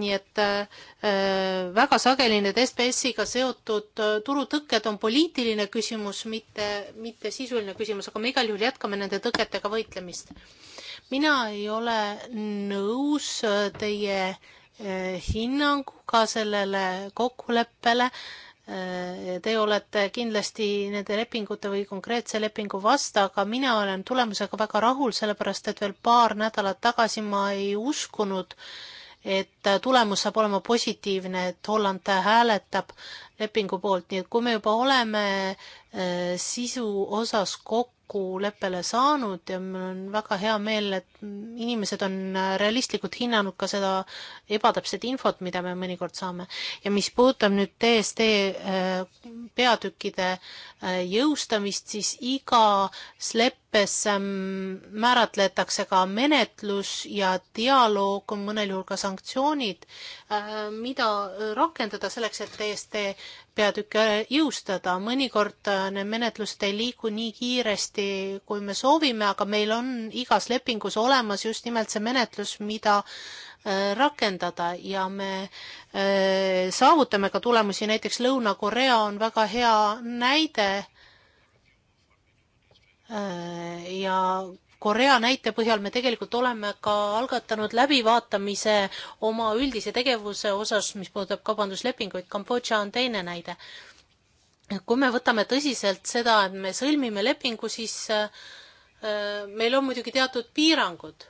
S3: nii et äh, äh väga sageli need SBS-iga seotud äh, turutõkked on poliitiline küsimus, mitte, mitte sisuline küsimus, aga me igal juhul jätkame nende tõketega võitlemist mina ei ole nõus äh, teie äh, hinnanguga sellele kokkuleppele. Äh, te olete kindlasti nende lepingute või konkreetse lepingu vastu, aga mina olen tulemusega väga rahul, sellepärast et veel paar nädalat tagasi ma ei uskunud, et tulemus saab olema positiivne, et Holland hääletab lepingu poolt, nii et kui me juba oleme sisu osas kokku kokkuleppele saanud ja mul on väga hea meel, et inimesed on realistlikult hinnanud ka seda ebatäpset infot, mida me mõnikord saame. ja mis puudutab nüüd DSD äh, peatükkide äh, jõustamist, siis iga SLEP leppes ähm, määratletakse ka menetlus ja dialoog, mõnel juhul ka sanktsioonid, äh, mida rakendada selleks, et EST peatükke jõustada. mõnikord äh, need menetlused ei liigu nii kiiresti, kui me soovime, aga meil on igas lepingus olemas just nimelt see menetlus, mida äh, rakendada ja me saavutame ka tulemusi, näiteks Lõuna-Korea on väga hea näide Äh, ja Korea näite põhjal me tegelikult oleme ka algatanud läbivaatamise oma üldise tegevuse osas, mis puudutab kaubanduslepinguid. Kambodža on teine näide. kui me võtame tõsiselt seda, et me sõlmime lepingu, siis äh, meil on muidugi teatud piirangud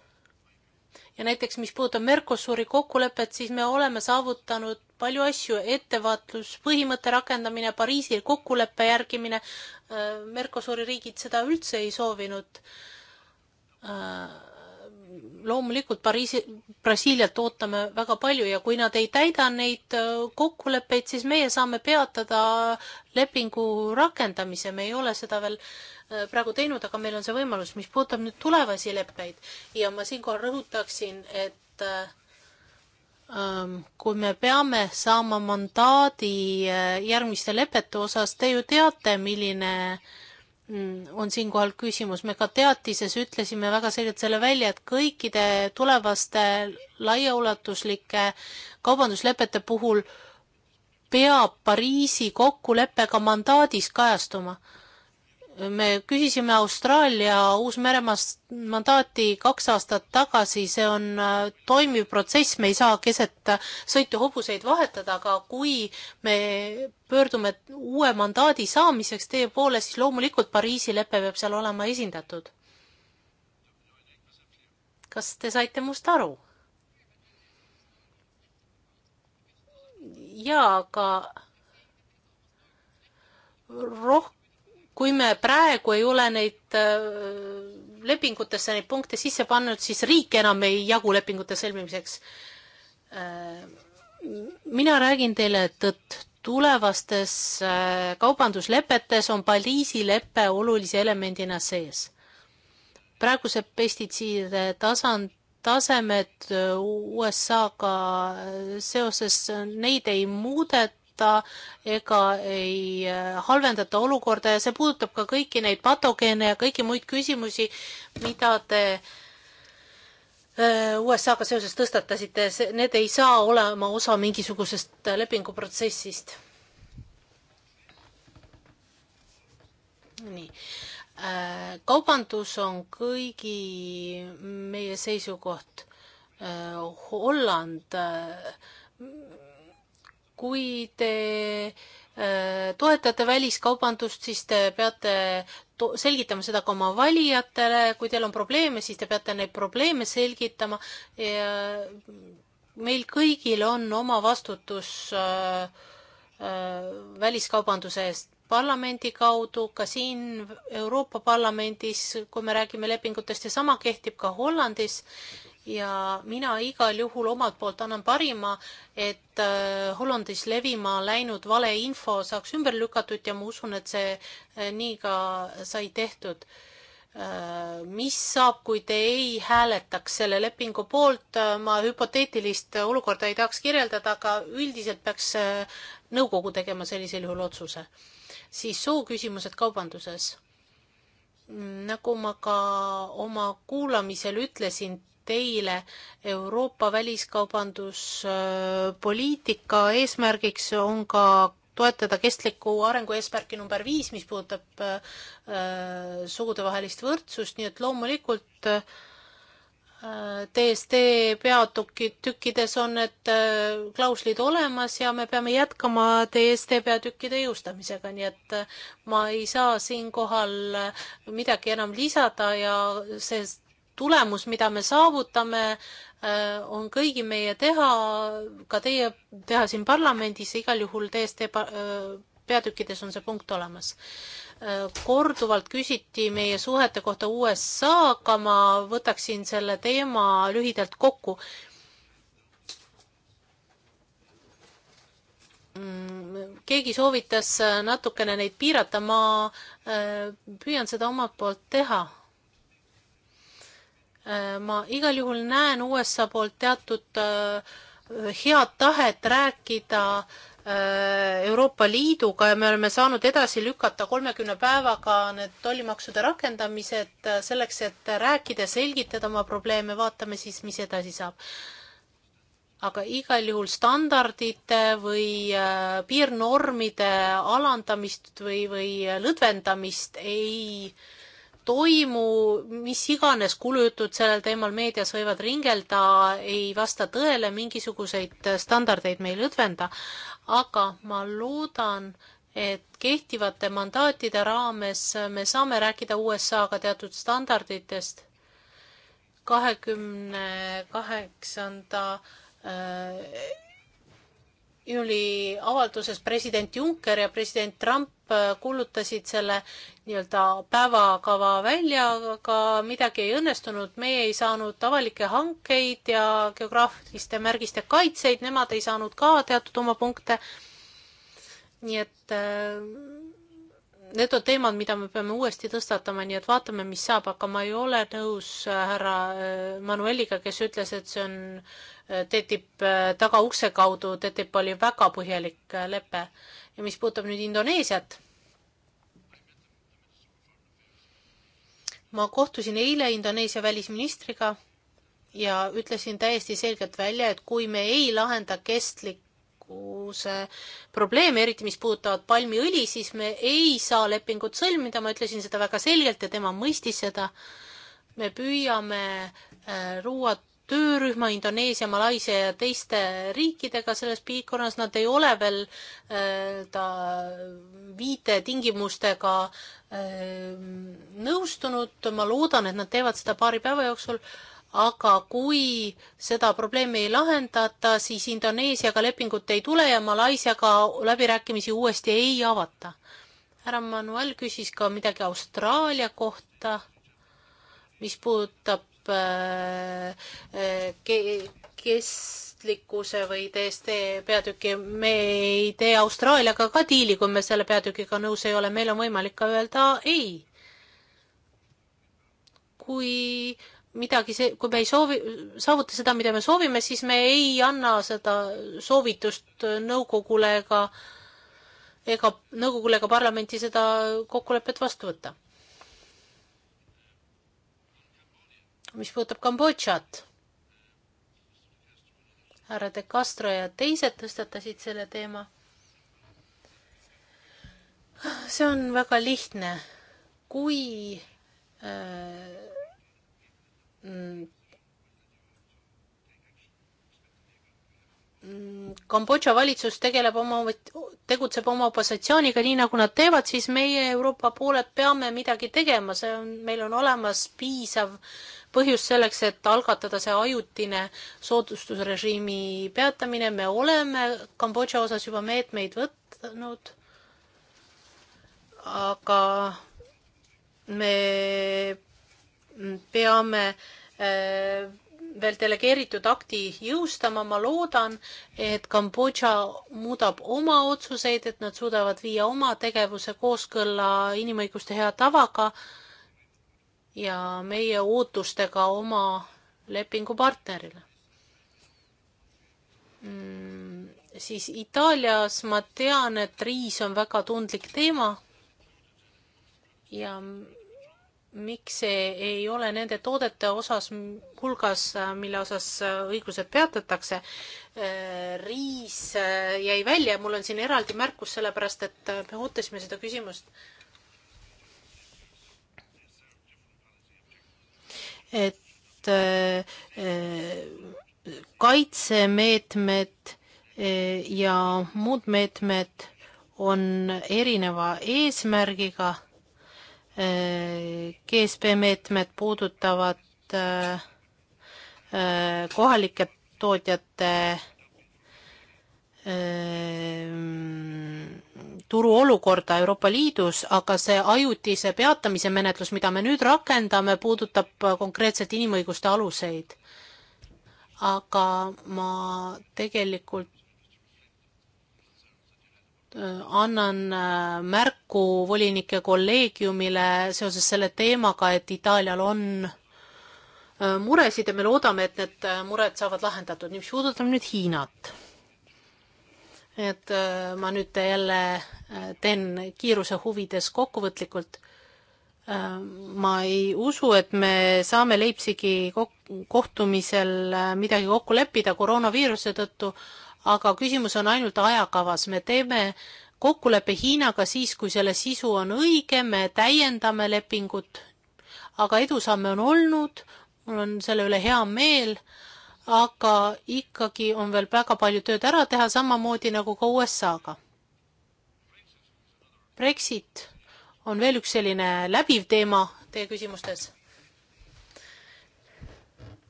S3: ja näiteks, mis puudutab Mercosuri kokkulepet, siis me oleme saavutanud palju asju, ettevaatluspõhimõtte rakendamine, Pariisi kokkuleppe järgimine, äh, Mercosuri riigid seda üldse ei soovinud. Äh, loomulikult Pariisi, Brasiilialt ootame väga palju ja kui nad ei täida neid äh, kokkuleppeid, siis meie saame peatada lepingu rakendamise, me ei ole seda veel äh, Äh, praegu teinud, aga meil on see võimalus, mis puudutab nüüd tulevasi leppeid ja ma siinkohal rõhutaksin, et äh, ähm, kui me peame saama mandaadi äh, järgmiste lepete osas, te ju teate, milline mm, on siinkohal küsimus, me ka teatises ütlesime väga selgelt selle välja, et kõikide tulevaste laiaulatuslike kaubanduslepete puhul peab Pariisi kokkulepe ka mandaadis kajastuma me küsisime Austraalia Uus-Meremaast mandaati kaks aastat tagasi, see on äh, toimiv protsess, me ei saa keset äh, sõitu hobuseid vahetada, aga kui me pöördume uue mandaadi saamiseks teie poole, siis loomulikult Pariisi lepe peab seal olema esindatud. kas te saite must aru? jaa, aga rohkem kui me praegu ei ole neid äh, lepingutesse neid punkte sisse pannud, siis riik enam ei jagu lepingute sõlmimiseks. Äh, mina räägin teile tõtt, tulevastes äh, kaubanduslepetes on Pariisi lepe olulise elemendina sees. praegused pestitsiidide tasand, tasemed USA-ga seoses, neid ei muude, rikkuta ega ei äh, halvendata olukorda ja see puudutab ka kõiki neid patogeene ja kõiki muid küsimusi, mida te äh, USA-ga seoses tõstatasite, need ei saa olema osa mingisugusest lepinguprotsessist. nii äh, kaubandus on kõigi meie seisukoht. Holland kui te äh, toetate väliskaubandust, siis te peate selgitama seda ka oma valijatele, kui teil on probleeme, siis te peate neid probleeme selgitama. meil kõigil on oma vastutus äh, äh, väliskaubanduse eest parlamendi kaudu, ka siin Euroopa Parlamendis, kui me räägime lepingutest ja sama kehtib ka Hollandis ja mina igal juhul omalt poolt annan parima, et äh, Hollandis levima läinud valeinfo saaks ümber lükatud ja ma usun, et see äh, nii ka sai tehtud. Äh, mis saab, kui te ei hääletaks selle lepingu poolt, ma hüpoteetilist olukorda ei tahaks kirjeldada, aga üldiselt peaks nõukogu tegema sellisel juhul otsuse. siis sooküsimused kaubanduses nagu ma ka oma kuulamisel ütlesin, teile Euroopa väliskaubanduspoliitika eesmärgiks on ka toetada kestliku arengu eesmärki number viis, mis puudutab äh, sugudevahelist võrdsust, nii et loomulikult äh, TSD peatükkides on need äh, klauslid olemas ja me peame jätkama TSD peatükkide jõustamisega, nii et äh, ma ei saa siinkohal äh, midagi enam lisada ja see tulemus, mida me saavutame, äh, on kõigi meie teha, ka teie teha siin parlamendis, igal juhul täiesti eba, äh, peatükkides on see punkt olemas. Äh, korduvalt küsiti meie suhete kohta USA-ga, ma võtaksin selle teema lühidalt kokku. keegi soovitas natukene neid piirata, ma püüan seda omalt poolt teha Äh, ma igal juhul näen USA poolt teatud äh, head tahet rääkida äh, Euroopa Liiduga ja me oleme saanud edasi lükata kolmekümne päevaga need tollimaksude rakendamised selleks, et rääkida, selgitada oma probleeme, vaatame siis, mis edasi saab. aga igal juhul standardite või piirnormide alandamist või, või lõdvendamist ei äh, toimu, mis iganes kulujutud sellel teemal meedias võivad ringelda, ei vasta tõele, mingisuguseid standardeid me ei lõdvenda, aga ma loodan, et kehtivate mandaatide raames me saame rääkida USA-ga teatud standarditest kahekümne kaheksanda äh, juuli avalduses president Juncker ja president Trump äh, kuulutasid selle nii-öelda päevakava välja, aga midagi ei õnnestunud, meie ei saanud avalikke hankeid ja geograafiliste märgiste kaitseid, nemad ei saanud ka teatud oma punkte. nii et äh, need on teemad, mida me peame uuesti tõstatama, nii et vaatame, mis saab, aga ma ei ole nõus äh, härra äh, Manueliga, kes ütles, et see on äh, TTIP tagaukse kaudu, TTIP oli väga põhjalik lepe. ja mis puudutab nüüd Indoneesiat, ma kohtusin eile Indoneesia välisministriga ja ütlesin täiesti selgelt välja, et kui me ei lahenda kestlik mingisuguse probleemi, eriti mis puudutavad palmiõli, siis me ei saa lepingut sõlmida, ma ütlesin seda väga selgelt ja tema mõistis seda. me püüame äh, luua töörühma Indoneesia, Malaisia ja teiste riikidega selles piirkonnas, nad ei ole veel äh, ta viite tingimustega äh, nõustunud, ma loodan, et nad teevad seda paari päeva jooksul aga kui seda probleemi ei lahendata, siis Indoneesiaga lepingut ei tule ja Malaisiaga läbirääkimisi uuesti ei avata. härra Manuel küsis ka midagi Austraalia kohta, mis puudutab äh, äh, ke-, kestlikkuse või DSD peatüki, me ei tee Austraaliaga ka diili, kui me selle peatükiga nõus ei ole, meil on võimalik ka öelda ei. kui midagi, kui me ei soovi, saavuta seda, mida me soovime, siis me ei anna seda soovitust nõukogule ega, ega nõukogule ega parlamenti seda kokkulepet vastu võtta. mis puudutab Kambodžat, härra De Castro ja teised tõstatasid selle teema. see on väga lihtne. kui äh, Mm, Kambodža valitsus tegeleb oma, tegutseb oma opositsiooniga nii, nagu nad teevad, siis meie Euroopa pooled peame midagi tegema, see on, meil on olemas piisav põhjus selleks, et algatada see ajutine soodustusrežiimi peatamine, me oleme Kambodža osas juba meetmeid võtnud, aga me peame äh, veel delegeeritud akti jõustama, ma loodan, et Kambodža muudab oma otsuseid, et nad suudavad viia oma tegevuse kooskõlla inimõiguste hea tavaga ja meie ootustega oma lepingupartnerile mm,. siis Itaalias ma tean, et riis on väga tundlik teema ja miks see ei ole nende toodete osas hulgas, mille osas õigused peatatakse. riis äh, jäi välja, mul on siin eraldi märkus, sellepärast et äh, me ootasime seda küsimust. et äh, kaitsemeetmed ja muud meetmed on erineva eesmärgiga Äh, GSP meetmed puudutavad äh, äh, kohalike tootjate turuolukorda Euroopa Liidus, aga see ajutise peatamise menetlus, mida me nüüd rakendame, puudutab konkreetselt inimõiguste aluseid. aga ma tegelikult Äh, annan äh, märku volinike kolleegiumile seoses selle teemaga, et Itaalial on äh, muresid ja me loodame, et need mured saavad lahendatud. mis puudutab nüüd Hiinat, et ma nüüd jälle teen kiiruse huvides kokkuvõtlikult. ma ei usu, et me saame Leipzigi kohtumisel midagi kokku leppida koroonaviiruse tõttu, aga küsimus on ainult ajakavas, me teeme kokkuleppe Hiinaga siis, kui selle sisu on õige, me täiendame lepingut, aga edusamme on olnud, mul on selle üle hea meel, aga ikkagi on veel väga palju tööd ära teha, samamoodi nagu ka USA-ga. Brexit on veel üks selline läbiv teema teie küsimustes.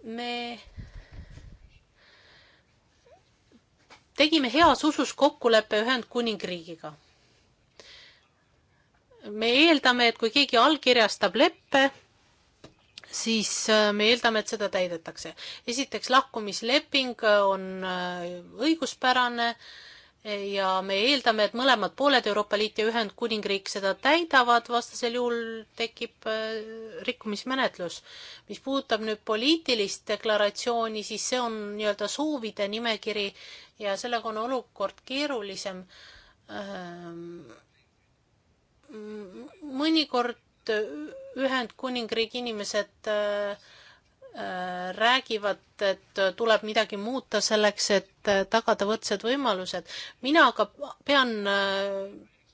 S3: me tegime heas usus kokkuleppe Ühendkuningriigiga. me eeldame, et kui keegi allkirjastab leppe, siis äh, me eeldame, et seda täidetakse. esiteks lahkumisleping äh, on äh, õiguspärane äh, ja me eeldame, et mõlemad pooled, Euroopa Liit ja Ühendkuningriik, seda täidavad, vastasel juhul tekib äh, rikkumismenetlus. mis puudutab nüüd poliitilist deklaratsiooni, siis see on nii-öelda soovide nimekiri ja sellega on olukord keerulisem. Ähm, mõnikord Ühendkuningriigi inimesed äh, Äh, räägivad, et tuleb midagi muuta selleks, et tagada võrdsed võimalused. mina aga pean äh,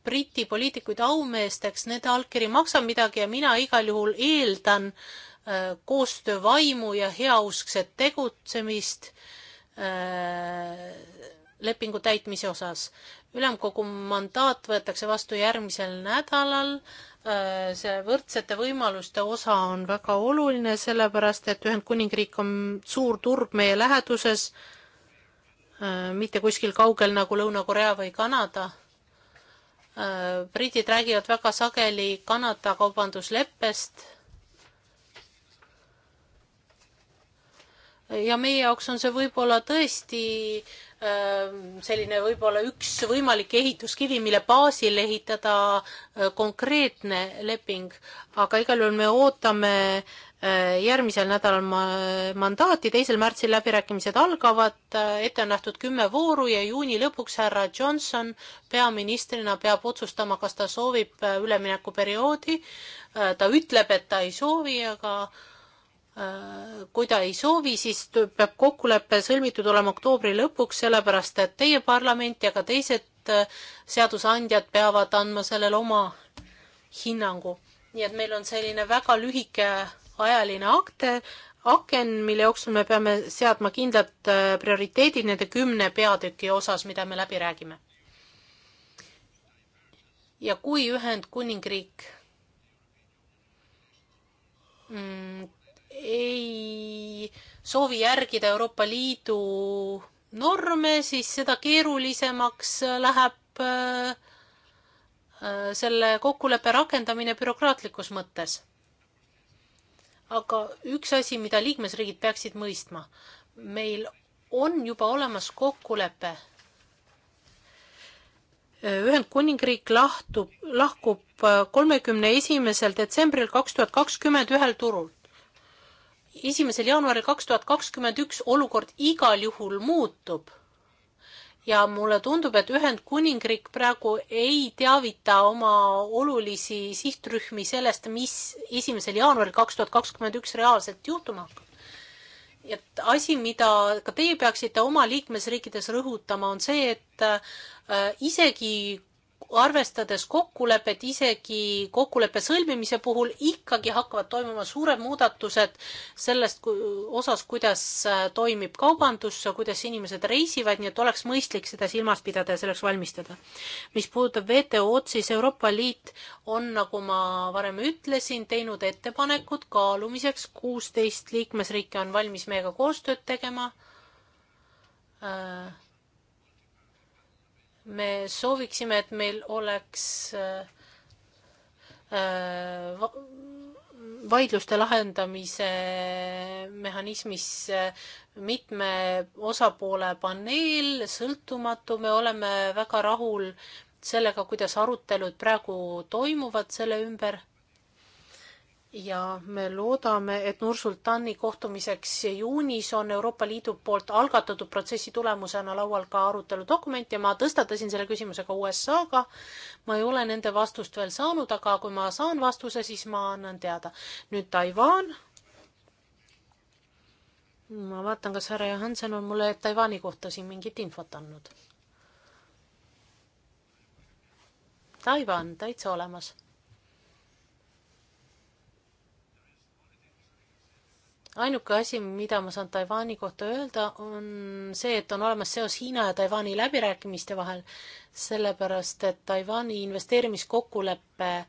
S3: Briti poliitikuid aumeesteks, nende allkiri maksab midagi ja mina igal juhul eeldan äh, koostöövaimu ja heauskset tegutsemist lepingu täitmise osas. ülemkogu mandaat võetakse vastu järgmisel nädalal Äh, see võrdsete võimaluste osa on väga oluline, sellepärast et Ühendkuningriik on suur turg meie läheduses, äh, mitte kuskil kaugel nagu Lõuna-Korea või Kanada. Äh, britid räägivad väga sageli Kanada kaubandusleppest. ja meie jaoks on see võib-olla tõesti äh, Ehm, selline võib-olla üks võimalik ehituskivi, mille baasil ehitada eh, konkreetne leping, aga igal juhul me ootame eh, järgmisel nädalal mandaati, teisel märtsil läbirääkimised algavad, eh, ette on nähtud kümme vooru ja juuni lõpuks härra Johnson peaministrina peab otsustama, kas ta soovib üleminekuperioodi. ta ütleb, et ta ei soovi, aga Äh, kui ta ei soovi, siis peab kokkulepe sõlmitud olema oktoobri lõpuks, sellepärast et teie parlament ja ka teised äh, seadusandjad peavad andma sellele oma hinnangu. nii et meil on selline väga lühike ajaline akte, aken, mille jooksul me peame seadma kindlad äh, prioriteedid nende kümne peatüki osas, mida me läbi räägime. ja kui Ühendkuningriik mm, ei soovi järgida Euroopa Liidu norme, siis seda keerulisemaks läheb äh, äh, selle kokkuleppe rakendamine bürokraatlikus mõttes. aga üks asi, mida liikmesriigid peaksid mõistma, meil on juba olemas kokkulepe. Ühendkuningriik lahtub, lahkub äh, kolmekümne esimesel detsembril kaks tuhat kakskümmend ühel turult esimesel jaanuaril kaks tuhat kakskümmend üks olukord igal juhul muutub. ja mulle tundub, et Ühendkuningriik praegu ei teavita oma olulisi sihtrühmi sellest, mis esimesel jaanuaril kaks tuhat kakskümmend üks reaalselt juhtuma hakkab. et asi, mida ka teie peaksite oma liikmesriikides rõhutama, on see, et äh, isegi arvestades kokkulepet, isegi kokkuleppe sõlmimise puhul ikkagi hakkavad toimuma suured muudatused sellest osas, kuidas äh, toimib kaubandus, kuidas inimesed reisivad, nii et oleks mõistlik seda silmas pidada ja selleks valmistada. mis puudutab WTO-d, siis Euroopa Liit on, nagu ma varem ütlesin, teinud ettepanekud kaalumiseks, kuusteist liikmesriiki on valmis meiega koostööd tegema äh, me sooviksime, et meil oleks äh, äh, vaidluste lahendamise mehhanismis äh, mitme osapoole paneel, sõltumatu, me oleme väga rahul sellega, kuidas arutelud praegu toimuvad selle ümber ja me loodame, et Nursultani kohtumiseks juunis on Euroopa Liidu poolt algatatud protsessi tulemusena laual ka aruteludokument ja ma tõstatasin selle küsimuse ka USA-ga. ma ei ole nende vastust veel saanud, aga kui ma saan vastuse, siis ma annan teada. nüüd Taiwan. ma vaatan, kas härra Johanson on mulle Taiwan'i kohta siin mingit infot andnud. Taiwan täitsa olemas ainuke asi, mida ma saan Taiwan'i kohta öelda, on see, et on olemas seos Hiina ja Taiwan'i läbirääkimiste vahel, sellepärast et Taiwan'i investeerimiskokkulepe äh,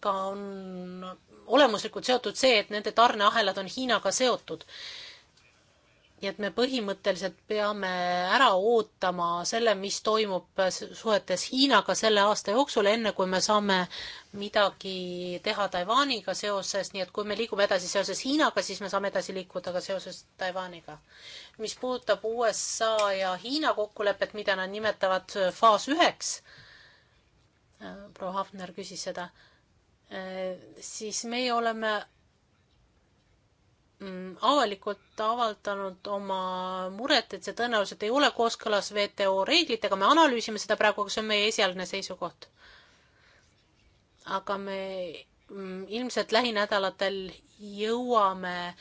S3: ka on olemuslikult seotud see, et nende tarneahelad on Hiinaga seotud nii et me põhimõtteliselt peame ära ootama selle, mis toimub suhetes Hiinaga selle aasta jooksul, enne kui me saame midagi teha Taiwaniga seoses, nii et kui me liigume edasi seoses Hiinaga, siis me saame edasi liikuda ka seoses Taiwaniga. mis puudutab USA ja Hiina kokkulepet, mida nad nimetavad faas üheks, äh, proua Hafner küsis seda, äh, siis meie oleme Mm, avalikult avaldanud oma muret, et see tõenäoliselt ei ole kooskõlas WTO reeglitega, me analüüsime seda praegu, aga see on meie esialgne seisukoht. aga me mm, ilmselt lähinädalatel jõuame äh,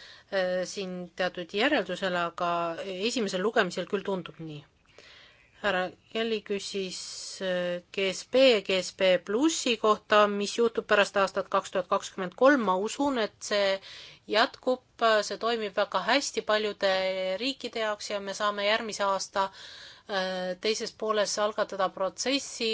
S3: siin teatud järeldusele, aga esimesel lugemisel küll tundub nii härra Kelly küsis äh, GSP, GSP plussi kohta, mis juhtub pärast aastat kaks tuhat kakskümmend kolm, ma usun, et see jätkub, äh, see toimib väga hästi paljude riikide jaoks ja me saame järgmise aasta äh, teises pooles algatada protsessi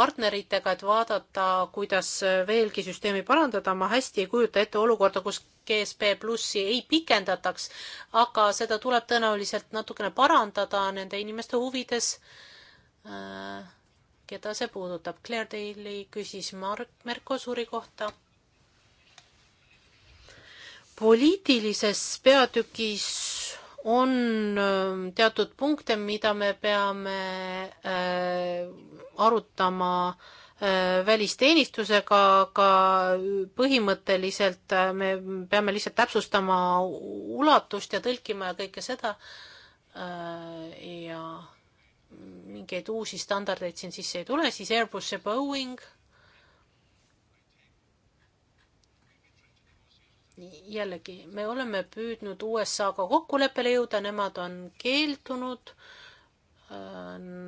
S3: partneritega, et vaadata, kuidas veelgi süsteemi parandada. ma hästi ei kujuta ette olukorda, kus GSP plussi ei pikendataks, aga seda tuleb tõenäoliselt natukene parandada nende inimeste huvides, äh, keda see puudutab. Claire Daly küsis Mark Mercosuri kohta. poliitilises peatükis on ähm, teatud punkte, mida me peame äh, arutama äh, Äh, välisteenistusega, aga põhimõtteliselt äh, me peame lihtsalt täpsustama ulatust ja tõlkima ja kõike seda. Äh, ja mingeid uusi standardeid siin sisse ei tule, siis Airbus ja Boeing. jällegi, me oleme püüdnud USA-ga kokkuleppele jõuda, nemad on keeldunud.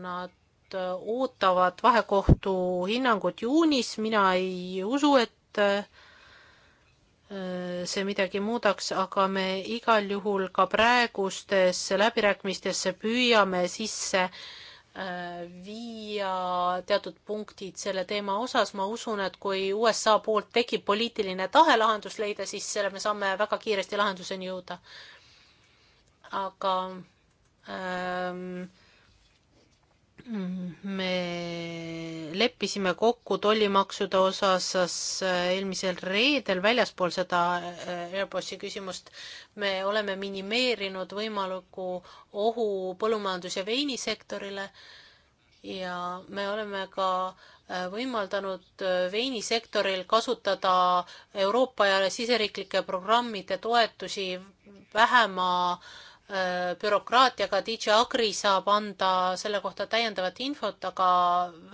S3: Nad Äh, ootavad vahekohtu hinnangut juunis, mina ei usu, et äh, see midagi muudaks, aga me igal juhul ka praegustes läbirääkimistesse püüame sisse äh, viia teatud punktid selle teema osas, ma usun, et kui USA poolt tekib poliitiline tahe lahendus leida, siis selle me saame väga kiiresti lahenduseni jõuda. aga ähm, me leppisime kokku tollimaksude osas äh, eelmisel reedel väljaspool seda äh, Airbusi küsimust. me oleme minimeerinud võimaliku ohu põllumajandus- ja veinisektorile ja me oleme ka äh, võimaldanud veinisektoril kasutada Euroopa ja siseriiklike programmide toetusi vähema äh, Äh, bürokraatiaga, DJ Agri saab anda selle kohta täiendavat infot, aga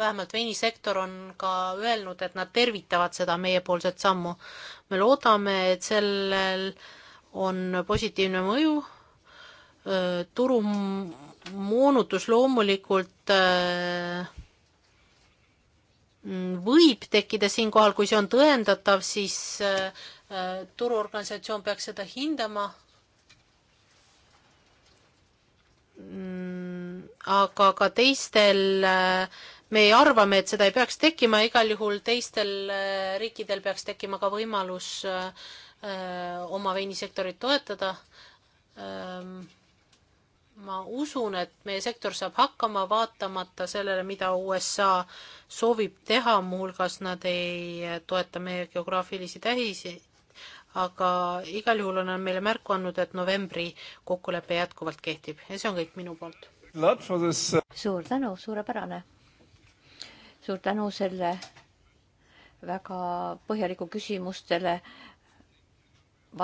S3: vähemalt veinisektor on ka öelnud, et nad tervitavad seda meiepoolset sammu. me loodame, et sellel on positiivne mõju, äh, turumoonutus loomulikult äh, võib tekkida siinkohal, kui see on tõendatav, siis turuorganisatsioon peaks seda hindama Mm, aga ka teistel, äh, me arvame, et seda ei peaks tekkima, igal juhul teistel äh, riikidel peaks tekkima ka võimalus äh, oma veinisektorit toetada. Ähm, ma usun, et meie sektor saab hakkama, vaatamata sellele, mida USA soovib teha, muuhulgas nad ei toeta meie geograafilisi tähiseid aga igal juhul on meile märku andnud, et novembri kokkulepe jätkuvalt kehtib ja see on kõik minu poolt.
S2: Uh,
S1: suur tänu, suurepärane. suur tänu selle väga põhjaliku küsimustele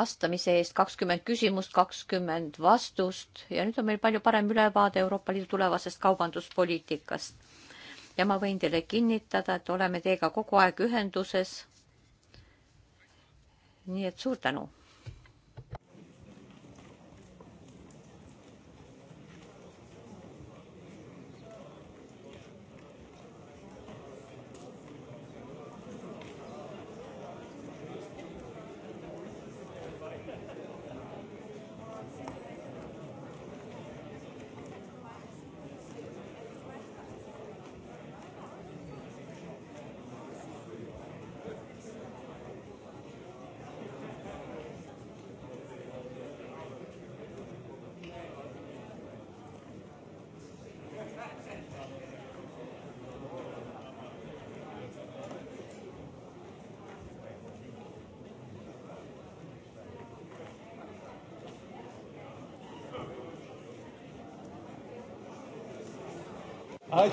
S1: vastamise eest, kakskümmend küsimust, kakskümmend vastust ja nüüd on meil palju parem ülevaade Euroopa Liidu tulevasest kaubanduspoliitikast. ja ma võin teile kinnitada, et oleme teiega kogu aeg ühenduses nii et suur tänu.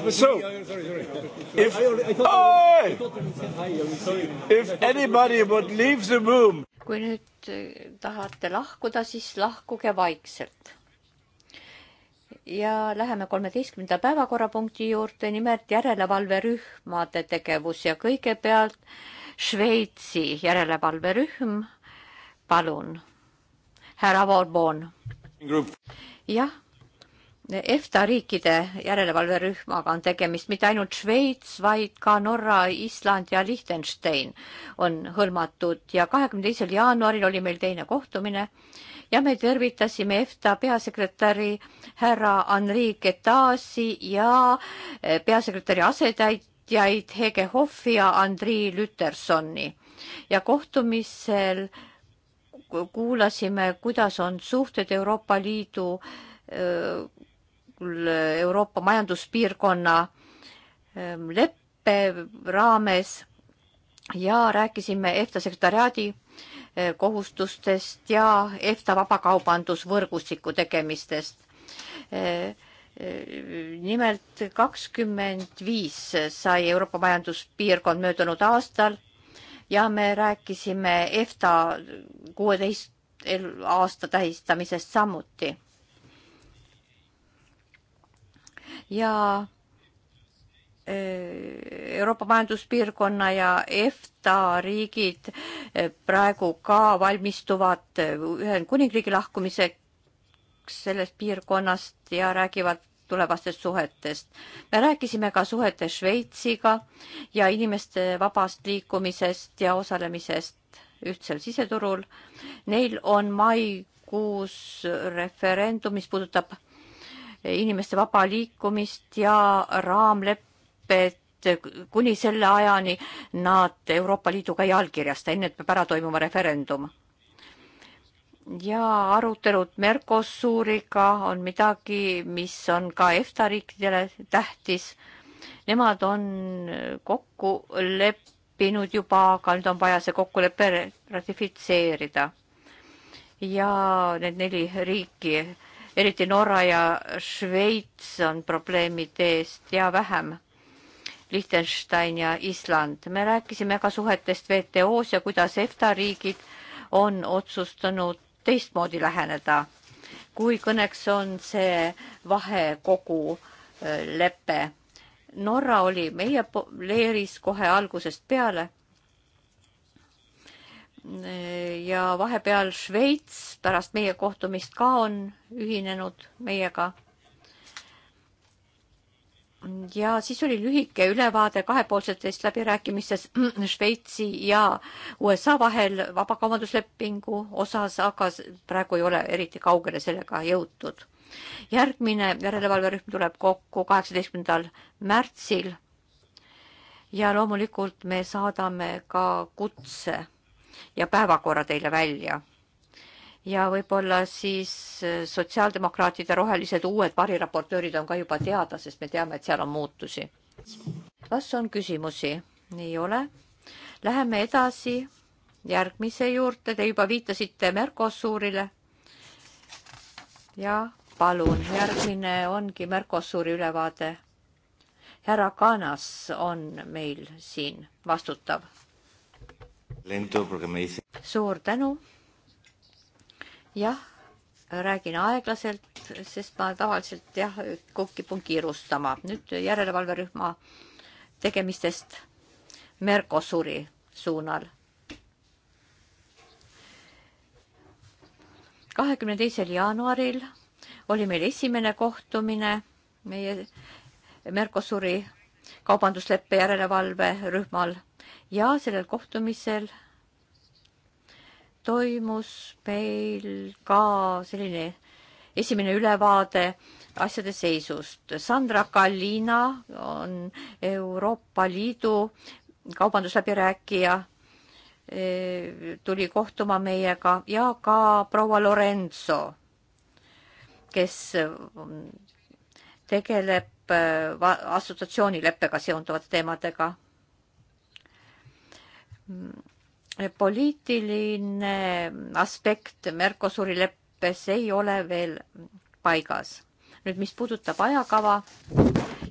S2: So, if, if anybody would leave the room.
S1: kui nüüd eh, tahate lahkuda, siis lahkuge vaikselt. ja läheme kolmeteistkümnenda päevakorrapunkti juurde, nimelt järelevalverühmade tegevus ja kõigepealt Šveitsi järelevalverühm. palun, härra Vorbon. jah EFTA riikide järelevalverühmaga on tegemist, mitte ainult Šveits, vaid ka Norra, Island ja Liechtenstein on hõlmatud ja kahekümne teisel jaanuaril oli meil teine kohtumine ja me tervitasime EFTA peasekretäri härra Henri Getasi ja eh, peasekretäri asetäitjaid Hege Hoffi ja Andrii Lütersoni ja kohtumisel kuulasime, kuidas on suhted Euroopa Liidu eh, küll äh, Euroopa Majanduspiirkonna ähm, leppe raames ja rääkisime EFTA sekretariaadi äh, kohustustest ja EFTA vabakaubandusvõrgustiku tegemistest. Äh, nimelt kakskümmend viis sai Euroopa Majanduspiirkond möödunud aastal ja me rääkisime EFTA kuueteist aasta tähistamisest samuti ja äh, Euroopa Majanduspiirkonna ja EFTA riigid äh, praegu ka valmistuvad äh, Ühendkuningriigi lahkumiseks sellest piirkonnast ja räägivad tulevastest suhetest. me rääkisime ka suhete Šveitsiga ja inimeste vabast liikumisest ja osalemisest ühtsel siseturul. Neil on maikuus referendum, mis puudutab inimeste vaba liikumist ja raamlepped kuni selle ajani nad Euroopa Liiduga ei allkirjasta, enne peab ära toimuma referendum. ja arutelud Mercosuriga on midagi, mis on ka EFTA riikidele tähtis. Nemad on kokku leppinud juba, aga nüüd on vaja see kokkulepe ratifitseerida. ja need neli riiki eriti Norra ja Šveits on probleemide eest ja vähem Liechtenstein ja Island. me rääkisime ka suhetest WTO-s ja kuidas EFTA riigid on otsustanud teistmoodi läheneda, kui kõneks on see vahekogu äh, lepe. Norra oli meie leeris kohe algusest peale ja vahepeal Šveits pärast meie kohtumist ka on ühinenud meiega. ja siis oli lühike ülevaade kahepoolsetest läbirääkimistest Šveitsi ja USA vahel vabakaubanduslepingu osas, aga praegu ei ole eriti kaugele sellega jõutud. järgmine järelevalverühm tuleb kokku kaheksateistkümnendal märtsil ja loomulikult me saadame ka kutse ja päevakorra teile välja. ja võib-olla siis äh, sotsiaaldemokraatide rohelised uued variraportöörid on ka juba teada, sest me teame, et seal on muutusi. kas on küsimusi? ei ole. Läheme edasi järgmise juurde, te juba viitasite Mercosurile. ja palun, järgmine ongi Mercosuri ülevaade. härra Kanas on meil siin vastutav suur tänu. jah, räägin aeglaselt, sest ma tavaliselt jah, kukipun kiirustama. nüüd järelevalverühma tegemistest Mercosuri suunal. kahekümne teisel jaanuaril oli meil esimene kohtumine meie Mercosuri kaubandusleppe järelevalverühmal ja sellel kohtumisel toimus meil ka selline esimene ülevaade asjade seisust. Sandra Kalina on Euroopa Liidu kaubandusläbirääkija, eh, tuli kohtuma meiega ja ka proua Lorenzo, kes mm, tegeleb eh, assotsiatsioonileppega seonduvate teemadega Mm. poliitiline aspekt Mercosuri leppes ei ole veel paigas. nüüd, mis puudutab ajakava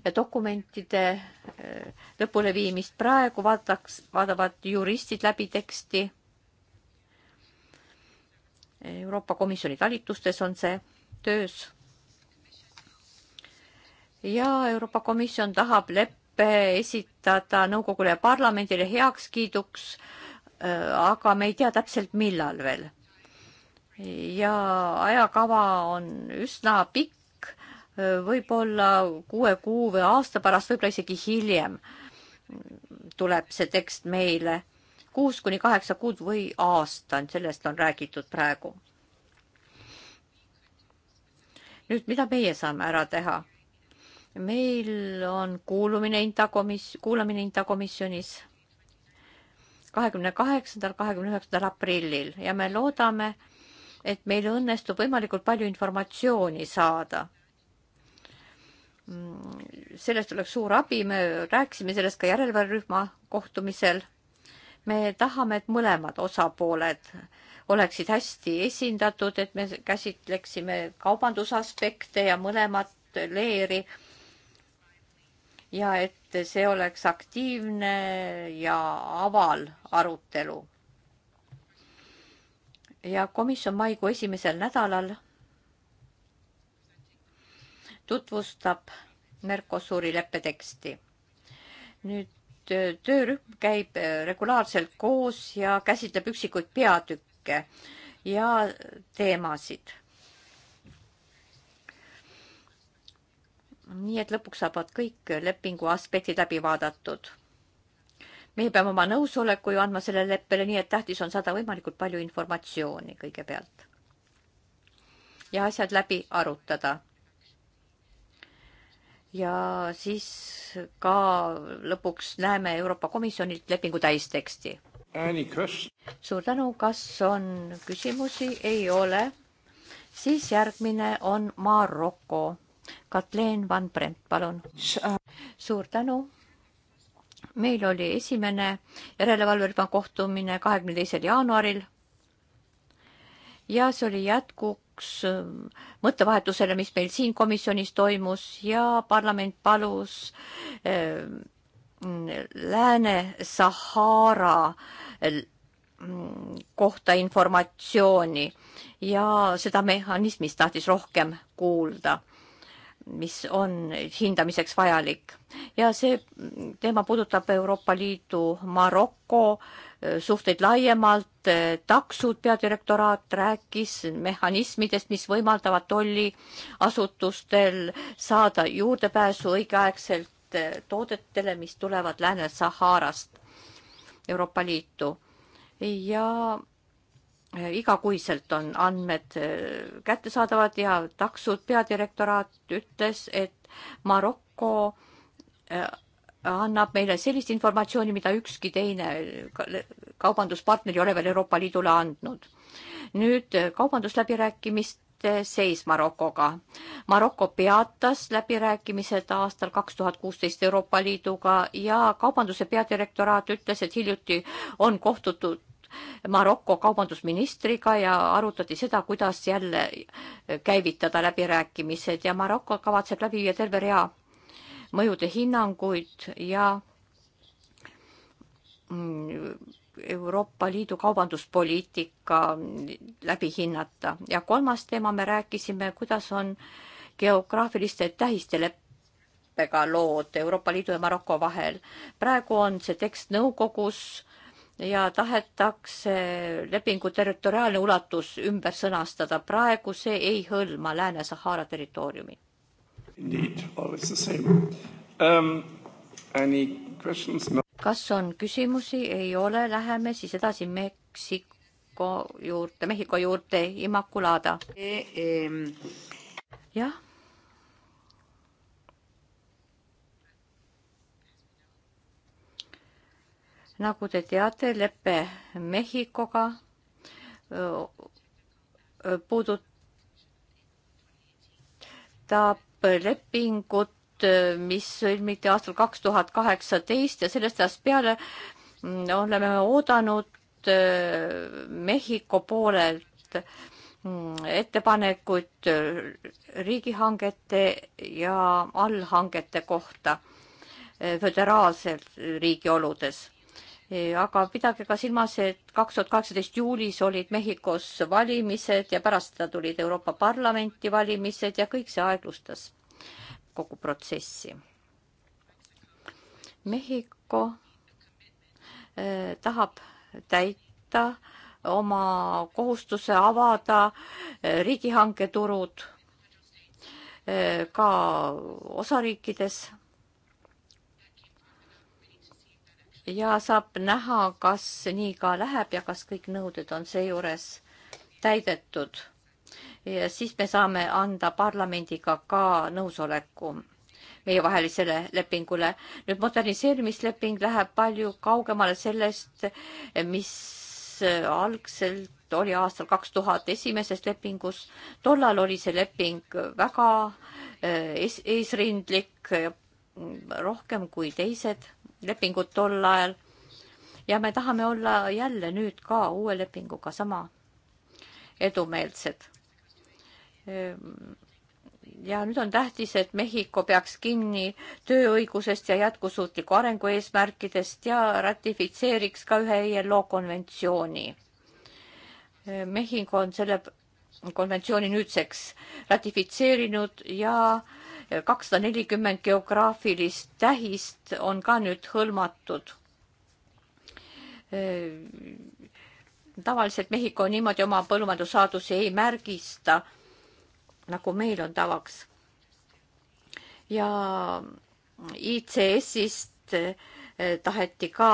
S1: ja dokumentide eh, lõpuleviimist, praegu vaataks, vaatavad juristid läbi teksti. Euroopa Komisjoni talitustes on see töös. ja Euroopa Komisjon tahab leppida esitada nõukogule ja parlamendile heakskiiduks, äh, aga me ei tea täpselt, millal veel. ja ajakava on üsna pikk, äh, võib-olla kuue kuu või aasta pärast, võib-olla isegi hiljem tuleb see tekst meile. kuus kuni kaheksa kuud või aasta, sellest on räägitud praegu. nüüd, mida meie saame ära teha? meil on kuulumine intakomis-, kuulamine intakomisjonis kahekümne kaheksandal, kahekümne üheksandal aprillil ja me loodame, et meil õnnestub võimalikult palju informatsiooni saada. Mm, sellest oleks suur abi, me rääkisime sellest ka järelevalverühma kohtumisel. me tahame, et mõlemad osapooled oleksid hästi esindatud, et me käsitleksime kaubandusaspekte ja mõlemat leeri ja et see oleks aktiivne ja aval arutelu. ja komisjon maikuu esimesel nädalal tutvustab Mercosuri leppe teksti. nüüd töörühm käib äh, regulaarselt koos ja käsitleb üksikuid peatükke ja teemasid nii et lõpuks saavad kõik lepingu aspektid läbi vaadatud. meie peame oma nõusoleku ju andma sellele leppele, nii et tähtis on saada võimalikult palju informatsiooni kõigepealt. ja asjad läbi arutada. ja siis ka lõpuks näeme Euroopa Komisjonilt lepingu täisteksti. suur tänu, kas on küsimusi? ei ole. siis järgmine on Maroko Katleen Van Brent, palun. suur tänu. meil oli esimene järelevalverühma kohtumine kahekümne teisel jaanuaril. ja see oli jätkuks ähm, mõttevahetusele, mis meil siin komisjonis toimus ja parlament palus ähm, äh, Lääne-Sahara kohta informatsiooni ja seda mehhanismist tahtis rohkem kuulda mis on hindamiseks vajalik ja see teema puudutab Euroopa Liidu Maroko eh, suhteid laiemalt. Eh, taksud peadirektoraat rääkis mehhanismidest, mis võimaldavad tolliasutustel saada juurdepääsu õigeaegselt eh, toodetele, mis tulevad Lääne-Saharast Euroopa Liitu ja Äh, igakuiselt on andmed äh, kättesaadavad ja taksud peadirektoraat ütles, et Maroko äh, annab meile sellist informatsiooni, mida ükski teine kaubanduspartner ei ole veel Euroopa Liidule andnud. nüüd kaubandusläbirääkimiste seis Marokoga. Maroko peatas läbirääkimised aastal kaks tuhat kuusteist Euroopa Liiduga ja kaubanduse peadirektoraat ütles, et hiljuti on kohtutud Maroko kaubandusministriga ja arutati seda, kuidas jälle käivitada läbirääkimised ja Maroko kavatseb läbi viia terve rea mõjude hinnanguid ja mm, Euroopa Liidu kaubanduspoliitika läbi hinnata. ja kolmas teema, me rääkisime, kuidas on geograafiliste tähiste leppega lood Euroopa Liidu ja Maroko vahel. praegu on see tekst nõukogus ja tahetakse lepingu territoriaalne ulatus ümber sõnastada. praegu see ei hõlma Lääne-Sahara territooriumi. Um, kas on küsimusi? ei ole, läheme siis edasi Meksiko juurde, Mehhiko juurde, Immaculada. E, jah nagu te teate, lepe Mehhikoga puudutab lepingut, mis sõlmiti aastal kaks tuhat kaheksateist ja sellest ajast peale mm, oleme oodanud Mehhiko poolelt mm, ettepanekuid riigihangete ja allhangete kohta föderaalselt riigi oludes aga pidage ka silmas, et kaks tuhat kaheksateist juulis olid Mehhikos valimised ja pärast seda tulid Euroopa Parlamenti valimised ja kõik see aeglustas kogu protsessi. Mehhiko eh, tahab täita oma kohustuse avada eh, äh, riigihanketurud eh, äh, ka osariikides ja saab näha, kas nii ka läheb ja kas kõik nõuded on seejuures täidetud. ja siis me saame anda parlamendiga ka nõusoleku meievahelisele lepingule. nüüd moderniseerimisleping läheb palju kaugemale sellest, mis algselt oli aastal kaks tuhat esimeses lepingus. tollal oli see leping väga ees, eh, eesrindlik, rohkem kui teised lepingut tol ajal. ja me tahame olla jälle nüüd ka uue lepinguga sama edumeelsed. Ehm, ja nüüd on tähtis, et Mehhiko peaks kinni tööõigusest ja jätkusuutliku arengu eesmärkidest ja ratifitseeriks ka ühe ILO e konventsiooni. Ehm, Mehhiko on selle konventsiooni nüüdseks ratifitseerinud ja äh, kakssada nelikümmend geograafilist tähist on ka nüüd hõlmatud. tavaliselt Mehhiko niimoodi oma põllumajandussaadusi ei märgista, nagu meil on tavaks. ja ICS-ist eh, taheti ka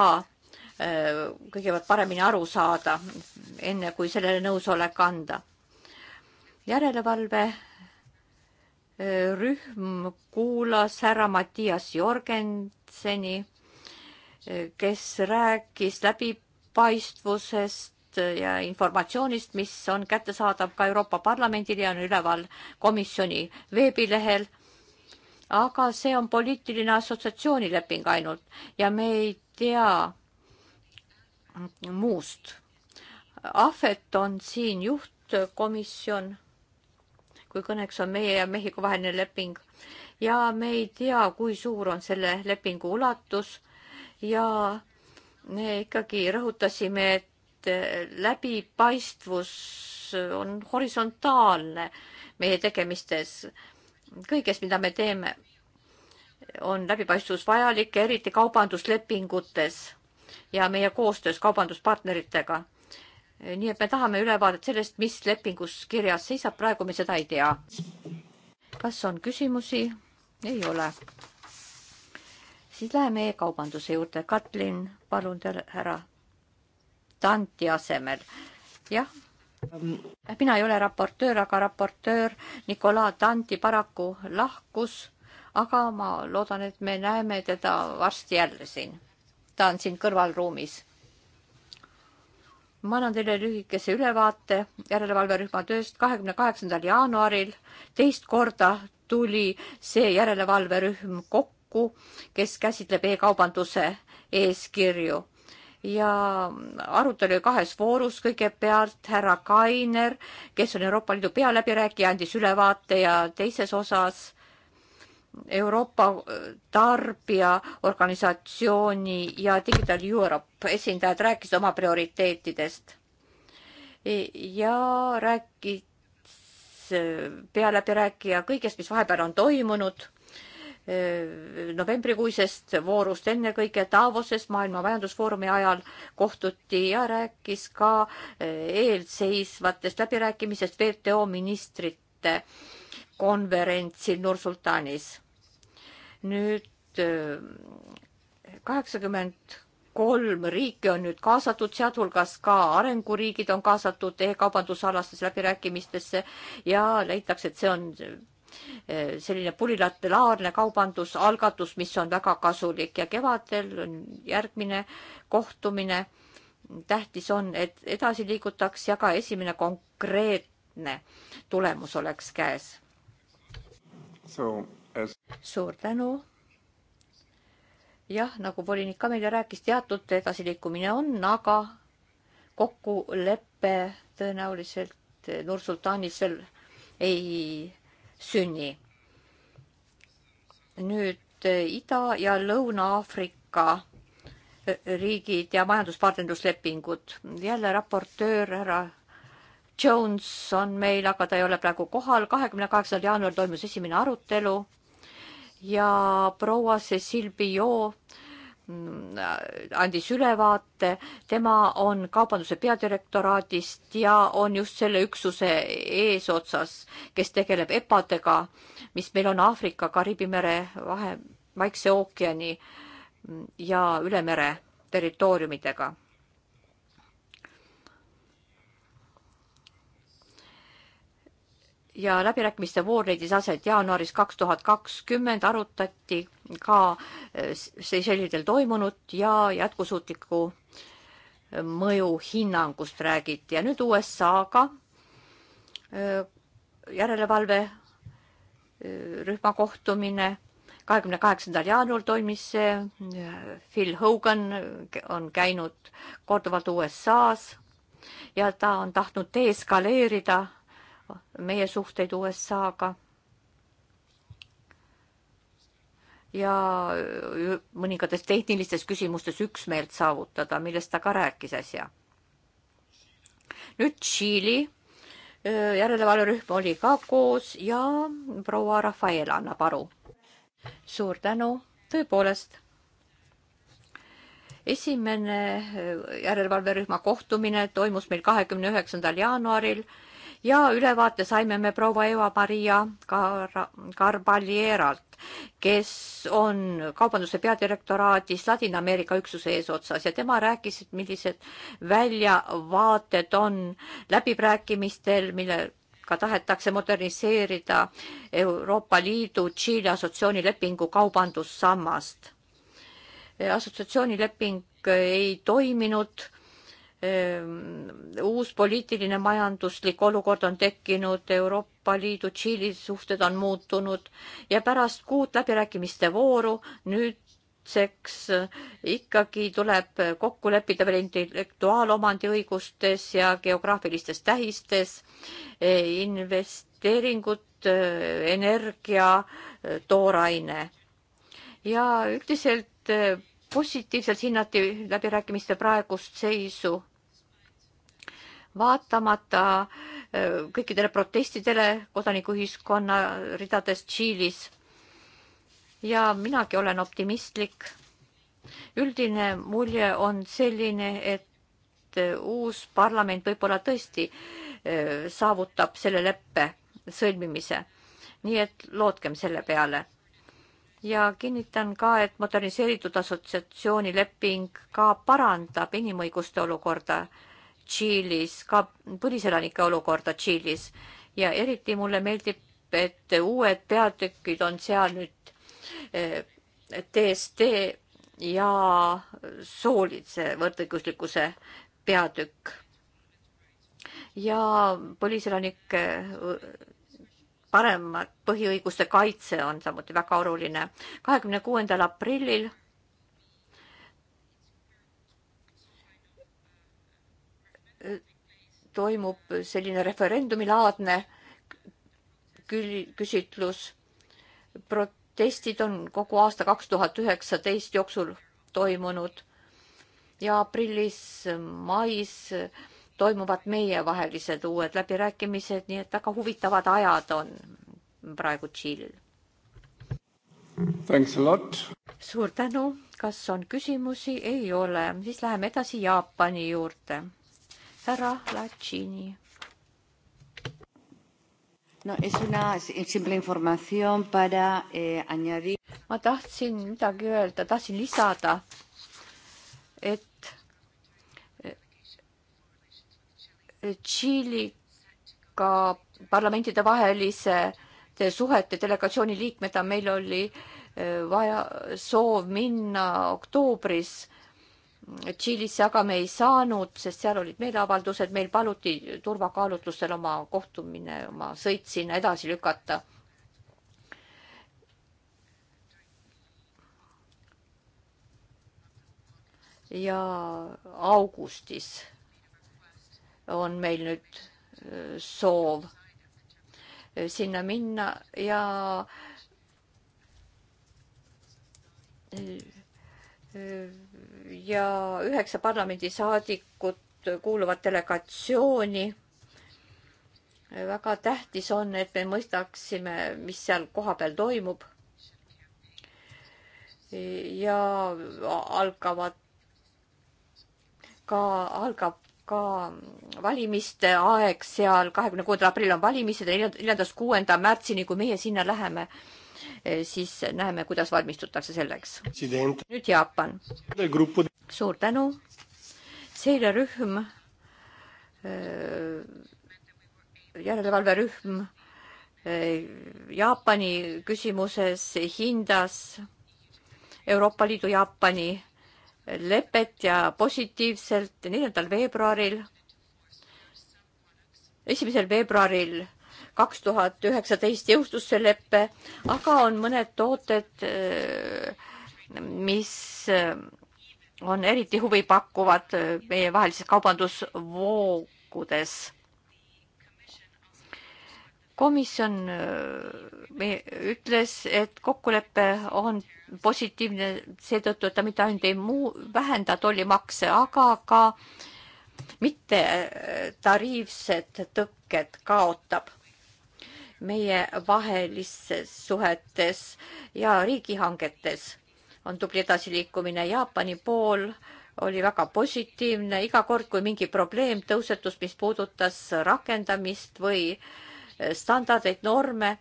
S1: eh, kõigepealt paremini aru saada, enne kui sellele nõusolek anda. järelevalve rühm kuulas härra Mattias Jorgenseni, kes rääkis läbipaistvusest ja informatsioonist, mis on kättesaadav ka Euroopa Parlamendile ja on üleval komisjoni veebilehel. aga see on poliitiline assotsiatsioonileping ainult ja me ei tea muust. Ahvet on siin juhtkomisjon kui kõneks on meie ja Mehhiko vaheline leping. ja me ei tea, kui suur on selle lepingu ulatus ja me ikkagi rõhutasime, et läbipaistvus on horisontaalne meie tegemistes. kõiges, mida me teeme, on läbipaistvus vajalik, eriti kaubanduslepingutes ja meie koostöös kaubanduspartneritega nii et me tahame ülevaadet sellest, mis lepingus kirjas seisab, praegu me seda ei tea. kas on küsimusi? ei ole. siis läheme e-kaubanduse juurde. Katlin, palun teile härra Tanti asemel. jah
S2: mina
S1: ei ole raportöör, aga raportöör Nicolas Tanti paraku lahkus, aga ma loodan, et me näeme teda varsti jälle siin. ta on siin kõrvalruumis ma annan teile lühikese ülevaate järelevalverühma tööst. kahekümne kaheksandal jaanuaril teist korda tuli see järelevalverühm kokku, kes käsitleb e-kaubanduse eeskirju ja arutelu kahes voorus kõigepealt härra Kainer, kes on Euroopa Liidu pealäbirääkija, andis ülevaate ja teises osas Euroopa tarbijaorganisatsiooni ja Digital Europe esindajad rääkisid oma prioriteetidest ja rääkis pealäbirääkija kõigest, mis vahepeal on toimunud eh, novembrikuisest voorust ennekõike Davoses Maailma Majandusfoorumi ajal kohtuti ja rääkis ka eh, eelseisvatest läbirääkimisest WTO ministrite konverentsil Nursultanis. nüüd äh, kaheksakümmend kolm riiki on nüüd kaasatud, sealhulgas ka arenguriigid on kaasatud e-kaubandusalastesse läbirääkimistesse ja leitakse, et see on äh, selline pulilateraalne kaubandusalgatus, mis on väga kasulik ja kevadel on järgmine kohtumine. tähtis on, et edasi liigutaks ja ka esimene konkreetne tulemus oleks käes As... suur tänu. jah, nagu volinik ka meile rääkis, teatud edasiliikumine on, aga kokkulepe tõenäoliselt Nursultanis veel ei sünni. nüüd Ida- ja Lõuna-Aafrika riigid ja majanduspartnerluslepingud. jälle raportöör härra Jones on meil, aga ta ei ole praegu kohal. kahekümne kaheksandal jaanuaril toimus esimene arutelu ja proua Cecil Bio mm, äh, andis ülevaate, tema on kaubanduse peadirektoraadist ja on just selle üksuse eesotsas, kes tegeleb EPA-dega, mis meil on Aafrika, Kariibi mere, Vahe, Vaikse ookeani mm, ja üle mere territooriumidega ja läbirääkimiste voor leidis aset jaanuaris kaks tuhat kakskümmend, arutati ka eh, Seychellidel toimunut ja jätkusuutliku eh, mõju hinnangust räägiti ja nüüd USA-ga eh, järelevalverühma kohtumine kahekümne kaheksandal jaanuaril toimis see. Phil Hogan on käinud korduvalt USA-s ja ta on tahtnud deeskaleerida meie suhteid USA-ga. ja mõningates tehnilistes küsimustes üksmeelt saavutada, millest ta ka rääkis äsja. nüüd Tšiili järelevalverühm oli ka koos ja proua Rafael annab aru. suur tänu, tõepoolest esimene järelevalverühma kohtumine toimus meil kahekümne üheksandal jaanuaril ja ülevaate saime me proua Eva-Maria Garbalieralt, kes on kaubanduse peadirektoraadis Ladina-Ameerika üksuse eesotsas ja tema rääkis, et millised väljavaated on läbirääkimistel, mille ka tahetakse moderniseerida Euroopa Liidu Tšiili assotsiatsioonilepingu kaubandussammast. assotsiatsioonileping ei toiminud Ehm, uus poliitiline majanduslik olukord on tekkinud, Euroopa Liidu Tšiili suhted on muutunud ja pärast kuud läbirääkimiste vooru nüüdseks eh, ikkagi tuleb kokku leppida veel intellektuaalomandi õigustes ja geograafilistes tähistes eh, investeeringud, eh, energia, tooraine ja üldiselt positiivselt hinnati läbirääkimiste praegust seisu vaatamata äh, kõikidele protestidele kodanikuühiskonna ridades Tšiilis. ja minagi olen optimistlik. üldine mulje on selline, et äh, uus parlament võib-olla tõesti äh, saavutab selle leppe sõlmimise. nii et lootkem selle peale ja kinnitan ka, et moderniseeritud assotsiatsioonileping ka parandab inimõiguste olukorda Tšiilis, ka põliselanike olukorda Tšiilis ja eriti mulle meeldib, et uued peatükid on seal nüüd eh, TSD ja soolise võrdõiguslikkuse peatükk. ja põliselanike paremad põhiõiguste kaitse on samuti väga oluline. kahekümne kuuendal aprillil toimub selline referendumilaadne küsitlus. protestid on kogu aasta kaks tuhat üheksateist jooksul toimunud ja aprillis-mais toimuvad meievahelised uued läbirääkimised, nii et väga huvitavad ajad on praegu Tšiilil. suur tänu, kas on küsimusi? ei ole, siis läheme edasi Jaapani juurde härra Lacini. No, es una simple información para eh, añadir. ma tahtsin midagi öelda, tahtsin lisada, et eh, Tšiiliga parlamentide vahelise suhete delegatsiooni liikmeda meil oli eh, vaja soov minna oktoobris Tšiilisse aga me ei saanud, sest seal olid meeleavaldused, meil paluti turvakaalutlustel oma kohtumine, oma sõit sinna edasi lükata. ja augustis on meil nüüd äh, soov äh, sinna minna ja äh, ja üheksa parlamendisaadikut kuuluvad delegatsiooni. väga tähtis on, et me mõistaksime, mis seal kohapeal toimub. ja algavad ka, algab ka valimiste aeg seal, kahekümne kuuendal aprillil on valimised ja neljandast kuuenda märtsini, kui meie sinna läheme Eh, siis näeme, kuidas valmistutakse selleks. nüüd Jaapan. suur tänu. seirerühm, eh, järelevalverühm eh, Jaapani küsimuses hindas Euroopa Liidu Jaapani lepet ja positiivselt neljandal veebruaril, esimesel veebruaril kaks tuhat üheksateist jõustus see lepe, aga on mõned tooted, äh, mis äh, on eriti huvipakkuvad äh, meievahelises kaubandusvoogudes. komisjon ütles, et kokkulepe on positiivne seetõttu, et ta mitte ainult ei muu, vähenda tollimakse, aga ka mitte tariifsed tõkked kaotab meievahelistes suhetes ja riigihangetes on tubli edasiliikumine. Jaapani pool oli väga positiivne, iga kord, kui mingi probleem tõusetus, mis puudutas rakendamist või eh, standardeid, norme,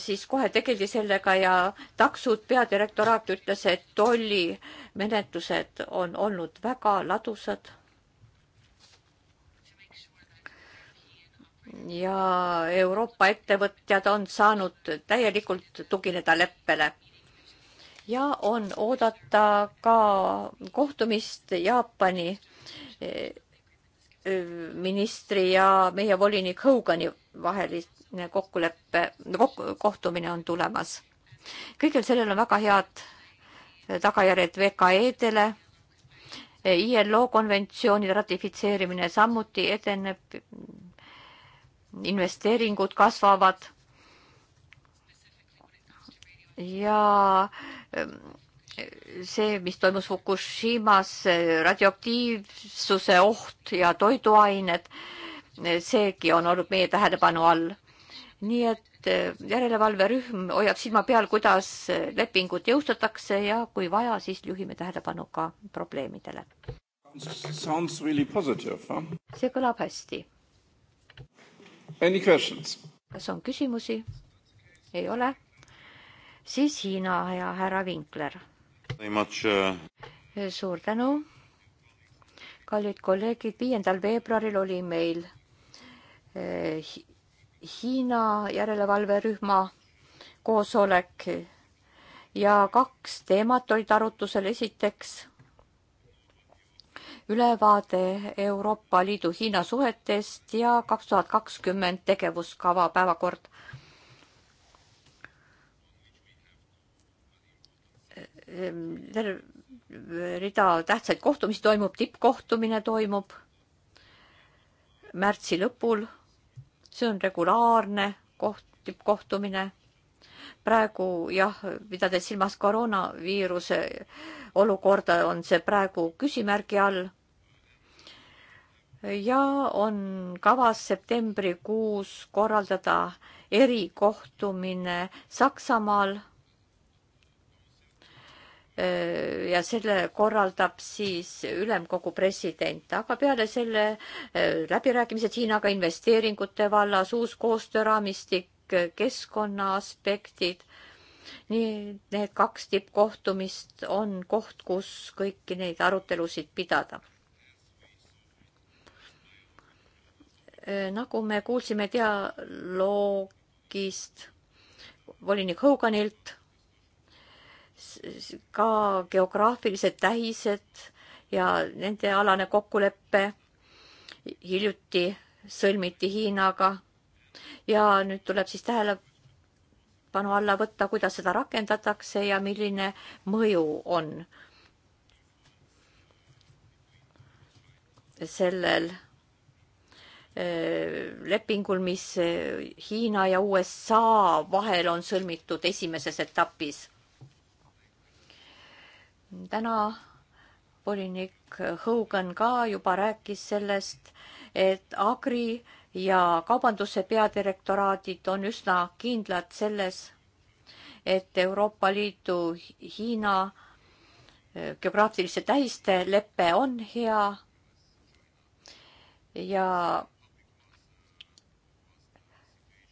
S1: siis kohe tegeldi sellega ja taksud peadirektoraat ütles, et tollimenetlused on olnud väga ladusad ja Euroopa ettevõtjad on saanud täielikult tugineda leppele ja on oodata ka kohtumist Jaapani e, e, ministri ja meie volinik Hogani vaheline kokkulepe kok,, kohtumine on tulemas. kõigel sellel on väga head tagajärjed VKE-dele. E, ILO konventsioonide ratifitseerimine samuti edeneb investeeringud kasvavad. ja ähm, see, mis toimus Fukushimas, radioaktiivsuse oht ja toiduained, seegi on olnud meie tähelepanu all. nii et äh, järelevalverühm hoiab silma peal, kuidas lepingut jõustatakse ja kui vaja, siis juhime tähelepanu ka probleemidele.
S2: Really
S1: huh? see kõlab hästi kas on küsimusi? ei ole? siis Hiina ja härra Vinkler.
S2: Uh,
S1: suur tänu. kallid kolleegid, viiendal veebruaril oli meil eh, Hiina järelevalverühma koosolek ja kaks teemat olid arutusel. esiteks ülevaade Euroopa Liidu Hiina suhetest ja kaks tuhat kakskümmend tegevuskava päevakord. terve rida tähtsaid kohtumisi toimub, tippkohtumine toimub märtsi lõpul. see on regulaarne koht, tippkohtumine praegu jah, pidades silmas koroonaviiruse olukorda, on see praegu küsimärgi all. ja on kavas septembrikuus korraldada erikohtumine Saksamaal. ja selle korraldab siis ülemkogu president, aga peale selle eh, läbirääkimised Hiinaga investeeringute vallas, uus koostööraamistik, keskkonna aspektid. nii need kaks tippkohtumist on koht, kus kõiki neid arutelusid pidada. Äh, nagu me kuulsime dialoogist volinik Hoganilt, ka geograafilised tähised ja nende alane kokkulepe hiljuti sõlmiti Hiinaga ja nüüd tuleb siis tähelepanu alla võtta, kuidas seda rakendatakse ja milline mõju on sellel äh, lepingul, mis äh, Hiina ja USA vahel on sõlmitud esimeses etapis. täna volinik Hogan ka juba rääkis sellest, et Agri ja kaubanduse peadirektoraadid on üsna kindlad selles, et Euroopa Liidu Hiina äh, geograafiliste tähiste lepe on hea ja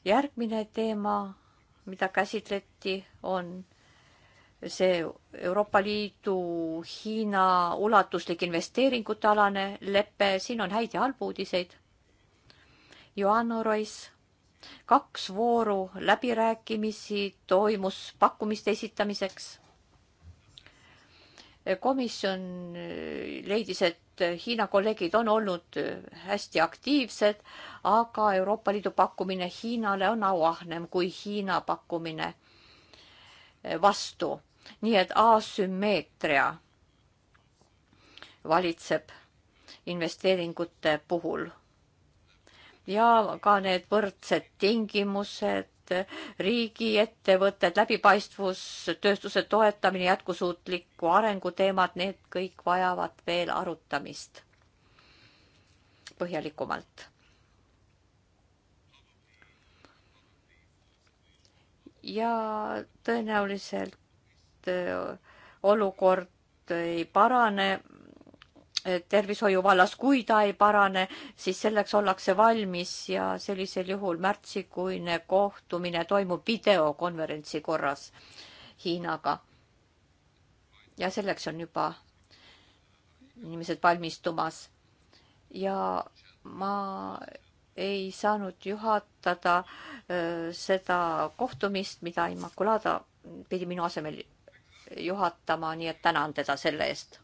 S1: järgmine teema, mida käsitleti, on see Euroopa Liidu Hiina ulatuslik investeeringute alane lepe, siin on häid ja halbu uudiseid jaanuaris kaks vooru läbirääkimisi toimus pakkumiste esitamiseks. komisjon äh, leidis, et Hiina kolleegid on olnud äh, hästi aktiivsed, aga Euroopa Liidu pakkumine Hiinale on auahnem kui Hiina pakkumine äh, vastu. nii et asümmeetria valitseb investeeringute puhul ja ka need võrdsed tingimused, riigiettevõtted, läbipaistvus, tööstuse toetamine, jätkusuutliku arengu teemad, need kõik vajavad veel arutamist põhjalikumalt. ja tõenäoliselt äh, olukord ei parane tervishoiu vallas, kui ta ei parane, siis selleks ollakse valmis ja sellisel juhul märtsikuine kohtumine toimub videokonverentsi korras Hiinaga. ja selleks on juba inimesed valmistumas. ja ma ei saanud juhatada öö, seda kohtumist, mida Immaculada pidi minu asemel juhatama, nii et tänan teda selle eest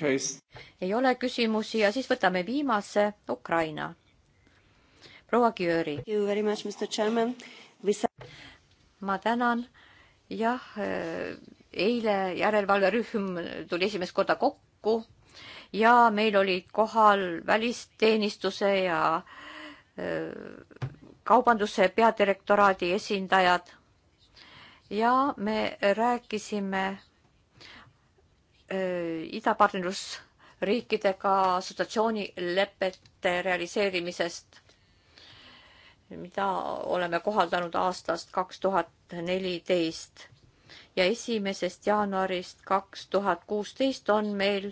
S1: case. ei ole küsimusi ja siis võtame viimase Ukraina. proua Gjöri. ma tänan. jah, eh, eile järelevalverühm tuli esimest korda kokku ja meil olid kohal välisteenistuse ja eh, kaubanduse peadirektoraadi esindajad ja me rääkisime Äh, idapartnerlusriikidega assotsiatsioonilepete realiseerimisest, mida oleme kohaldanud aastast kaks tuhat neliteist ja esimesest jaanuarist kaks tuhat kuusteist on meil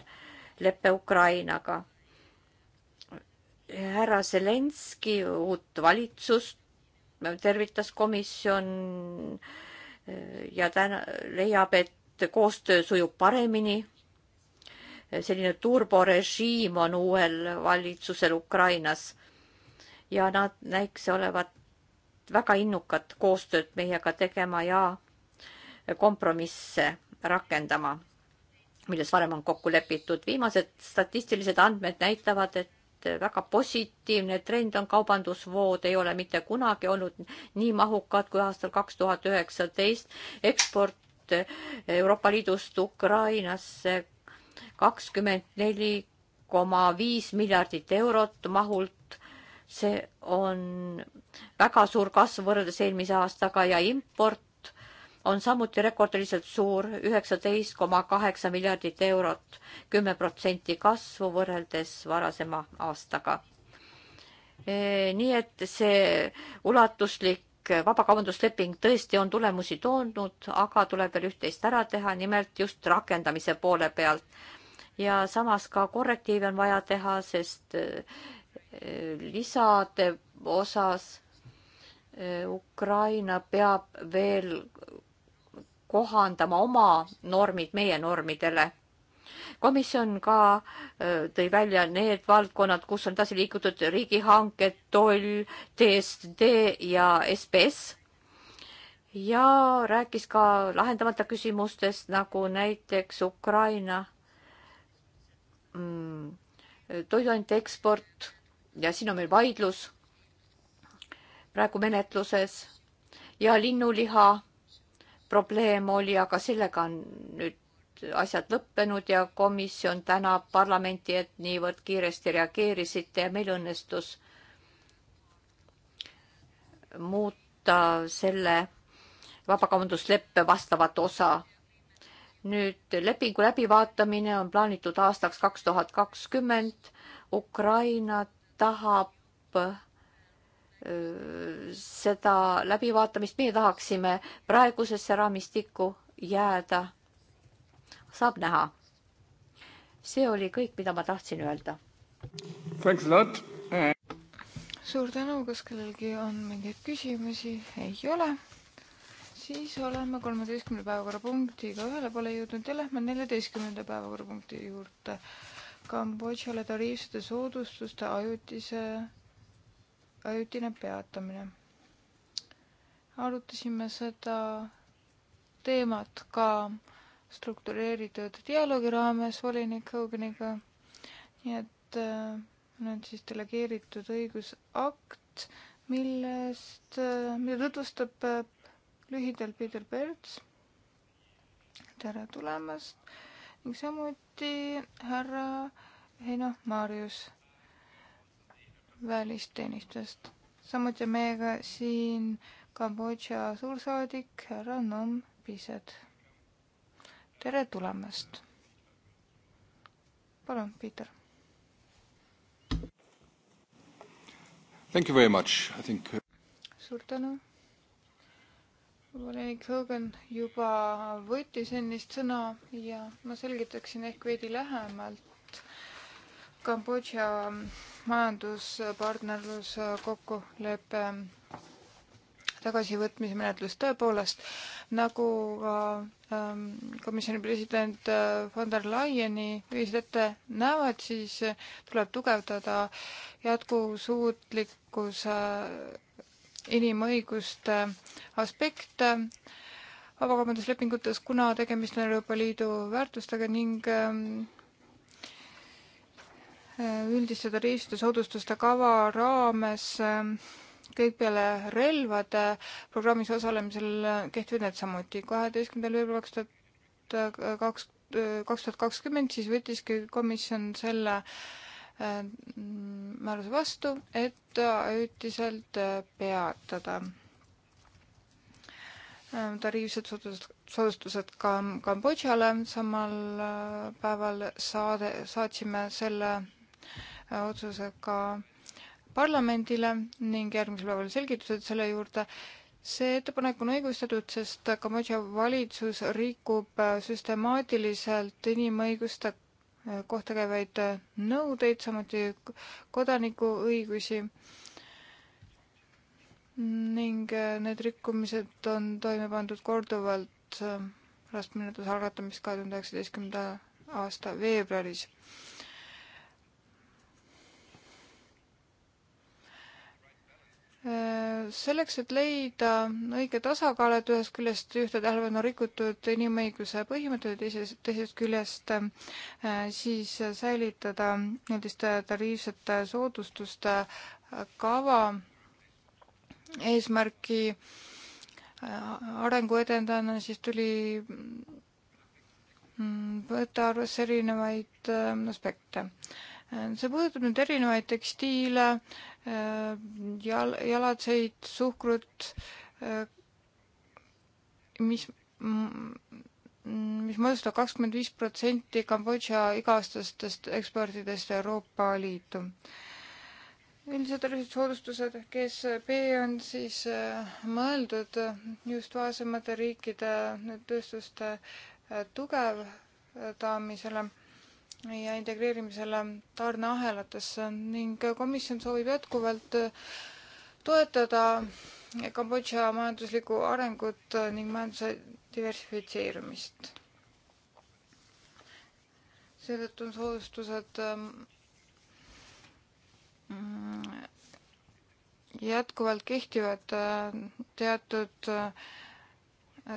S1: lepe Ukrainaga. härra Zelenski uut valitsust tervitas komisjon äh, ja täna leiab, et koostöö sujub paremini. selline turborežiim on uuel valitsusel Ukrainas ja nad näikse olevat väga innukad koostööd meiega tegema ja kompromisse rakendama, milles varem on kokku lepitud. viimased statistilised andmed näitavad, et väga positiivne trend on, kaubandusvood ei ole mitte kunagi olnud nii mahukad kui aastal kaks tuhat üheksateist. eksport nüüd Euroopa Liidust Ukrainasse kakskümmend neli koma viis miljardit eurot mahult. see on väga suur kasv võrreldes eelmise aastaga ja import on samuti rekordiliselt suur, üheksateist koma kaheksa miljardit eurot, kümme protsenti kasvu võrreldes varasema aastaga eh, nii et see ulatuslik Äh, vabakaubandusleping tõesti on tulemusi toonud, aga tuleb veel üht-teist ära teha, nimelt just rakendamise poole pealt. ja samas ka korrektiive on vaja teha, sest äh, lisade osas äh, Ukraina peab veel kohandama oma normid meie normidele komisjon ka äh, tõi välja need valdkonnad, kus on edasi liigutud riigihanked, toll, TSD ja SBS ja rääkis ka lahendamata küsimustest nagu näiteks Ukraina mm, toiduainete eksport ja siin on meil vaidlus praegu menetluses ja linnuliha probleem oli, aga sellega on nüüd asjad lõppenud ja komisjon tänab parlamenti, et niivõrd kiiresti reageerisite ja meil õnnestus muuta selle vabakaubandusleppe vastavat osa. nüüd lepingu läbivaatamine on plaanitud aastaks kaks tuhat kakskümmend. Ukraina tahab seda läbivaatamist, meie tahaksime praegusesse raamistikku jääda saab näha. see oli kõik, mida ma tahtsin öelda.
S2: suur tänu, kas kellelgi on mingeid küsimusi? ei ole. siis oleme kolmeteistkümne päevakorrapunktiga ühele poole jõudnud ja lähme neljateistkümnenda päevakorrapunkti juurde. Kambodžale tariifsete soodustuste ajutise, ajutine peatamine arutasime seda teemat ka struktureeritud dialoogi raames volinik Hogniga. nii et äh, nüüd siis delegeeritud õigusakt, millest äh,, mida tutvustab äh, lühidalt Peter Perts. tere tulemast ning samuti härra Heino Marius välisteenistust. samuti on meiega siin Kambodža suursaadik härra Nom Pised tere tulemast. palun, Peeter.
S1: Thank you very much, I think. Uh,
S2: suur tänu. volinik Hogan juba võttis ennist sõna ja ma selgitaksin ehk veidi lähemalt Kambodža majanduspartnerluse kokkuleppe tagasivõtmise menetlus tõepoolest, nagu ka ähm, komisjoni president äh, von der Leyeni ühised ette näevad, siis äh, tuleb tugevdada jätkusuutlikkuse äh, inimõiguste aspekte vabakaubanduslepingutes, kuna tegemist on Euroopa Liidu väärtustega ning ähm, üldiste tariifide soodustuste kava raames ähm, kõik peale relvade programmis osalemisel kehtivad need samuti. kaheteistkümnendal veebruaril kaks tuhat kaks, kaks tuhat kakskümmend siis võttiski komisjon selle äh, määruse vastu, et ajutiselt äh, peatada äh, tariifsed soodustused, soodustused ka Kambodžale. samal päeval saade, saatsime selle otsuse ka parlamendile ning järgmisel päeval selgitused selle juurde. see ettepanek on õigustatud, sest Kambodža valitsus rikub äh, süstemaatiliselt inimõiguste äh, kohta käivaid äh, nõudeid, samuti kodanikuõigusi ning need rikkumised on toime pandud korduvalt pärast menetluse algatamist kahe tuhande üheksateistkümnenda aasta veebruaris. Selleks, et leida õige tasakaal, et ühest küljest ühte tähelepanu on rikutud inimõiguse põhimõtteid, teisest, teisest küljest äh, siis säilitada niisuguste tariifsete soodustuste kava eesmärki äh, arengu edendajana, siis tuli mm, võtta arvesse erinevaid äh, aspekte see puudutab nüüd erinevaid tekstiile, äh, jal-, jalatseid, suhkrut, äh, mis, mis moodustab kakskümmend viis protsenti Kambodža iga-aastastest ekspordidest Euroopa Liitu. üldised tervised soodustused ehk SB on siis äh, mõeldud just vaesemate riikide tööstuste tugevdamisele äh, ja integreerimisele tarneahelatesse ning komisjon soovib jätkuvalt äh, toetada Kambodža majanduslikku arengut äh, ning majanduse diversifitseerumist. seetõttu on soodustused ähm, mm, jätkuvalt kehtivad äh, teatud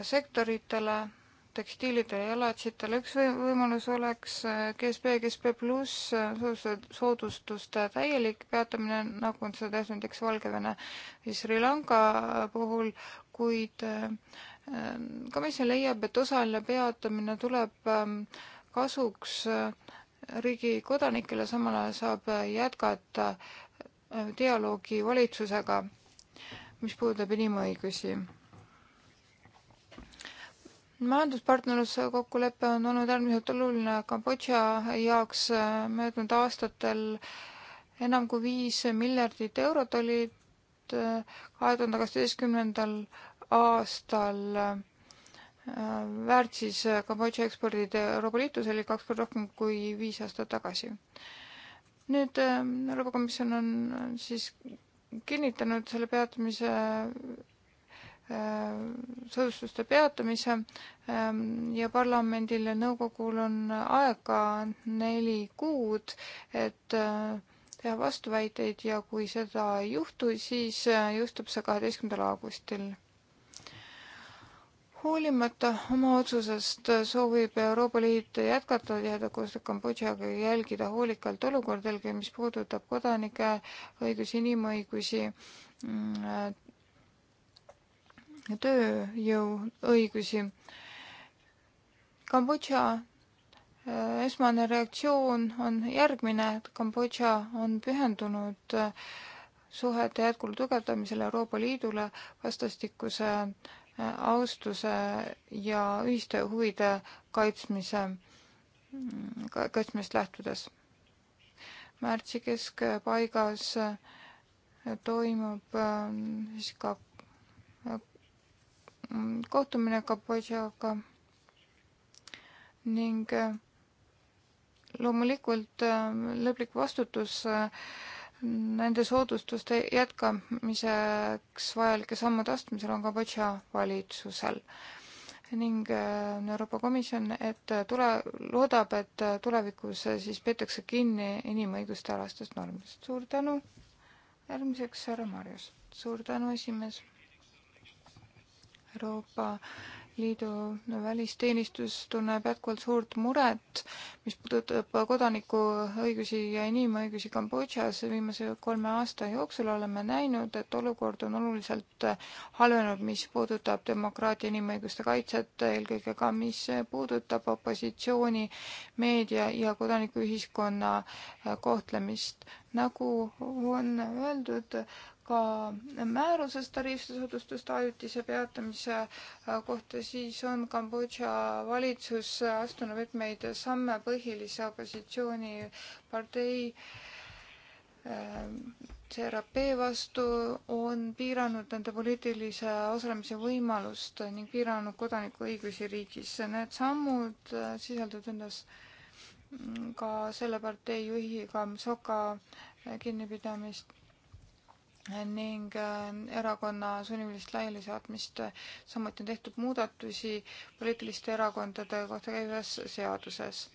S2: sektoritele tekstiilidele ja jalatšitele. üks võimalus oleks äh, GSP, GSP pluss äh, soodustuste täielik peatamine, nagu on seda tehtud näiteks Valgevene ja Sri Lanka äh, puhul, kuid komisjon leiab, et osaline peatamine tuleb ähm, kasuks riigi kodanikele, samal ajal saab jätkata dialoogi valitsusega, mis puudutab inimõigusi majanduspartnerluse kokkulepe on olnud äärmiselt oluline Kambodža jaoks möödunud aastatel enam kui viis miljardit eurot olid kahe tuhande kaheksateistkümnendal aastal äh, väärt siis Kambodža ekspordid Euroopa Liitu, see oli kaks korda rohkem kui viis aastat tagasi. nüüd äh, Euroopa Komisjon on siis kinnitanud selle peatamise Äh, soodustuste peatamise ähm, ja parlamendil ja nõukogul on aega neli kuud, et äh, teha vastuväiteid ja kui seda ei juhtu, siis äh, juhtub see kaheteistkümnendal augustil. hoolimata oma otsusest soovib Euroopa Liit jätkata tiheda koostööd Kambodžaga ja jälgida hoolikalt olukorda, eelkõige mis puudutab kodanike õigusi, inimõigusi, mm, tööjõuõigusi. Kambodža äh, esmane reaktsioon on järgmine, et Kambodža on pühendunud äh, suhete jätkuvale tugevdamisele Euroopa Liidule vastastikuse äh, austuse ja ühiste huvide kaitsmise, mm, kaitsmist lähtudes. märtsi keskpaigas toimub siis ka kohtumine Kapoisiaga ning äh, loomulikult äh, lõplik vastutus äh, nende soodustuste jätkamiseks vajalike sammude astumisel on Kambodža valitsusel ning Euroopa Komisjon, et tule, loodab, et tulevikus siis peetakse kinni inimõiguste alastest normidest. suur tänu, järgmiseks härra Marjus. suur tänu, esimees Euroopa Liidu välisteenistus tunneb jätkuvalt suurt muret, mis puudutab kodanikuõigusi ja inimõigusi Kambodžas. viimase kolme aasta jooksul oleme näinud, et olukord on oluliselt halvenenud, mis puudutab demokraatia inimõiguste kaitset, eelkõige ka, mis puudutab opositsiooni, meedia ja kodanikuühiskonna kohtlemist. nagu on öeldud, ka määruses tariifsisoodustuste ajutise peatamise äh, kohta, siis on Kambodža valitsus äh, astunud mitmeid samme põhilise opositsioonipartei äh, CRP vastu on piiranud nende poliitilise osalemise võimalust ning piiranud kodanikuõigusi riigis. Need sammud sisaldavad endas mm, ka selle partei juhi Kamsoka kinnipidamist ning äh, erakonna sunnilist laialisaatmist. Äh, samuti on tehtud muudatusi poliitiliste erakondade kohta käivas seaduses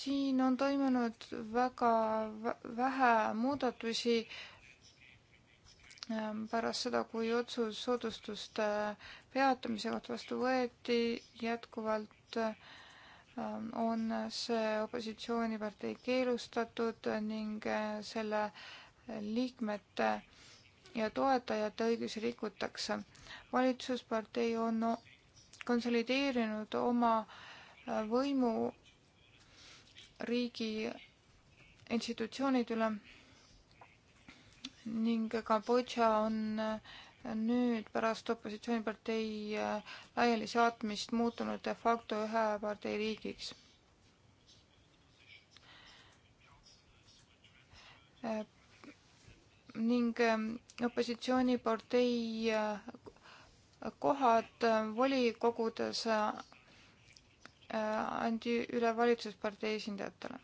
S2: siin on toimunud väga vähe muudatusi äh, pärast seda, kui otsus soodustuste peatamise kohta vastu võeti, jätkuvalt on see opositsioonipartei keelustatud ning selle liikmete ja toetajate õigusi rikutakse. valitsuspartei on konsolideerinud oma äh, võimu riigi institutsioonid üle ning Kambodža on äh, nüüd pärast opositsioonipartei äh, laialisaatmist muutunud de facto ühe partei riigiks ning ähm, opositsioonipartei äh, kohad äh, volikogudes äh, andi üle valitsuspartei esindajatele.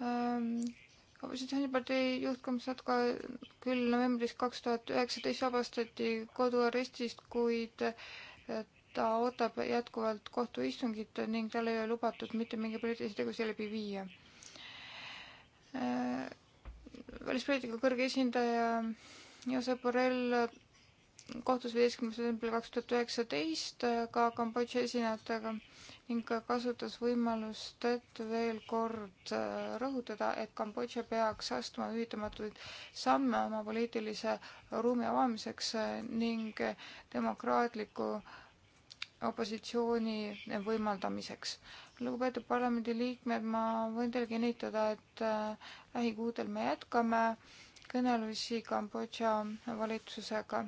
S2: Ähm, opositsioonipartei juhtkond Satka küll novembris kaks tuhat üheksateist vabastati koduarestist, kuid ta ootab jätkuvalt kohtuistungit ning tal ei ole lubatud mitte mingeid poliitilisi tegusid läbi viia Äh, välispoliitika kõrge esindaja Josep Borrell kohtus viieteistkümnendal septembril kaks tuhat üheksateist ka Kambodža esinejatega ning kasutas võimalust, et veel kord äh, rõhutada, et Kambodža peaks astuma viivitamatuid samme oma poliitilise ruumi avamiseks äh, ning demokraatliku opositsiooni võimaldamiseks lugupeetud parlamendiliikmed, ma võin teile kinnitada, et äh, lähikuudel me jätkame kõnelusi Kambodža valitsusega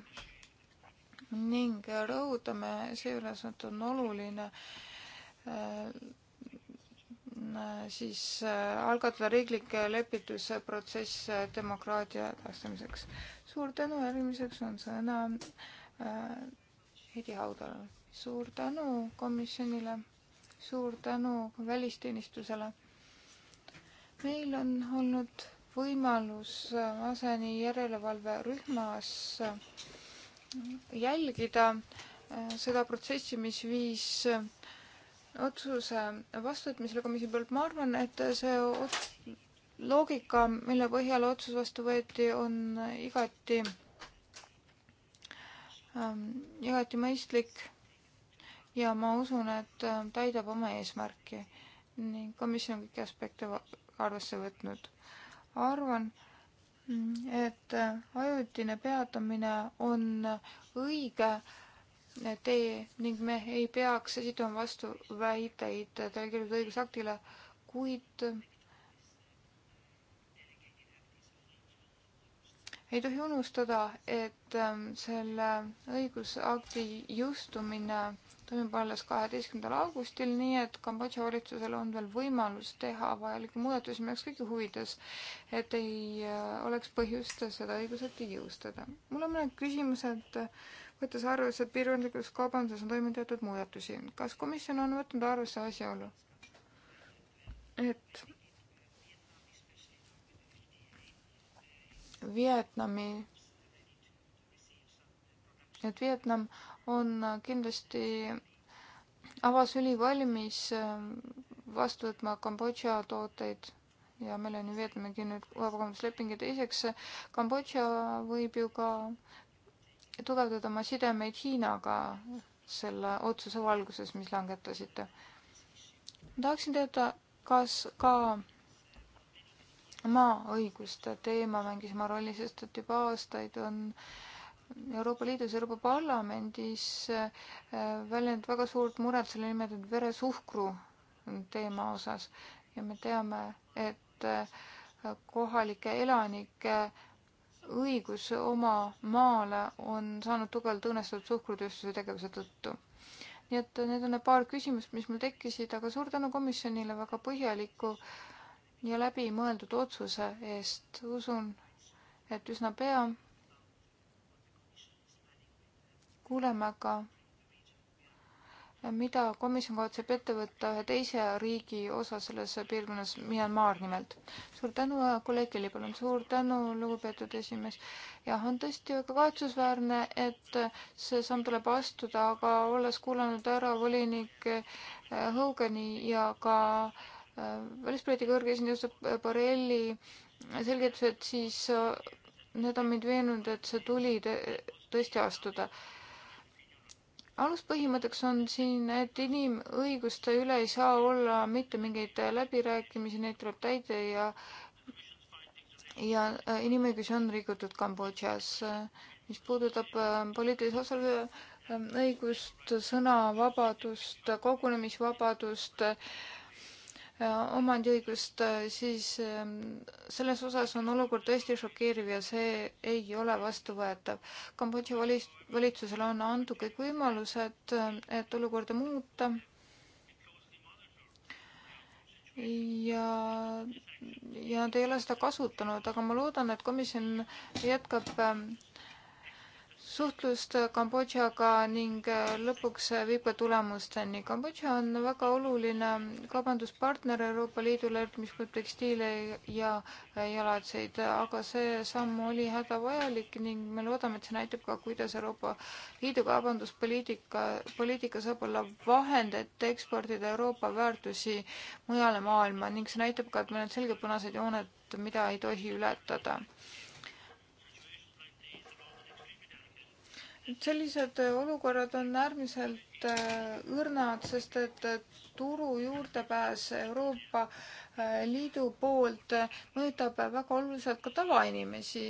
S2: ning rõhutame seejuures, et on oluline äh, siis äh, algatada riiklik lepitusprotsess demokraatia edastamiseks. suur tänu, järgmiseks on sõna Heidi Haudalale. suur tänu komisjonile suur tänu välisteenistusele. meil on olnud võimalus Aseni järelevalverühmas jälgida äh, seda protsessi, mis viis äh, otsuse vastuvõtmisele komisjoni poolt. ma arvan, et see loogika, mille põhjal otsus vastu võeti, on igati ähm,, igati mõistlik ja ma usun, et äh, täidab oma eesmärki ning komisjon on kõiki aspekte arvesse võtnud. arvan, mm, et äh, ajutine peatamine on õige tee ning me ei peaks esitama vastuväiteid delegeeritud õigusaktile, kuid äh, ei tohi unustada, et selle õigusakti jõustumine toimub alles kaheteistkümnendal augustil, nii et Kambodža valitsusel on veel võimalus teha vajalikke muudatusi meie kõigi huvides, et ei äh, oleks põhjust seda õiguseti jõustada. mul on mõned küsimused, võttes arvesse, et piirkondlikus kaubanduses on toimunud teatud muudatusi. kas komisjon on võtnud arvesse asjaolu, et Vietnami, et Vietnam on kindlasti avasüli valmis ähm, vastu võtma Kambodža tooteid ja meil on ju Vietnamiga nüüd vabakaubandusleping ja teiseks Kambodža võib ju ka tugevdada oma sidemeid Hiinaga selle otsuse valguses, mis langetasite. tahaksin teada, kas ka maaõiguste teema mängis oma rolli, sest et juba aastaid on äh, Euroopa Liidus, Euroopa Parlamendis äh, väljendanud väga suurt muret selle nimetatud veresuhkru teema osas ja me teame, et äh, kohalike elanike õigus oma maale on saanud tugevalt õõnestatud suhkrutööstuse tegevuse tõttu. nii et need on need paar küsimust, mis mul tekkisid, aga suur tänu komisjonile väga põhjaliku ja läbimõeldud otsuse eest. usun, et üsna pea kuuleme ka, mida komisjon kavatseb ette võtta ühe teise riigi osa selles piirkonnas, Myanmar nimelt. suur tänu kolleegile, palun, suur tänu, lugupeetud esimees. jah, on tõesti väga kahetsusväärne, et see samm tuleb astuda, aga olles kuulanud ära volinik äh, Hogani ja ka äh, välispoliitika kõrge esindaja Borrelli selgitused, siis äh, need on mind veennud, et see tuli tõesti astuda aluspõhimõtteks on siin, et inimõiguste üle ei saa olla mitte mingeid läbirääkimisi, neid tuleb täide ja ja äh, inimõigusi on rikutud Kambodžas. mis puudutab äh, poliitilise osaluse äh, õigust, sõnavabadust, kogunemisvabadust, omandiõigust, äh, siis ähm, selles osas on olukord tõesti šokeeriv ja see ei ole vastuvõetav. Kambodža valis-, valitsusele on antud kõik võimalused, ähm, et olukorda muuta. ja, ja nad ei ole seda kasutanud, aga ma loodan, et komisjon jätkab ähm, suhtlust Kambodžaga ning äh, lõpuks äh, viib ka tulemusteni. Kambodža on väga oluline kaubanduspartner Euroopa Liidule, mis puudutab tekstiile ja äh, jalatseid, aga see samm oli hädavajalik ning me loodame, et see näitab ka, kuidas Euroopa Liidu kaubanduspoliitika, poliitika saab olla vahend, et eksportida Euroopa väärtusi mujale maailma ning see näitab ka, et meil on selged punased jooned, mida ei tohi ületada sellised äh, olukorrad on äärmiselt äh, õrnad, sest et äh, turu juurdepääs Euroopa Liidu poolt mõjutab väga oluliselt ka tavainimesi.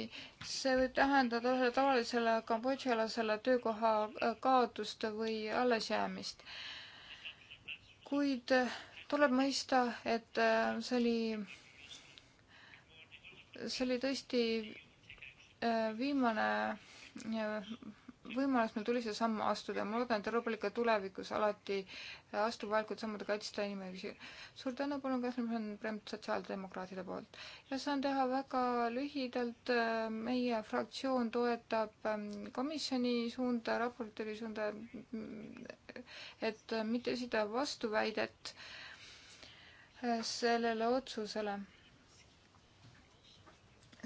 S2: see võib tähendada ühele tavalisele kambodžalasele töökoha kaotust või allesjäämist. kuid tuleb mõista, et see oli, see oli tõesti viimane võimalus meil tuli see samm astuda. ma loodan, et Euroopa Liit ka tulevikus alati astub vajalikud sammud kaitsta inimesi. suur tänu, palun, kas ma saan premt sotsiaaldemokraatide poolt ja saan teha väga lühidalt. meie fraktsioon toetab ähm, komisjoni suunda, raportööri suunda, et mitte esitada vastuväidet äh, sellele otsusele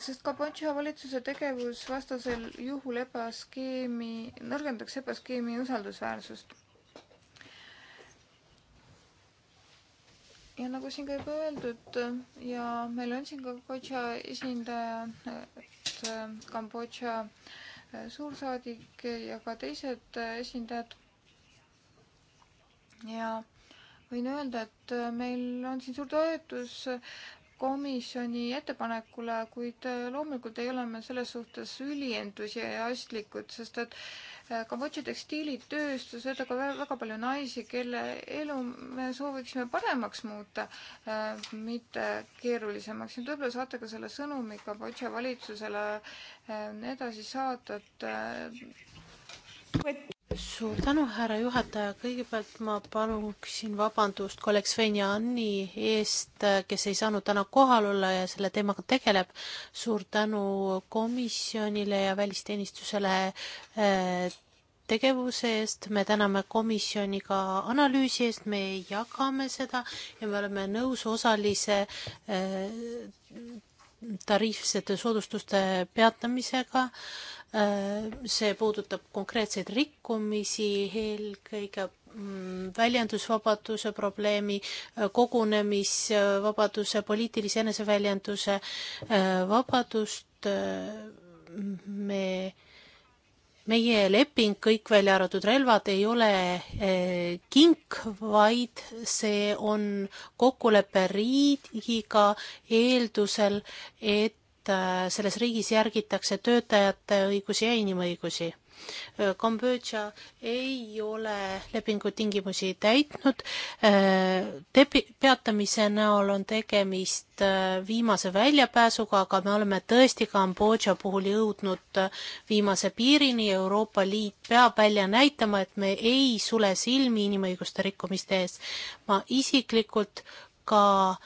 S2: sest Kabantši valitsuse tegevus vastasel juhul ebaskeemi, nõrgendaks ebaskeemi usaldusväärsust. ja nagu siin ka juba öeldud ja meil on siin Kambodža esindaja, Kambodža äh, äh, suursaadik ja ka teised äh, esindajad. ja võin öelda, et meil on siin suur toetus äh, komisjoni ettepanekule, kuid äh, loomulikult ei ole me selles suhtes ülientusiastlikud, sest et äh, Kambodža tekstiilitööstus, väga, väga palju naisi, kelle elu me sooviksime paremaks muuta, äh, mitte keerulisemaks. nüüd võib-olla saate ka selle sõnumi Kambodža valitsusele edasi saata, et
S3: suur tänu, härra juhataja, kõigepealt ma paluksin vabandust kolleeg Sven Jaani eest, kes ei saanud täna kohal olla ja selle teemaga tegeleb. suur tänu komisjonile ja välisteenistusele eh, tegevuse eest, me täname komisjoniga analüüsi eest, me jagame seda ja me oleme nõus osalise eh, tariifsete soodustuste peatamisega äh, Äh, see puudutab konkreetseid rikkumisi, eelkõige mm, väljendusvabaduse probleemi, äh, kogunemisvabaduse, poliitilise eneseväljenduse äh, vabadust. me, meie leping, kõik välja arvatud relvad, ei ole kink, vaid see on kokkulepe riigiga eeldusel, et et äh, selles riigis järgitakse töötajate õigusi ja inimõigusi. Äh, Kambodža ei ole lepingutingimusi täitnud. Äh, tepi-, peatamise näol on tegemist viimase väljapääsuga, aga me oleme tõesti Kambodža puhul jõudnud viimase piirini ja Euroopa Liit peab välja näitama, et me ei sule silmi inimõiguste rikkumiste ees. ma isiklikult ka äh,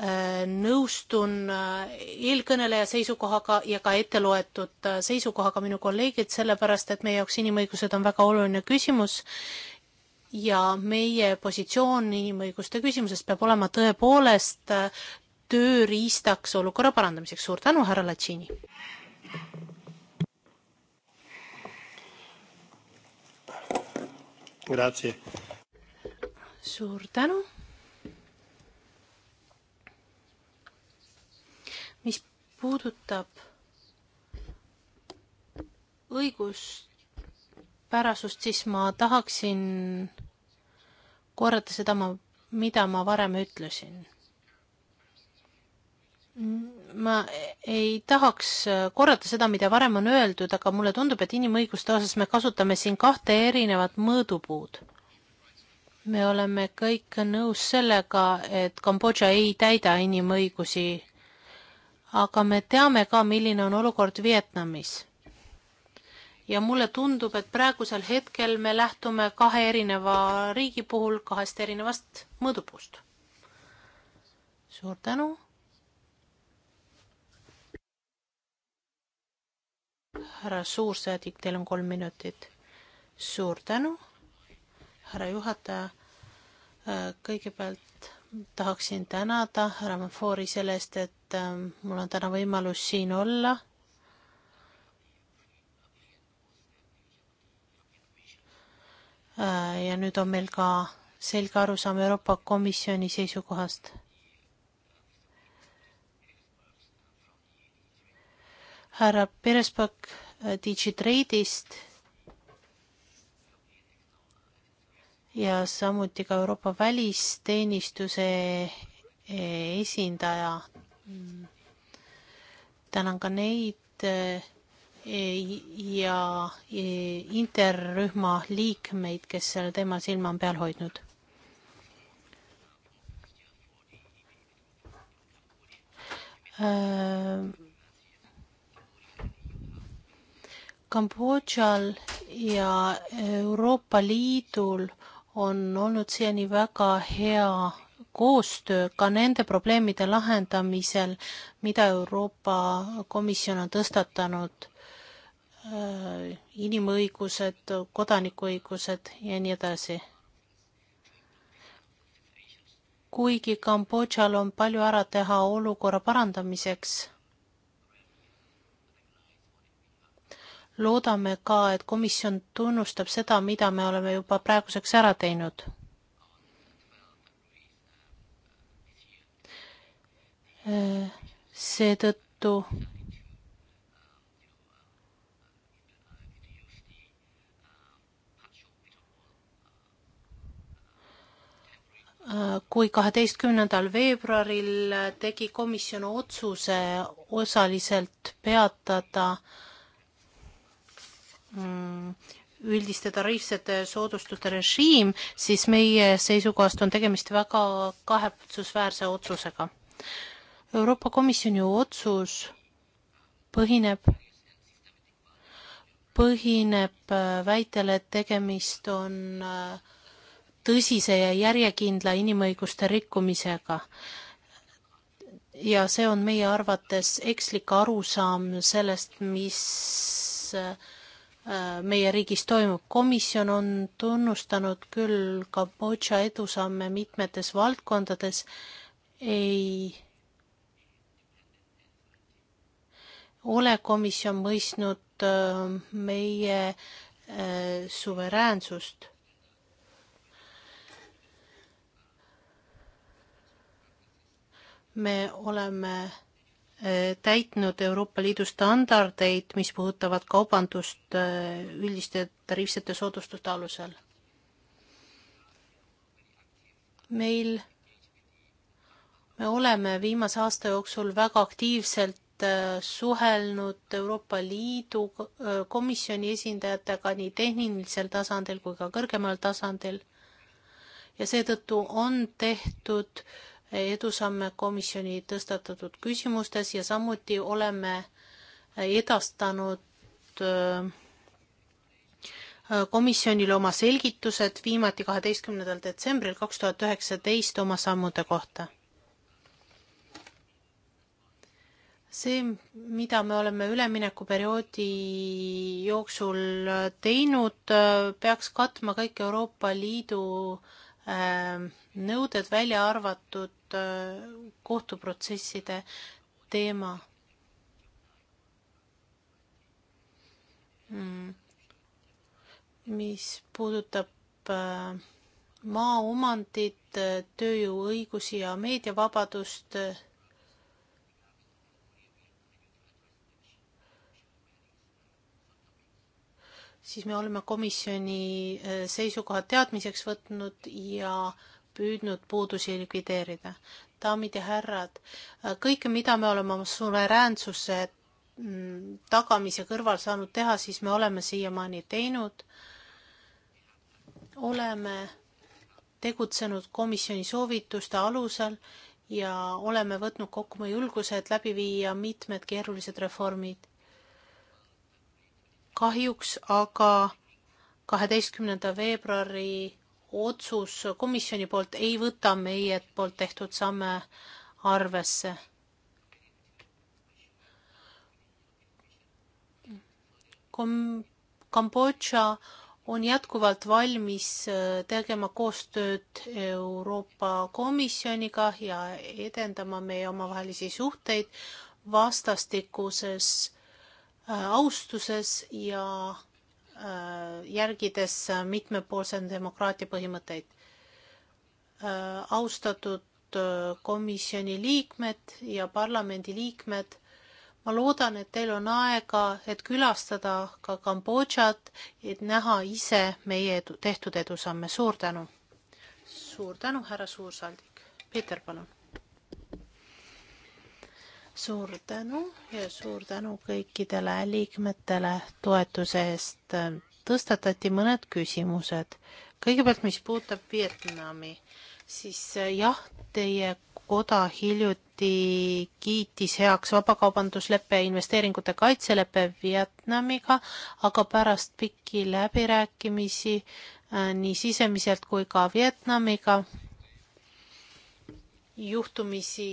S3: Äh, nõustun äh, eelkõneleja seisukohaga ja ka ette loetud äh, seisukohaga minu kolleegilt, sellepärast et meie jaoks inimõigused on väga oluline küsimus ja meie positsioon inimõiguste küsimuses peab olema tõepoolest tööriistaks olukorra parandamiseks. suur tänu, härra Latšiini! suur tänu! puudutab õiguspärasust, siis ma tahaksin korrata seda, ma, mida ma varem ütlesin. ma ei tahaks korrata seda, mida varem on öeldud, aga mulle tundub, et inimõiguste osas me kasutame siin kahte erinevat mõõdupuud me oleme kõik nõus sellega, et Kambodža ei täida inimõigusi aga me teame ka, milline on olukord Vietnamis. ja mulle tundub, et praegusel hetkel me lähtume kahe erineva riigi puhul kahest erinevast mõõdupuust. suur tänu. härra suursaadik, teil on kolm minutit. suur tänu, härra juhataja. kõigepealt tahaksin tänada härra Mafoori sellest, et ähm, mul on täna võimalus siin olla. Äh, ja nüüd on meil ka selge arusaam Euroopa Komisjoni seisukohast. härra Perespak äh, Digitrade'ist ja samuti ka Euroopa välisteenistuse eh, esindaja. tänan ka neid eh, ja eh, interrühma liikmeid, kes sellel teemal silma on peal hoidnud. Äh, Kambodžal ja Euroopa Liidul on olnud siiani väga hea koostöö ka nende probleemide lahendamisel, mida Euroopa Komisjon on tõstatanud, äh, inimõigused, kodanikuõigused ja nii edasi. kuigi Kambodžal on palju ära teha olukorra parandamiseks loodame ka, et komisjon tunnustab seda, mida me oleme juba praeguseks ära teinud. seetõttu kui kaheteistkümnendal veebruaril tegi komisjon otsuse osaliselt peatada äh, Mm, üldiste tariifsete soodustuste režiim, siis meie seisukohast on tegemist väga kahetsusväärse otsusega. Euroopa Komisjoni otsus põhineb, põhineb äh, väitel, et tegemist on äh, tõsise ja järjekindla inimõiguste rikkumisega ja see on meie arvates ekslik arusaam sellest, mis äh, Äh, meie riigis toimub. komisjon on tunnustanud küll Kambodža edusamme mitmetes valdkondades, ei ole komisjon mõistnud äh, meie äh, suveräänsust. me oleme Äh, täitnud Euroopa Liidu standardeid, mis puudutavad kaubandust äh, üldiste tariifsete soodustuste alusel. meil, me oleme viimase aasta jooksul väga aktiivselt äh, suhelnud Euroopa Liidu komisjoni esindajatega nii tehnilisel tasandil kui ka kõrgemal tasandil ja seetõttu on tehtud äh, edusamme komisjoni tõstatatud küsimustes ja samuti oleme edastanud äh, komisjonile oma selgitused viimati kaheteistkümnendal detsembril kaks tuhat üheksateist oma sammude kohta see, mida me oleme üleminekuperioodi jooksul teinud, äh, peaks katma kõik Euroopa Liidu Ähm, nõuded, välja arvatud äh, kohtuprotsesside teema. Mm. mis puudutab äh, maaomandit, äh, tööjõuõigusi ja meediavabadust siis me oleme komisjoni äh, seisukohad teadmiseks võtnud ja püüdnud puudusi likvideerida. daamid ja härrad, äh, kõike, mida me oleme oma suveräänsuse mm, tagamise kõrval saanud teha, siis me oleme siiamaani teinud. oleme tegutsenud komisjoni soovituste alusel ja oleme võtnud kokku oma julguse, et läbi viia mitmed keerulised reformid kahjuks aga kaheteistkümnenda veebruari otsus komisjoni poolt ei võta meie poolt tehtud samme arvesse. Kom-, Kambodža on jätkuvalt valmis äh, tegema koostööd Euroopa Komisjoniga ja edendama meie omavahelisi suhteid vastastikuses Äh, austuses ja äh, järgides mitmepoolse demokraatia põhimõtteid. Äh, austatud komisjoni liikmed ja parlamendi liikmed, ma loodan, et teil on aega, et külastada ka Kambodžat, et näha ise meie edu, tehtud edusamme. suur tänu! suur tänu, härra suursaadik. Peeter, palun! suur tänu ja suur tänu kõikidele liikmetele toetuse eest. tõstatati mõned küsimused. kõigepealt, mis puudutab Vietnami, siis äh, jah, teie koda hiljuti kiitis heaks vabakaubandusleppe ja investeeringute kaitseleppe Vietnamiga, aga pärast pikki läbirääkimisi äh, nii sisemiselt kui ka Vietnamiga juhtumisi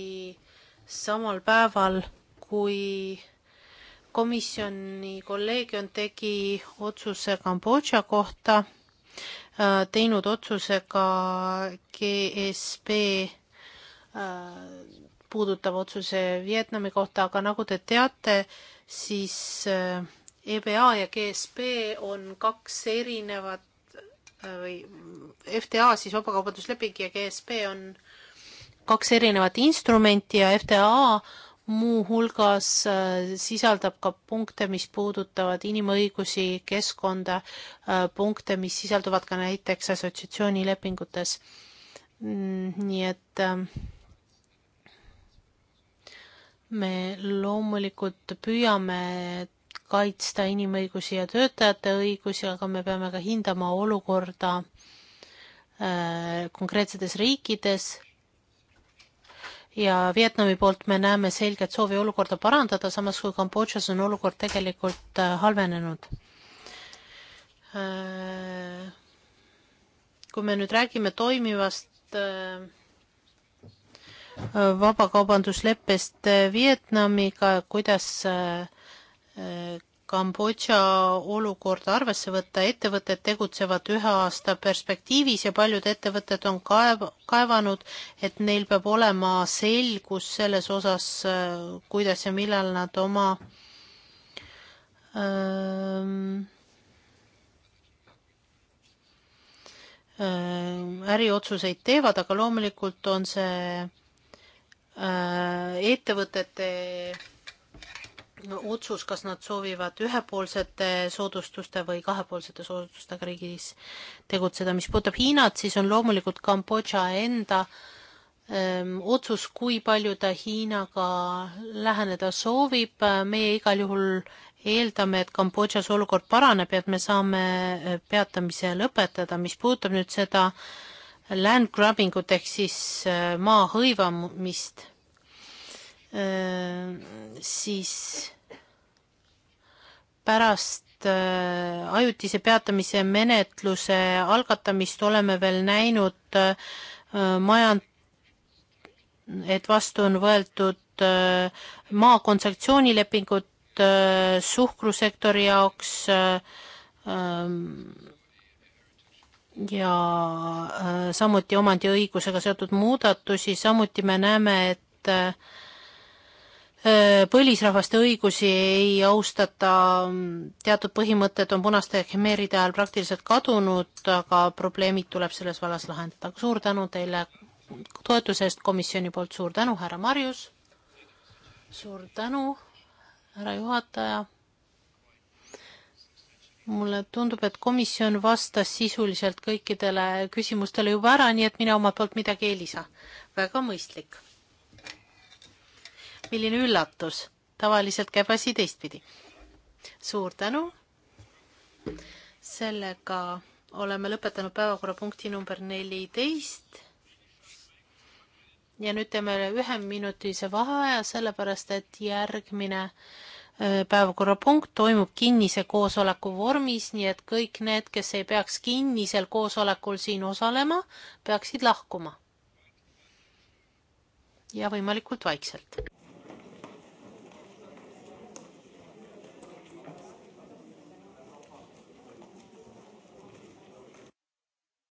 S3: samal päeval, kui komisjoni kolleegium tegi otsuse Kambodža kohta, äh, teinud otsuse ka GSP äh, puudutava otsuse Vietnami kohta, aga nagu te teate, siis äh, EBA ja GSP on kaks erinevat või FTA siis vabakaubandusleping ja GSP on äh, kaks erinevat instrumenti ja FTA muuhulgas äh, sisaldab ka punkte, mis puudutavad inimõigusi, keskkonda, äh, punkte, mis sisalduvad ka näiteks assotsiatsioonilepingutes. Mm, nii et äh, me loomulikult püüame kaitsta inimõigusi ja töötajate õigusi, aga me peame ka hindama olukorda konkreetsetes riikides ja Vietnami poolt me näeme selget soovi olukorda parandada, samas kui Kambodžas on olukord tegelikult äh, halvenenud. Äh, kui me nüüd räägime toimivast äh, vabakaubandusleppest Vietnamiga, kuidas Kambodža olukorda arvesse võtta, ettevõtted tegutsevad ühe aasta perspektiivis ja paljud ettevõtted on kaev-, kaevanud, et neil peab olema selgus selles osas, kuidas ja millal nad oma öö, ähm, ähm, äriotsuseid teevad, aga loomulikult on see öö, äh, ettevõtete otsus, kas nad soovivad ühepoolsete soodustuste või kahepoolsete soodustustega riigis tegutseda. mis puudutab Hiinat, siis on loomulikult Kambodža enda öö, ehm, otsus, kui palju ta Hiinaga läheneda soovib. meie igal juhul eeldame, et Kambodžas olukord paraneb ja et me saame eh, peatamise lõpetada. mis puudutab nüüd seda land grabbing ut ehk siis eh, maa hõivamist siis pärast ajutise peatamise menetluse algatamist oleme veel näinud majand, et vastu on võetud maa kontsessioonilepingud suhkrusektori jaoks ja samuti omandiõigusega seotud muudatusi, samuti me näeme, et Äh, põlisrahvaste õigusi ei austata, teatud põhimõtted on punaste ja khmeeride ajal praktiliselt kadunud, aga probleemid tuleb selles vallas lahendada. suur tänu teile toetuse eest komisjoni poolt, suur tänu, härra Marjus. suur tänu, härra juhataja. mulle tundub, et komisjon vastas sisuliselt kõikidele küsimustele juba ära, nii et mina omalt poolt midagi ei lisa. väga mõistlik milline üllatus, tavaliselt käib asi teistpidi. suur tänu. sellega oleme lõpetanud päevakorrapunkti number neliteist. ja nüüd teeme üheminutilise vaheaja, sellepärast et järgmine äh, päevakorrapunkt toimub kinnise koosoleku vormis, nii et kõik need, kes ei peaks kinnisel koosolekul siin osalema, peaksid lahkuma. ja võimalikult vaikselt.